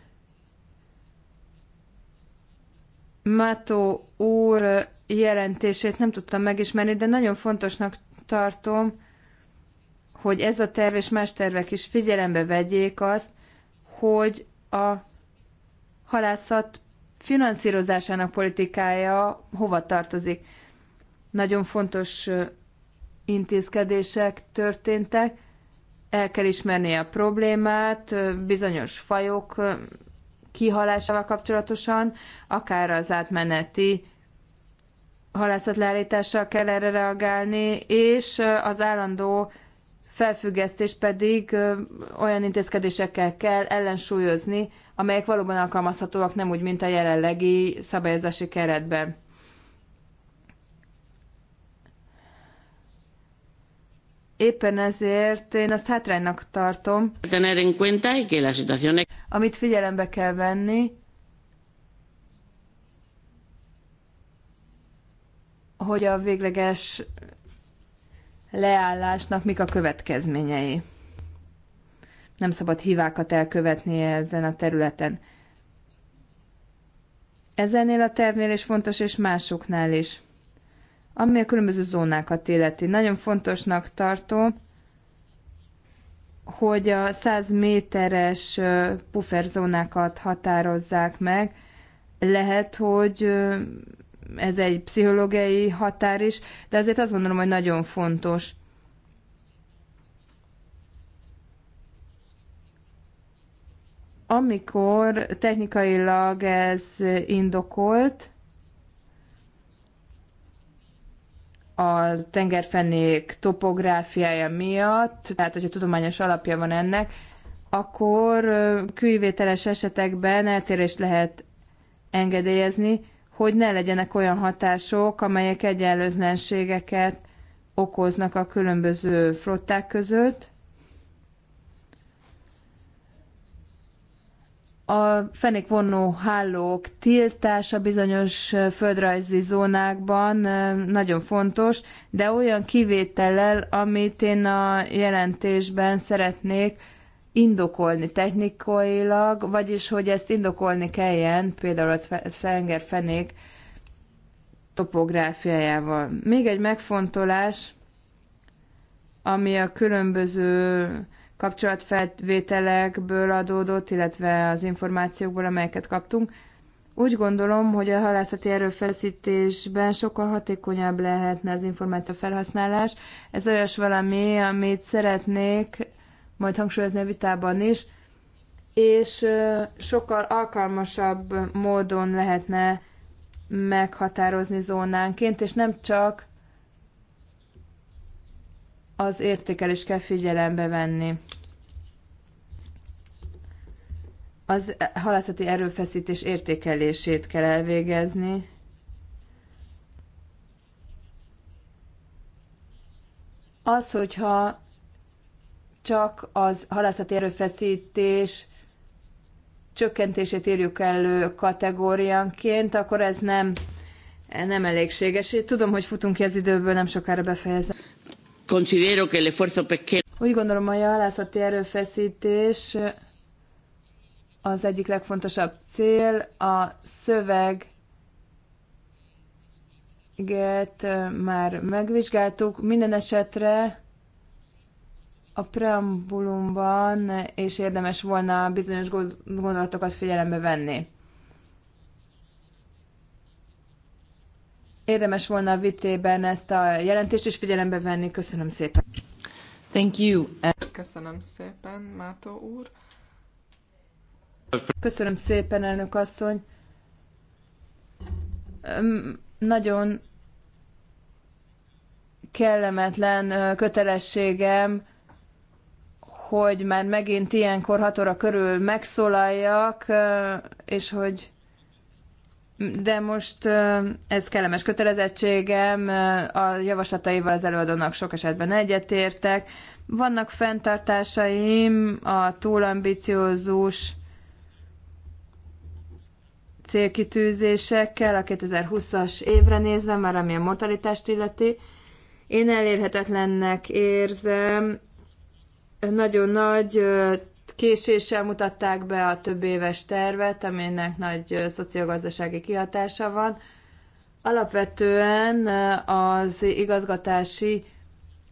Mátó úr jelentését nem tudtam megismerni, de nagyon fontosnak tartom, hogy ez a terv és más tervek is figyelembe vegyék azt, hogy a halászat finanszírozásának politikája hova tartozik. Nagyon fontos intézkedések történtek, el kell ismerni a problémát, bizonyos fajok kihalásával kapcsolatosan, akár az átmeneti halászat leállítással kell erre reagálni, és az állandó felfüggesztés pedig olyan intézkedésekkel kell ellensúlyozni, amelyek valóban alkalmazhatóak, nem úgy, mint a jelenlegi szabályozási keretben. Éppen ezért én azt hátránynak tartom, amit figyelembe kell venni, hogy a végleges leállásnak mik a következményei. Nem szabad hívákat elkövetni ezen a területen. Ezennél a tervnél is fontos, és másoknál is. Ami a különböző zónákat illeti. Nagyon fontosnak tartom, hogy a 100 méteres pufferzónákat határozzák meg. Lehet, hogy ez egy pszichológiai határ is, de azért azt gondolom, hogy nagyon fontos. Amikor technikailag ez indokolt, a tengerfenék topográfiája miatt, tehát hogyha tudományos alapja van ennek, akkor kivételes esetekben eltérést lehet engedélyezni, hogy ne legyenek olyan hatások, amelyek egyenlőtlenségeket okoznak a különböző flották között. A fenékvonó hálók tiltása bizonyos földrajzi zónákban nagyon fontos, de olyan kivétellel, amit én a jelentésben szeretnék, indokolni technikailag, vagyis hogy ezt indokolni kelljen, például a Szenger fenék topográfiájával. Még egy megfontolás, ami a különböző kapcsolatfelvételekből adódott, illetve az információkból, amelyeket kaptunk. Úgy gondolom, hogy a halászati erőfeszítésben sokkal hatékonyabb lehetne az információ felhasználás. Ez olyas valami, amit szeretnék majd hangsúlyozni a vitában is, és sokkal alkalmasabb módon lehetne meghatározni zónánként, és nem csak az értékelés kell figyelembe venni. Az halászati erőfeszítés értékelését kell elvégezni. Az, hogyha csak az halászati erőfeszítés csökkentését írjuk elő kategóriánként, akkor ez nem, nem elégséges. Én tudom, hogy futunk ki az időből, nem sokára befejezem. Considero que el esfuerzo pesquero... Úgy gondolom, hogy a halászati erőfeszítés az egyik legfontosabb cél. A szöveg már megvizsgáltuk. Minden esetre a preambulumban, és érdemes volna bizonyos gondolatokat figyelembe venni. Érdemes volna a vitében ezt a jelentést is figyelembe venni. Köszönöm szépen. Thank you. Köszönöm szépen, Mátó úr. Köszönöm szépen, elnök asszony. Nagyon kellemetlen kötelességem hogy már megint ilyenkor hat óra körül megszólaljak, és hogy de most ez kellemes kötelezettségem, a javaslataival az előadónak sok esetben egyetértek. Vannak fenntartásaim a túlambiciózus célkitűzésekkel a 2020-as évre nézve, már ami a mortalitást illeti. Én elérhetetlennek érzem nagyon nagy késéssel mutatták be a több éves tervet, aminek nagy szociogazdasági kihatása van. Alapvetően az igazgatási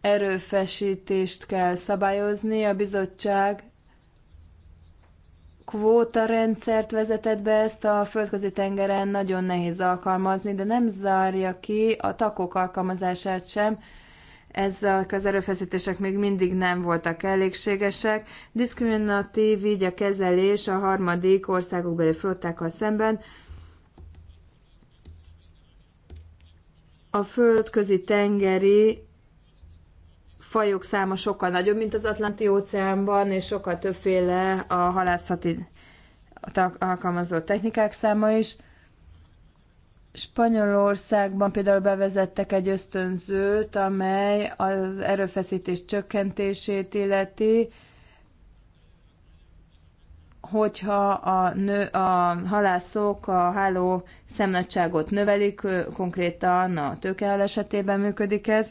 erőfesítést kell szabályozni. A bizottság kvóta rendszert vezetett be, ezt a földközi tengeren nagyon nehéz alkalmazni, de nem zárja ki a takok alkalmazását sem, ezek az erőfeszítések még mindig nem voltak elégségesek. Diszkriminatív így a kezelés a harmadik országokbeli flottákkal szemben. A földközi tengeri fajok száma sokkal nagyobb, mint az Atlanti óceánban, és sokkal többféle a halászati alkalmazott technikák száma is. Spanyolországban például bevezettek egy ösztönzőt, amely az erőfeszítés csökkentését illeti, hogyha a, nő, a halászok a háló szemnagyságot növelik, konkrétan a tőkehal esetében működik ez,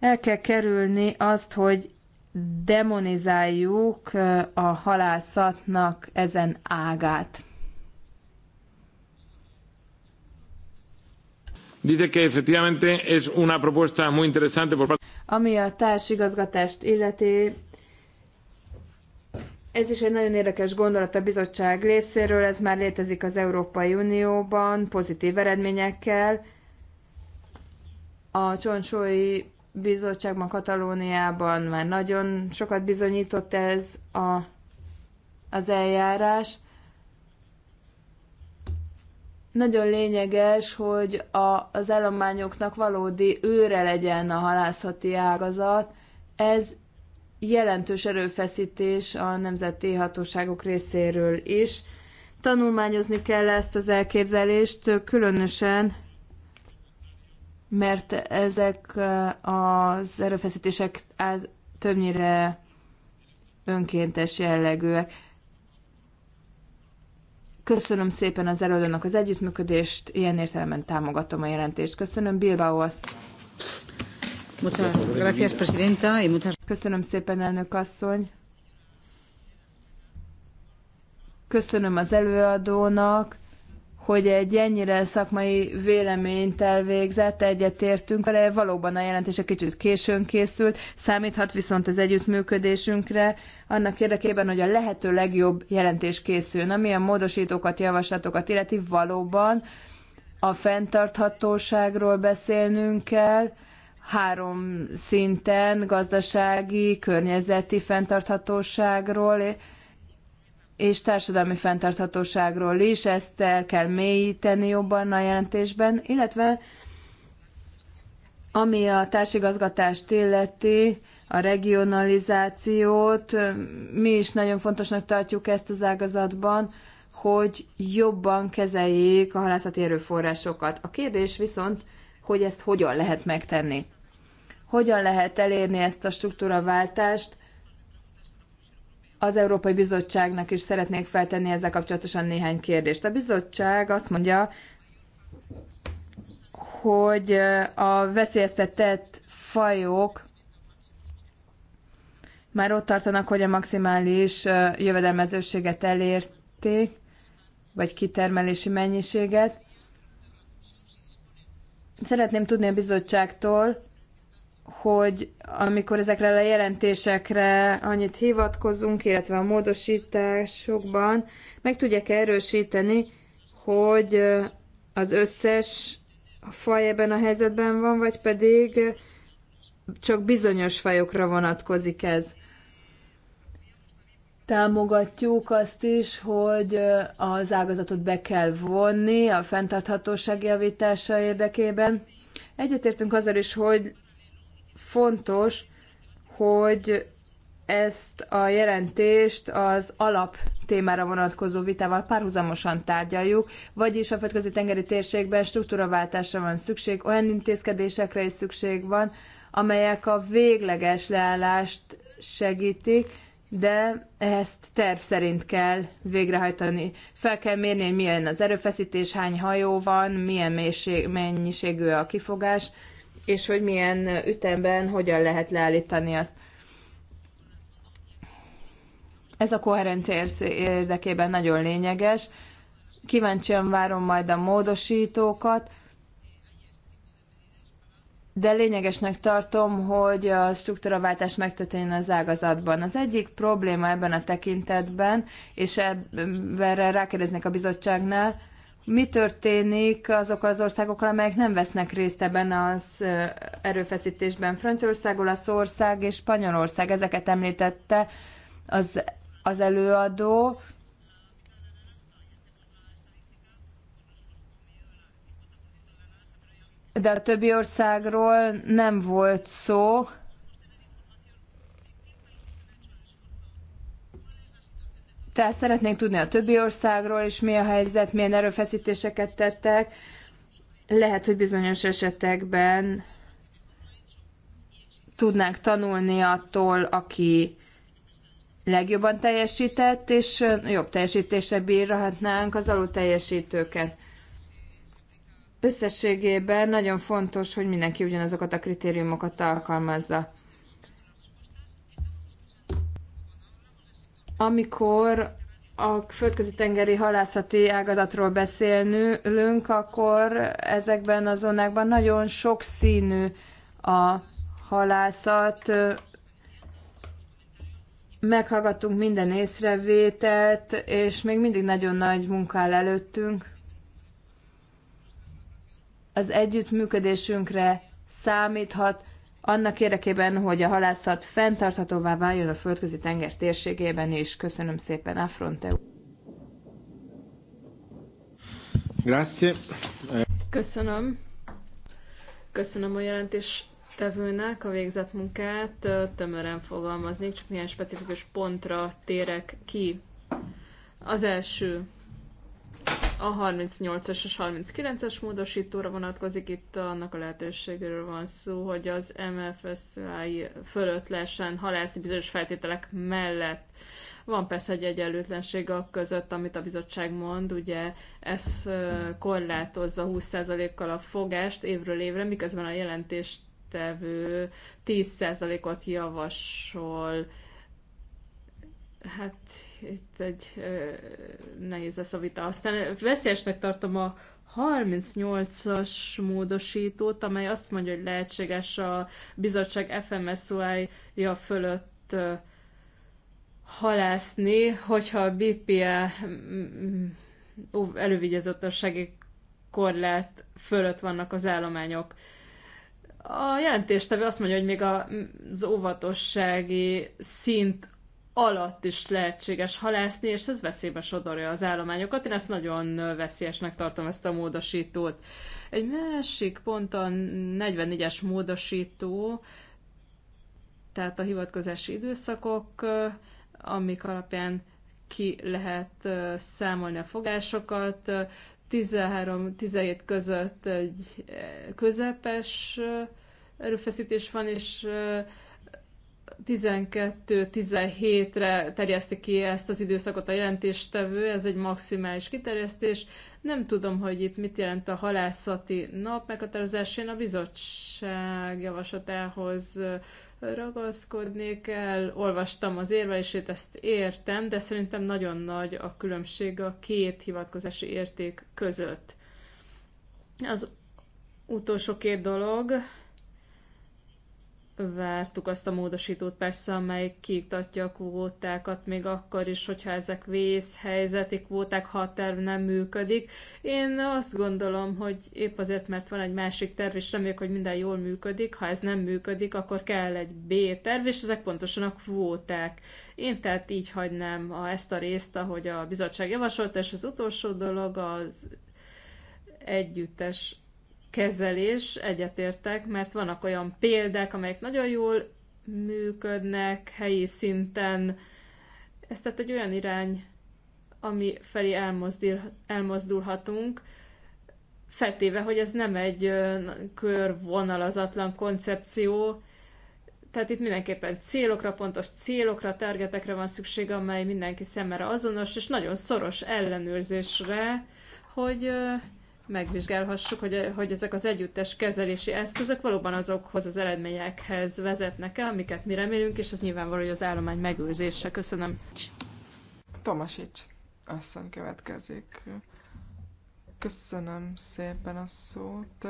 el kell kerülni azt, hogy demonizáljuk a halászatnak ezen ágát. Ami a társigazgatást illeti, ez is egy nagyon érdekes gondolat a bizottság részéről, ez már létezik az Európai Unióban pozitív eredményekkel. A Csonsói Bizottságban, Katalóniában már nagyon sokat bizonyított ez a, az eljárás. Nagyon lényeges, hogy a, az állományoknak valódi őre legyen a halászati ágazat. Ez jelentős erőfeszítés a nemzeti hatóságok részéről is. Tanulmányozni kell ezt az elképzelést, különösen mert ezek eh, az erőfeszítések többnyire önkéntes jellegűek. Köszönöm szépen az előadónak az együttműködést, ilyen értelemben támogatom a jelentést. Köszönöm, Bilbao azt. Köszönöm szépen, elnök asszony. Köszönöm az előadónak hogy egy ennyire szakmai véleményt elvégzett, egyetértünk vele, valóban a jelentés egy kicsit későn készült, számíthat viszont az együttműködésünkre, annak érdekében, hogy a lehető legjobb jelentés készüljön, ami a módosítókat, javaslatokat illeti valóban a fenntarthatóságról beszélnünk kell, három szinten, gazdasági, környezeti fenntarthatóságról, és társadalmi fenntarthatóságról is, ezt el kell mélyíteni jobban a jelentésben, illetve ami a társigazgatást illeti, a regionalizációt, mi is nagyon fontosnak tartjuk ezt az ágazatban, hogy jobban kezeljék a halászati erőforrásokat. A kérdés viszont, hogy ezt hogyan lehet megtenni. Hogyan lehet elérni ezt a struktúraváltást, az Európai Bizottságnak is szeretnék feltenni ezzel kapcsolatosan néhány kérdést. A bizottság azt mondja, hogy a veszélyeztetett fajok már ott tartanak, hogy a maximális jövedelmezőséget elérték, vagy kitermelési mennyiséget. Szeretném tudni a bizottságtól, hogy amikor ezekre a jelentésekre annyit hivatkozunk, illetve a módosításokban, meg tudják erősíteni, hogy az összes faj ebben a helyzetben van, vagy pedig csak bizonyos fajokra vonatkozik ez. Támogatjuk azt is, hogy az ágazatot be kell vonni a fenntarthatóság javítása érdekében. Egyetértünk azzal is, hogy fontos, hogy ezt a jelentést az alap témára vonatkozó vitával párhuzamosan tárgyaljuk, vagyis a földközi tengeri térségben struktúraváltásra van szükség, olyan intézkedésekre is szükség van, amelyek a végleges leállást segítik, de ezt terv szerint kell végrehajtani. Fel kell mérni, hogy milyen az erőfeszítés, hány hajó van, milyen mélység, mennyiségű a kifogás, és hogy milyen ütemben hogyan lehet leállítani azt. Ez a koherencia érdekében nagyon lényeges. Kíváncsian várom majd a módosítókat, de lényegesnek tartom, hogy a struktúraváltás megtörténjen az ágazatban. Az egyik probléma ebben a tekintetben, és ebben rákérdeznek a bizottságnál, mi történik azokkal az országokkal, amelyek nem vesznek részt ebben az erőfeszítésben. Franciaország, Olaszország és Spanyolország, ezeket említette az, az előadó. De a többi országról nem volt szó. Tehát szeretnénk tudni a többi országról is, mi a helyzet, milyen erőfeszítéseket tettek. Lehet, hogy bizonyos esetekben tudnánk tanulni attól, aki legjobban teljesített, és jobb teljesítése bírhatnánk az alul teljesítőket. Összességében nagyon fontos, hogy mindenki ugyanazokat a kritériumokat alkalmazza. Amikor a földközi tengeri halászati ágazatról beszélünk, akkor ezekben a zónákban nagyon sokszínű a halászat. Meghallgattunk minden észrevételt, és még mindig nagyon nagy munkál előttünk. Az együttműködésünkre számíthat, annak érdekében, hogy a halászat fenntarthatóvá váljon a földközi tenger térségében is. Köszönöm szépen, Afronteu. Grazie. Köszönöm. Köszönöm a jelentés tevőnek a végzett munkát. Tömören fogalmaznék, csak milyen specifikus pontra térek ki. Az első, a 38-as és 39-es módosítóra vonatkozik, itt annak a lehetőségéről van szó, hogy az MFSZI fölött lehessen halászni bizonyos feltételek mellett. Van persze egy egyenlőtlenség a között, amit a bizottság mond, ugye ez korlátozza 20%-kal a fogást évről évre, miközben a jelentéstevő 10%-ot javasol Hát itt egy ö, nehéz lesz a vita. Aztán veszélyesnek tartom a 38-as módosítót, amely azt mondja, hogy lehetséges a bizottság FMSUI-ja fölött ö, halászni, hogyha a BPA e, mm, mm, a korlát fölött vannak az állományok. A jelentéstevő azt mondja, hogy még az óvatossági szint alatt is lehetséges halászni, és ez veszélybe sodorja az állományokat. Én ezt nagyon veszélyesnek tartom, ezt a módosítót. Egy másik pont a 44-es módosító, tehát a hivatkozási időszakok, amik alapján ki lehet számolni a fogásokat. 13-17 között egy közepes erőfeszítés van, és 12-17-re terjeszti ki ezt az időszakot a jelentéstevő, ez egy maximális kiterjesztés. Nem tudom, hogy itt mit jelent a halászati nap meghatározásén a bizottság javaslatához ragaszkodni kell. Olvastam az érvelését, ezt értem, de szerintem nagyon nagy a különbség a két hivatkozási érték között. Az utolsó két dolog, vártuk azt a módosítót persze, amely kiiktatja a kvótákat még akkor is, hogyha ezek vészhelyzeti kvóták, ha a terv nem működik. Én azt gondolom, hogy épp azért, mert van egy másik terv, és reméljük, hogy minden jól működik. Ha ez nem működik, akkor kell egy B terv, és ezek pontosan a kvóták. Én tehát így hagynám a, ezt a részt, ahogy a bizottság javasolta, és az utolsó dolog az együttes kezelés, egyetértek, mert vannak olyan példák, amelyek nagyon jól működnek helyi szinten. Ez tehát egy olyan irány, ami felé elmozdul, elmozdulhatunk, feltéve, hogy ez nem egy körvonalazatlan koncepció, tehát itt mindenképpen célokra, pontos célokra, targetekre van szükség, amely mindenki szemére azonos, és nagyon szoros ellenőrzésre, hogy megvizsgálhassuk, hogy, hogy ezek az együttes kezelési eszközök valóban azokhoz az eredményekhez vezetnek el, amiket mi remélünk, és ez nyilvánvaló, hogy az állomány megőrzése. Köszönöm. Tomasics asszony következik. Köszönöm szépen a szót.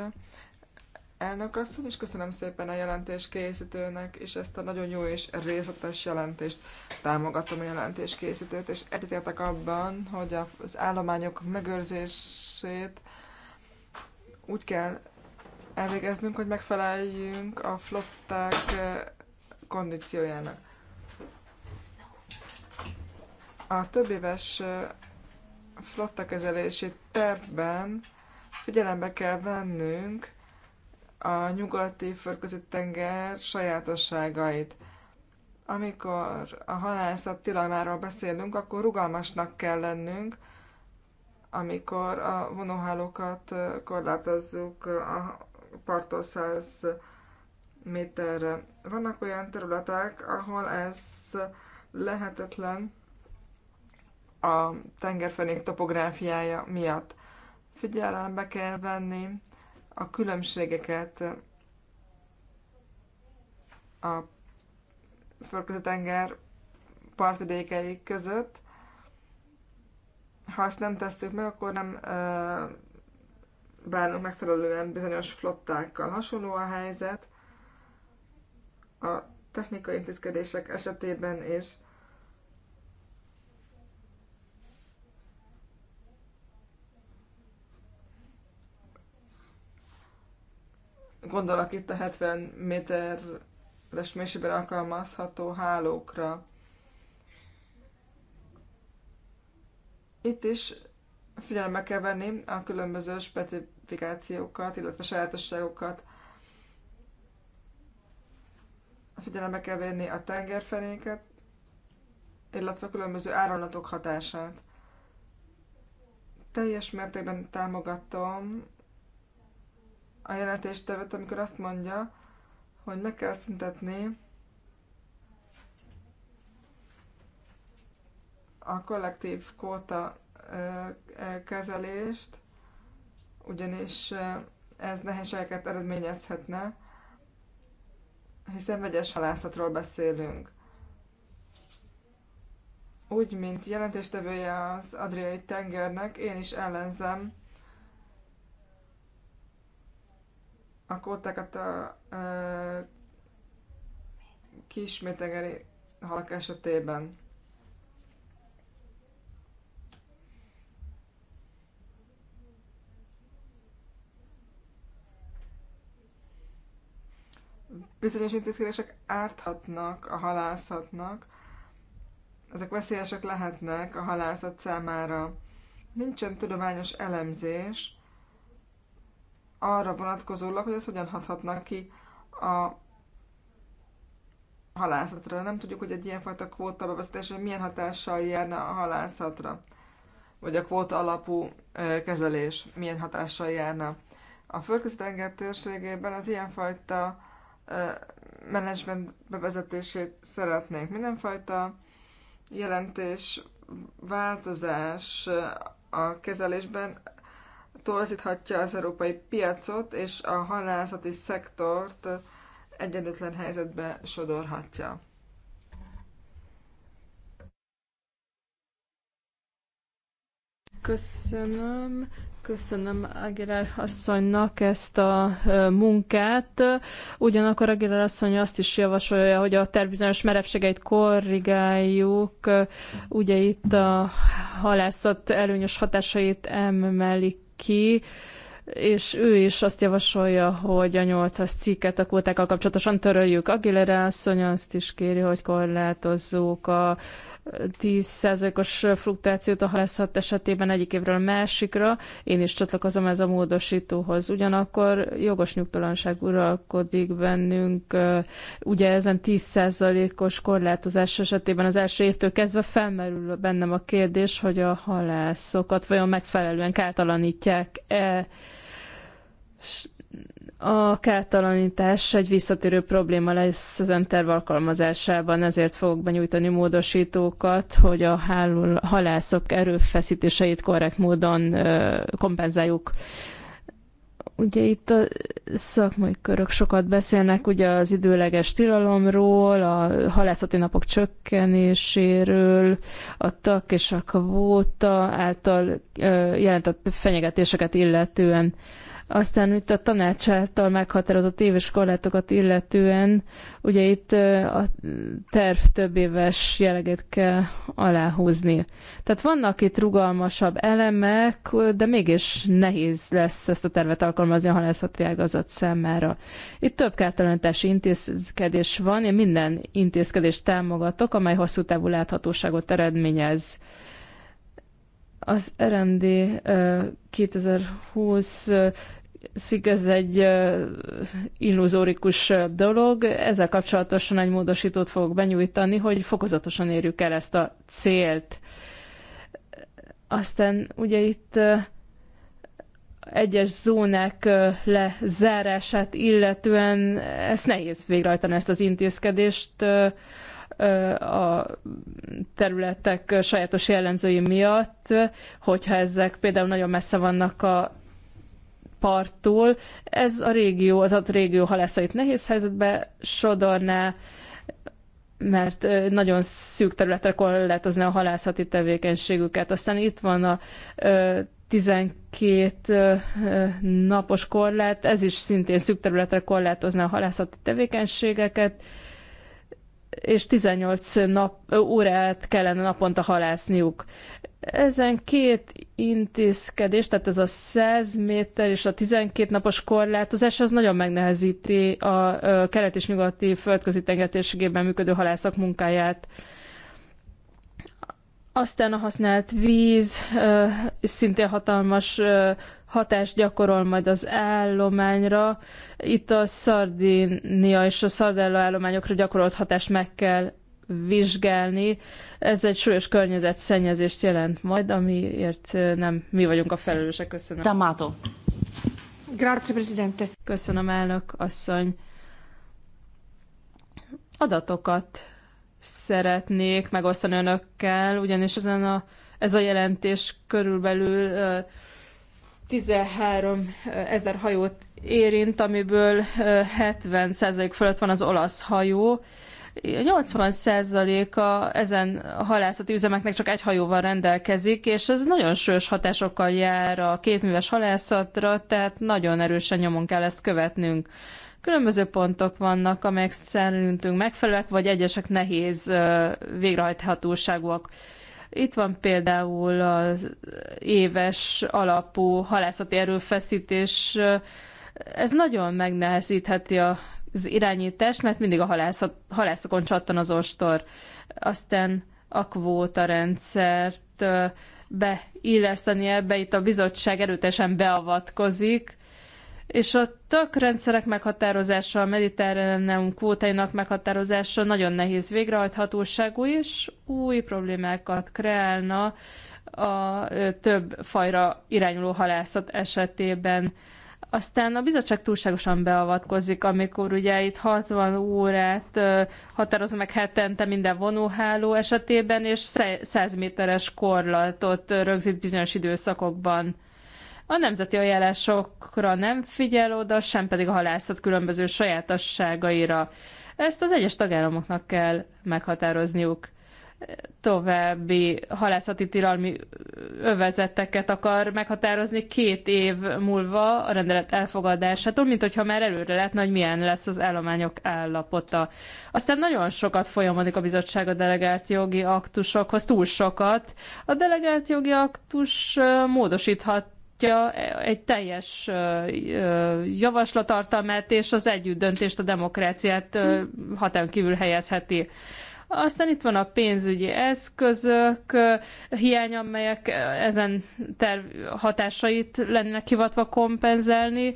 Elnök asszony, és köszönöm szépen a jelentés készítőnek, és ezt a nagyon jó és részletes jelentést támogatom a jelentés készítőt, és egyetértek abban, hogy az állományok megőrzését úgy kell elvégeznünk, hogy megfeleljünk a flották kondíciójának. A több éves flotta kezelési tervben figyelembe kell vennünk a nyugati földközi tenger sajátosságait. Amikor a halászat tilalmáról beszélünk, akkor rugalmasnak kell lennünk, amikor a vonóhálókat korlátozzuk a parttól 100 méterre. Vannak olyan területek, ahol ez lehetetlen a tengerfenék topográfiája miatt. Figyelembe kell venni a különbségeket a földközi tenger partvidékei között, ha ezt nem tesszük meg, akkor nem bánunk megfelelően bizonyos flottákkal. Hasonló a helyzet a technikai intézkedések esetében is. Gondolok itt a 70 méteres mélységben alkalmazható hálókra. Itt is figyelembe kell venni a különböző specifikációkat, illetve sajátosságokat. Figyelembe kell venni a tengerfenéket, illetve a különböző áramlatok hatását. Teljes mértékben támogatom a jelentéstevőt, amikor azt mondja, hogy meg kell szüntetni a kollektív kóta kezelést, ugyanis ez nehézségeket eredményezhetne, hiszen vegyes halászatról beszélünk. Úgy, mint jelentéstevője az Adriai tengernek, én is ellenzem a kótákat a a kis halak esetében. bizonyos intézkedések árthatnak a halászatnak, ezek veszélyesek lehetnek a halászat számára. Nincsen tudományos elemzés arra vonatkozólag, hogy ez hogyan hathatnak ki a halászatra. Nem tudjuk, hogy egy ilyenfajta kvóta bevezetése milyen hatással járna a halászatra, vagy a kvóta alapú kezelés milyen hatással járna. A földközi tenger térségében az ilyenfajta menedzsment bevezetését szeretnénk. Mindenfajta jelentés, változás a kezelésben torzíthatja az európai piacot, és a halászati szektort egyenlőtlen helyzetbe sodorhatja. Köszönöm. Köszönöm Aguilar asszonynak ezt a munkát. Ugyanakkor Aguilar asszony azt is javasolja, hogy a tervbizonyos merevségeit korrigáljuk. Ugye itt a halászat előnyös hatásait emelik ki és ő is azt javasolja, hogy a 8-as cikket a kvótákkal kapcsolatosan töröljük. Aguilera asszony azt is kéri, hogy korlátozzuk a 10%-os fluktuációt a halászat esetében egyik évről a másikra. Én is csatlakozom ez a módosítóhoz. Ugyanakkor jogos nyugtalanság uralkodik bennünk. Ugye ezen 10%-os korlátozás esetében az első évtől kezdve felmerül bennem a kérdés, hogy a halászokat vajon megfelelően kártalanítják-e a kártalanítás egy visszatérő probléma lesz az MTERV alkalmazásában, ezért fogok benyújtani módosítókat, hogy a halászok erőfeszítéseit korrekt módon kompenzáljuk. Ugye itt a szakmai körök sokat beszélnek ugye az időleges tilalomról, a halászati napok csökkenéséről, a tak és a kvóta által jelentett fenyegetéseket illetően. Aztán itt a tanács által meghatározott éves korlátokat illetően, ugye itt a terv több éves jeleget kell aláhúzni. Tehát vannak itt rugalmasabb elemek, de mégis nehéz lesz ezt a tervet alkalmazni a halászati ágazat számára. Itt több kártalanítási intézkedés van, én minden intézkedést támogatok, amely hosszú távú láthatóságot eredményez az RMD 2020 szik, ez egy illuzórikus dolog. Ezzel kapcsolatosan egy módosítót fogok benyújtani, hogy fokozatosan érjük el ezt a célt. Aztán ugye itt egyes zónák lezárását illetően ez nehéz végrehajtani, ezt az intézkedést a területek sajátos jellemzői miatt, hogyha ezek például nagyon messze vannak a parttól. Ez a régió, az adott régió halászait nehéz helyzetbe sodorná, mert nagyon szűk területre korlátozná a halászati tevékenységüket. Aztán itt van a 12 napos korlát, ez is szintén szűk területre korlátozna a halászati tevékenységeket és 18 nap, órát kellene naponta halászniuk. Ezen két intézkedés, tehát ez a 100 méter és a 12 napos korlátozás, az nagyon megnehezíti a kelet és nyugati földközi tengertérségében működő halászak munkáját. Aztán a használt víz szintén hatalmas hatást gyakorol majd az állományra. Itt a Szardinia és a Szardella állományokra gyakorolt hatást meg kell vizsgálni. Ez egy súlyos környezetszennyezést jelent majd, amiért nem mi vagyunk a felelősek. Köszönöm. Damato. Grazie, Presidente. Köszönöm, elnök asszony. Adatokat szeretnék megosztani önökkel, ugyanis ezen a, ez a jelentés körülbelül 13 ezer hajót érint, amiből 70 százalék fölött van az olasz hajó. 80 százaléka ezen halászati üzemeknek csak egy hajóval rendelkezik, és ez nagyon sős hatásokkal jár a kézműves halászatra, tehát nagyon erősen nyomon kell ezt követnünk. Különböző pontok vannak, amelyek szerintünk megfelelőek, vagy egyesek nehéz végrehajthatóságúak. Itt van például az éves alapú halászati erőfeszítés. Ez nagyon megnehezítheti az irányítást, mert mindig a halászat, halászokon csattan az ostor. Aztán a kvóta rendszert beilleszteni ebbe, itt a bizottság erőtesen beavatkozik, és a rendszerek meghatározása, a mediterráneum kvótainak meghatározása nagyon nehéz végrehajthatóságú, és új problémákat kreálna a több fajra irányuló halászat esetében. Aztán a bizottság túlságosan beavatkozik, amikor ugye itt 60 órát határoz meg hetente minden vonóháló esetében, és 100 méteres korlatot rögzít bizonyos időszakokban. A nemzeti ajánlásokra nem figyel oda, sem pedig a halászat különböző sajátosságaira. Ezt az egyes tagállamoknak kell meghatározniuk további halászati tilalmi övezeteket akar meghatározni két év múlva a rendelet elfogadásától, mint hogyha már előre látna, hogy milyen lesz az állományok állapota. Aztán nagyon sokat folyamodik a bizottság a delegált jogi aktusokhoz, túl sokat. A delegált jogi aktus módosíthat támogatja egy teljes javaslatartalmát és az együttdöntést, a demokráciát határon kívül helyezheti. Aztán itt van a pénzügyi eszközök hiány, amelyek ezen terv hatásait lennének hivatva kompenzálni.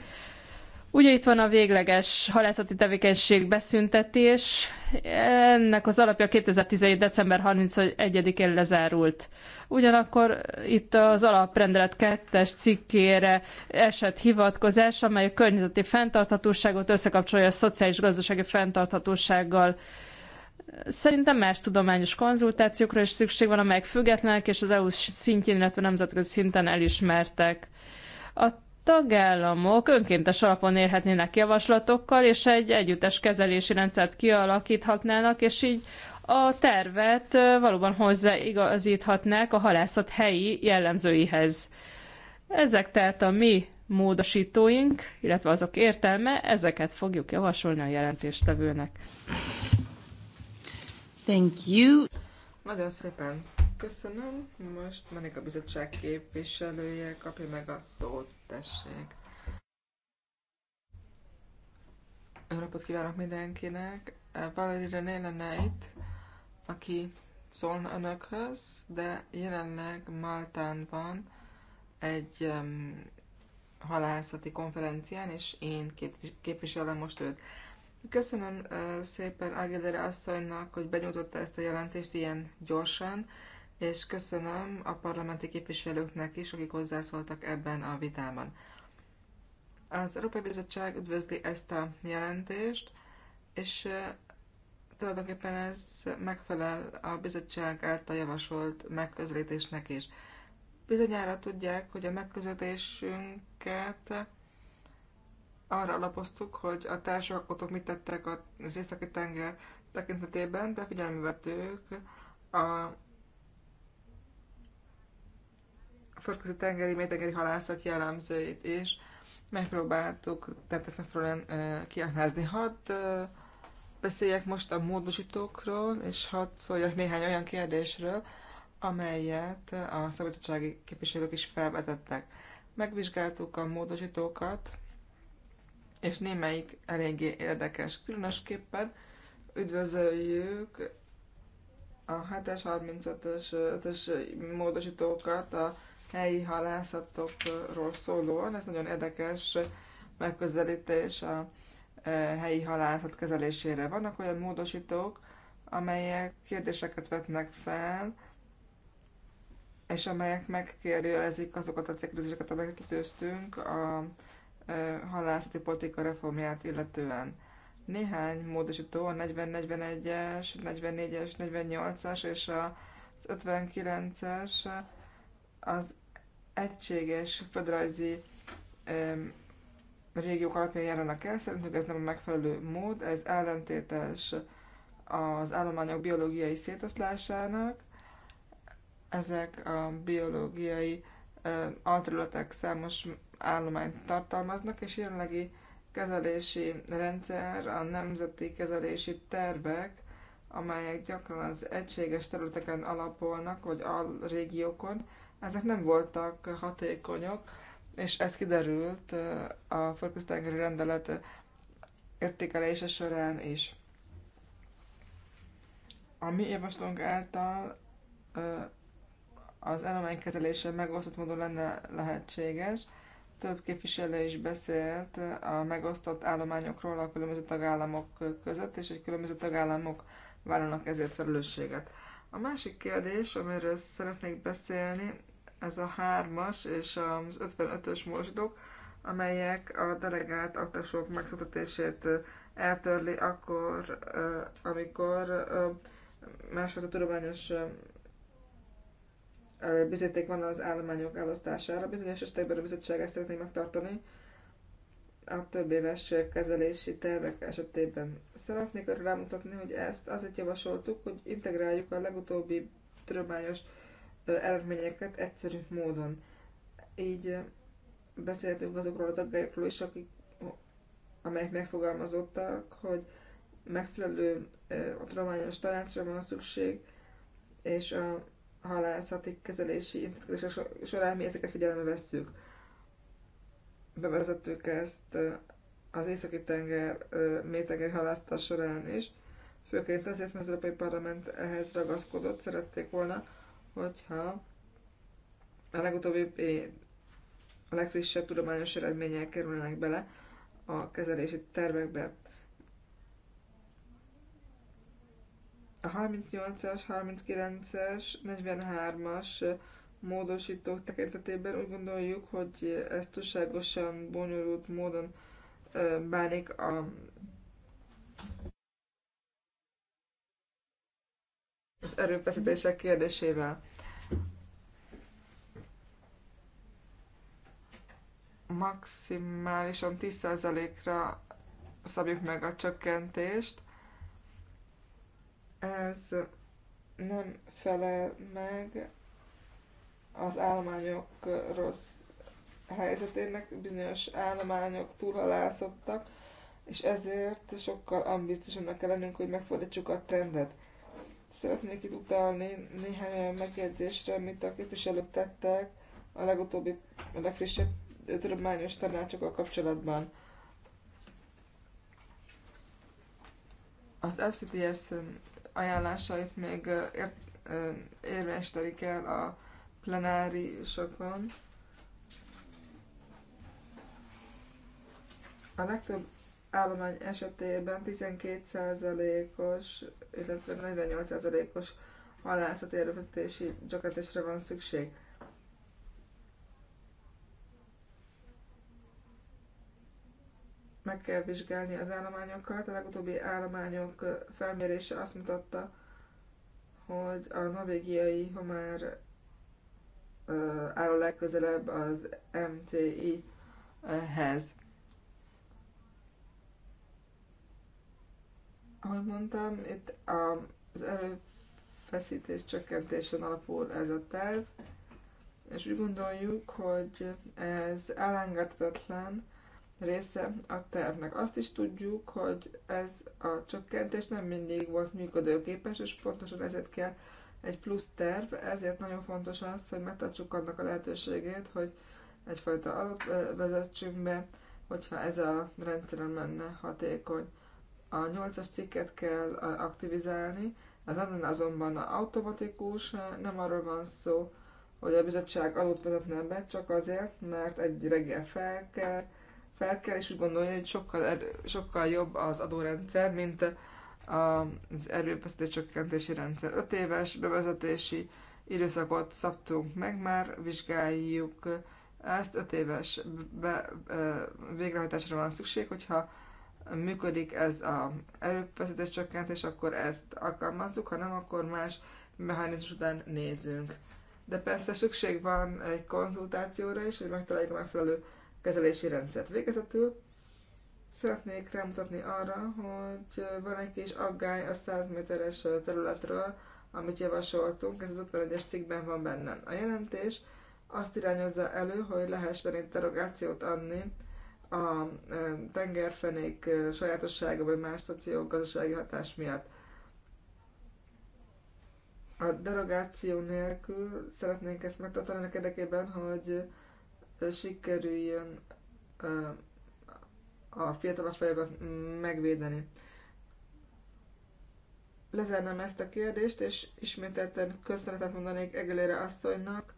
Ugye itt van a végleges halászati tevékenység beszüntetés. Ennek az alapja 2017. december 31-én lezárult. Ugyanakkor itt az alaprendelet kettes cikkére esett hivatkozás, amely a környezeti fenntarthatóságot összekapcsolja a szociális-gazdasági fenntarthatósággal. Szerintem más tudományos konzultációkra is szükség van, amelyek függetlenek és az EU szintjén, illetve nemzetközi szinten elismertek. A tagállamok önkéntes alapon érhetnének javaslatokkal, és egy együttes kezelési rendszert kialakíthatnának, és így a tervet valóban hozzáigazíthatnák a halászat helyi jellemzőihez. Ezek tehát a mi módosítóink, illetve azok értelme, ezeket fogjuk javasolni a jelentéstevőnek. Thank you. Nagyon szépen Köszönöm. Most menik a bizottság képviselője kapja meg a szót, tessék. Jó napot kívánok mindenkinek. Valeri René lenne itt, aki szólna önökhöz, de jelenleg Máltán van egy um, halászati konferencián, és én képviselem most őt. Köszönöm szépen Agedere asszonynak, hogy benyújtotta ezt a jelentést ilyen gyorsan és köszönöm a parlamenti képviselőknek is, akik hozzászóltak ebben a vitában. Az Európai Bizottság üdvözli ezt a jelentést, és tulajdonképpen ez megfelel a bizottság által javasolt megközelítésnek is. Bizonyára tudják, hogy a megközelítésünket arra alapoztuk, hogy a társadalkotók mit tettek az északi tenger tekintetében, de figyelmi vettük a földközi tengeri, mélytengeri halászat jellemzőit is megpróbáltuk Teteszen Frolen kiaknázni. Hadd beszéljek most a módosítókról, és hadd szóljak néhány olyan kérdésről, amelyet a szabadsági képviselők is felvetettek. Megvizsgáltuk a módosítókat, és némelyik eléggé érdekes. Különösképpen üdvözöljük a 7-es, 35-ös, 5-ös módosítókat a helyi halászatokról szólóan. Ez nagyon érdekes megközelítés a e, helyi halászat kezelésére. Vannak olyan módosítók, amelyek kérdéseket vetnek fel, és amelyek megkérdőjelezik azokat a cégkérdéseket, amelyeket kitőztünk a e, halászati politika reformját illetően. Néhány módosító, a 40-41-es, 44-es, 48-as és az 59-es az egységes földrajzi régiók alapján járnak el. Szerintünk ez nem a megfelelő mód, ez ellentétes az állományok biológiai szétoszlásának. Ezek a biológiai alterületek számos állományt tartalmaznak, és jelenlegi kezelési rendszer, a nemzeti kezelési tervek, amelyek gyakran az egységes területeken alapolnak, vagy a régiókon, ezek nem voltak hatékonyok, és ez kiderült eh, a földközi rendelet értékelése során is. A mi javaslónk által eh, az állomány kezelése megosztott módon lenne lehetséges. Több képviselő is beszélt eh, a megosztott állományokról a különböző tagállamok között, és egy különböző tagállamok vállalnak ezért felelősséget. A másik kérdés, amiről szeretnék beszélni, ez a 3-as és az 55-ös mosdók, amelyek a delegált aktasok megszüntetését eltörli akkor, amikor másfajta tudományos bizonyíték van az állományok elosztására. Bizonyos esetekben a bizottság ezt szeretné megtartani a több éves kezelési tervek esetében. Szeretnék arra rámutatni, hogy ezt azért javasoltuk, hogy integráljuk a legutóbbi tudományos eredményeket egyszerű módon. Így beszéltünk azokról az aggályokról is, akik, amelyek megfogalmazottak, hogy megfelelő a tudományos tanácsra van szükség, és a halászati kezelési intézkedések során mi ezeket figyelembe vesszük. Bevezettük ezt az északi tenger, mélytenger halászta során is, főként azért, mert az Európai Parlament ehhez ragaszkodott, szerették volna, hogyha a legutóbbi, eh, a legfrissebb tudományos eredmények kerülnek bele a kezelési tervekbe. A 38-as, 39-es, 43-as módosítók tekintetében úgy gondoljuk, hogy ez túlságosan bonyolult módon eh, bánik a az erőfeszítések kérdésével. Maximálisan 10%-ra szabjuk meg a csökkentést. Ez nem felel meg az állományok rossz helyzetének, bizonyos állományok túlhalászottak, és ezért sokkal ambiciósabbnak kell lennünk, hogy megfordítsuk a trendet. Szeretnék itt utalni néhány olyan megjegyzésre, amit a képviselők tettek a legutóbbi, a legfrissebb tudományos tanácsokkal kapcsolatban. Az FCTS ajánlásait még ért, érvényesítelik el a plenárisokon. A legtöbb állomány esetében 12%-os, illetve 48%-os halászati erőfeszítési csökkentésre van szükség. Meg kell vizsgálni az állományokat. A legutóbbi állományok felmérése azt mutatta, hogy a norvégiai homár áll a legközelebb az MCI-hez. ahogy mondtam, itt az erőfeszítés csökkentésen alapul ez a terv, és úgy gondoljuk, hogy ez elengedhetetlen része a tervnek. Azt is tudjuk, hogy ez a csökkentés nem mindig volt működőképes, és pontosan ezért kell egy plusz terv, ezért nagyon fontos az, hogy megtartsuk annak a lehetőségét, hogy egyfajta adott vezetsünk be, hogyha ez a rendszeren menne, hatékony. A 8-as cikket kell aktivizálni, az ellen azonban automatikus, nem arról van szó, hogy a bizottság adót vezetne be, csak azért, mert egy reggel fel kell, fel kell és úgy gondolja, hogy sokkal, erő, sokkal jobb az adórendszer, mint az erőfeszítés csökkentési rendszer. 5 éves bevezetési időszakot szabtunk meg, már vizsgáljuk ezt, 5 éves be, végrehajtásra van szükség, hogyha működik ez a erőfeszítés csökkentés, akkor ezt alkalmazzuk, ha nem, akkor más mechanizmus után nézünk. De persze szükség van egy konzultációra is, hogy megtaláljuk a megfelelő kezelési rendszert. Végezetül szeretnék rámutatni arra, hogy van egy kis aggály a 100 méteres területről, amit javasoltunk, ez az 51-es cikkben van benne. A jelentés azt irányozza elő, hogy lehessen interrogációt adni a tengerfenék sajátossága vagy más szociogazdasági hatás miatt. A derogáció nélkül szeretnénk ezt megtartani annak érdekében, hogy sikerüljön a fiatalabb fajokat megvédeni. Lezárnám ezt a kérdést, és ismételten köszönetet mondanék Egelére asszonynak,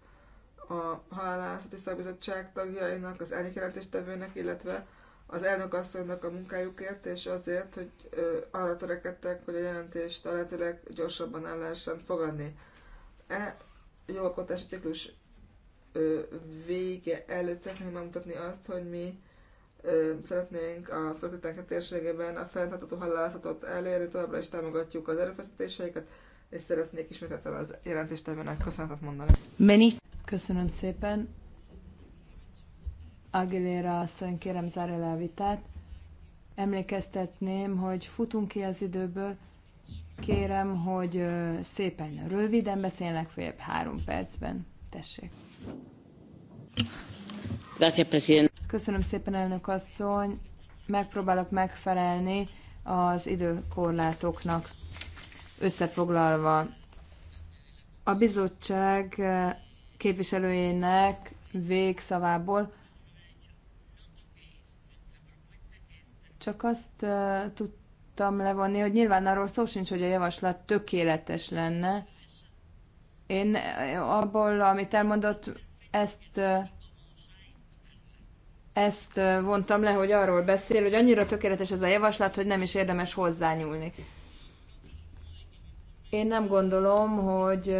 a halászati szakbizottság tagjainak, az jelentéstevőnek, illetve az elnök asszonynak a munkájukért, és azért, hogy arra törekedtek, hogy a jelentést a lehetőleg gyorsabban el lehessen fogadni. E jogalkotási ciklus vége előtt szeretném megmutatni azt, hogy mi szeretnénk a Földközi térségében a fenntartható halászatot elérni, továbbra is támogatjuk az erőfeszítéseiket, és szeretnék ismételten az jelentéstevőnek köszönetet mondani. Meni. Köszönöm szépen. Aguilera asszony, kérem zárja le a vitát. Emlékeztetném, hogy futunk ki az időből. Kérem, hogy szépen röviden beszélnek, legfeljebb három percben. Tessék. Köszönöm szépen, elnök asszony. Megpróbálok megfelelni az időkorlátoknak. Összefoglalva, a bizottság képviselőjének végszavából csak azt tudtam levonni, hogy nyilván arról szó sincs, hogy a javaslat tökéletes lenne. Én abból, amit elmondott, ezt ezt vontam le, hogy arról beszél, hogy annyira tökéletes ez a javaslat, hogy nem is érdemes hozzányúlni. Én nem gondolom, hogy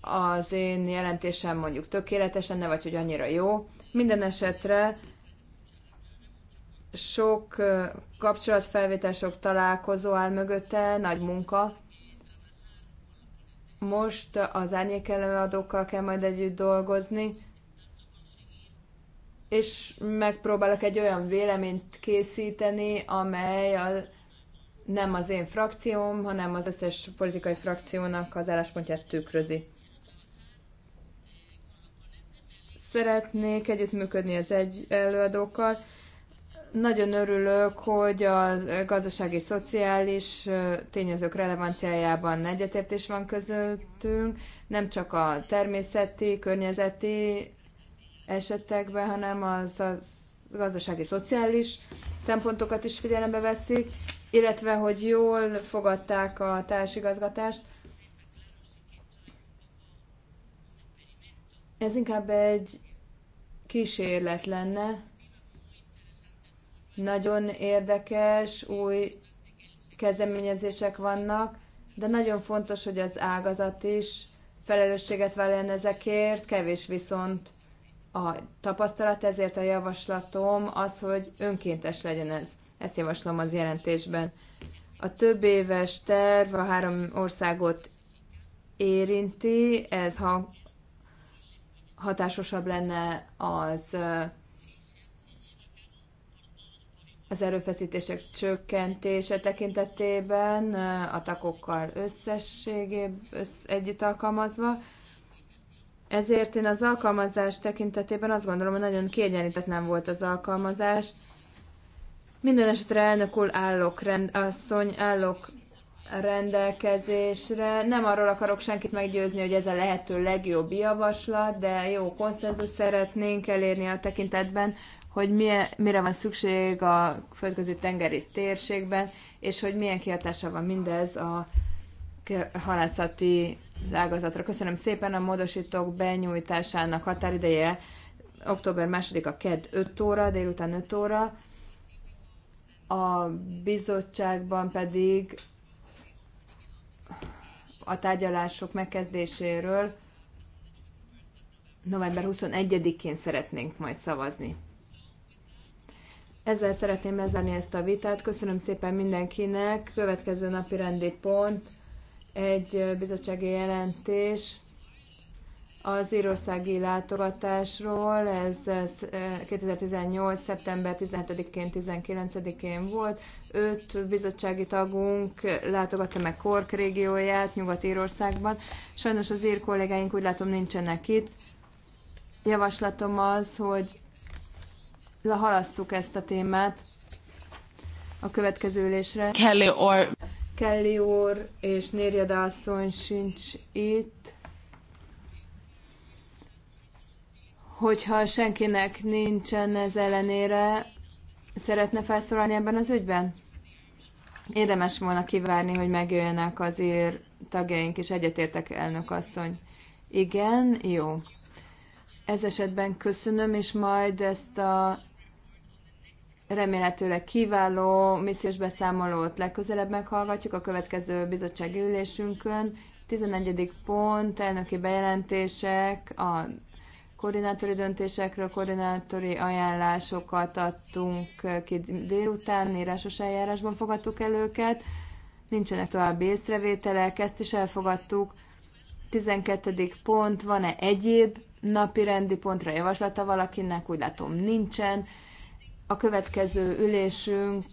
az én jelentésem mondjuk tökéletes lenne, vagy hogy annyira jó. Minden esetre sok kapcsolatfelvétel, sok találkozó áll mögötte, nagy munka. Most az árnyékelőadókkal kell majd együtt dolgozni, és megpróbálok egy olyan véleményt készíteni, amely a nem az én frakcióm, hanem az összes politikai frakciónak az álláspontját tükrözi. Szeretnék együttműködni az egy előadókkal. Nagyon örülök, hogy a gazdasági szociális tényezők relevanciájában egyetértés van közöttünk, nem csak a természeti, környezeti esetekben, hanem az, az gazdasági szociális szempontokat is figyelembe veszik illetve hogy jól fogadták a társigazgatást. Ez inkább egy kísérlet lenne. Nagyon érdekes, új kezdeményezések vannak, de nagyon fontos, hogy az ágazat is felelősséget vállaljon ezekért, kevés viszont a tapasztalat, ezért a javaslatom az, hogy önkéntes legyen ez. Ezt javaslom az jelentésben. A több éves terv a három országot érinti, ez ha hatásosabb lenne az az erőfeszítések csökkentése tekintetében, a takokkal összességében össz, együtt alkalmazva. Ezért én az alkalmazás tekintetében azt gondolom, hogy nagyon kiegyenlítetlen volt az alkalmazás. Minden esetre elnök úr állok, rend, asszony, állok rendelkezésre. Nem arról akarok senkit meggyőzni, hogy ez a lehető legjobb javaslat, de jó konszenzus szeretnénk elérni a tekintetben, hogy milyen, mire van szükség a földközi tengeri térségben, és hogy milyen kihatása van mindez a halászati ágazatra. Köszönöm szépen a módosítók benyújtásának határideje október 2-a KED 5 óra, délután 5 óra a bizottságban pedig a tárgyalások megkezdéséről november 21-én szeretnénk majd szavazni. Ezzel szeretném lezárni ezt a vitát. Köszönöm szépen mindenkinek. Következő napi rendi pont egy bizottsági jelentés az írországi látogatásról, ez 2018. Eh, szeptember 17-én, 19-én volt. Öt bizottsági tagunk látogatta meg Kork régióját Nyugat-Írországban. Sajnos az ír kollégáink úgy látom nincsenek itt. Javaslatom az, hogy lehalasszuk ezt a témát a következő ülésre. Kelly, or... Kelly úr és Nérjada asszony sincs itt. hogyha senkinek nincsen ez ellenére, szeretne felszólalni ebben az ügyben? Érdemes volna kivárni, hogy megjöjjenek az ír tagjaink, és egyetértek elnök asszony. Igen, jó. Ez esetben köszönöm, és majd ezt a remélhetőleg kiváló missziós beszámolót legközelebb meghallgatjuk a következő bizottsági ülésünkön. 11. pont, elnöki bejelentések, a koordinátori döntésekről koordinátori ajánlásokat adtunk ki délután, írásos eljárásban fogadtuk el őket, nincsenek további észrevételek, ezt is elfogadtuk. 12. pont, van-e egyéb napi rendi pontra javaslata valakinek? Úgy látom, nincsen. A következő ülésünk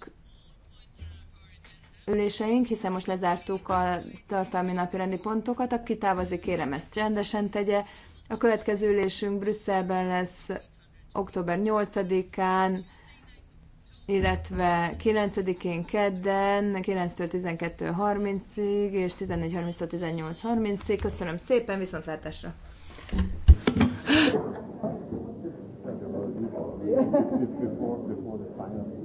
üléseink, hiszen most lezártuk a tartalmi napi rendi pontokat, aki távozik, kérem ezt csendesen tegye. A következő ülésünk Brüsszelben lesz október 8-án, illetve 9-én kedden, 9 12.30-ig, és 1430 18.30-ig. Köszönöm szépen, viszontlátásra! before, before the final.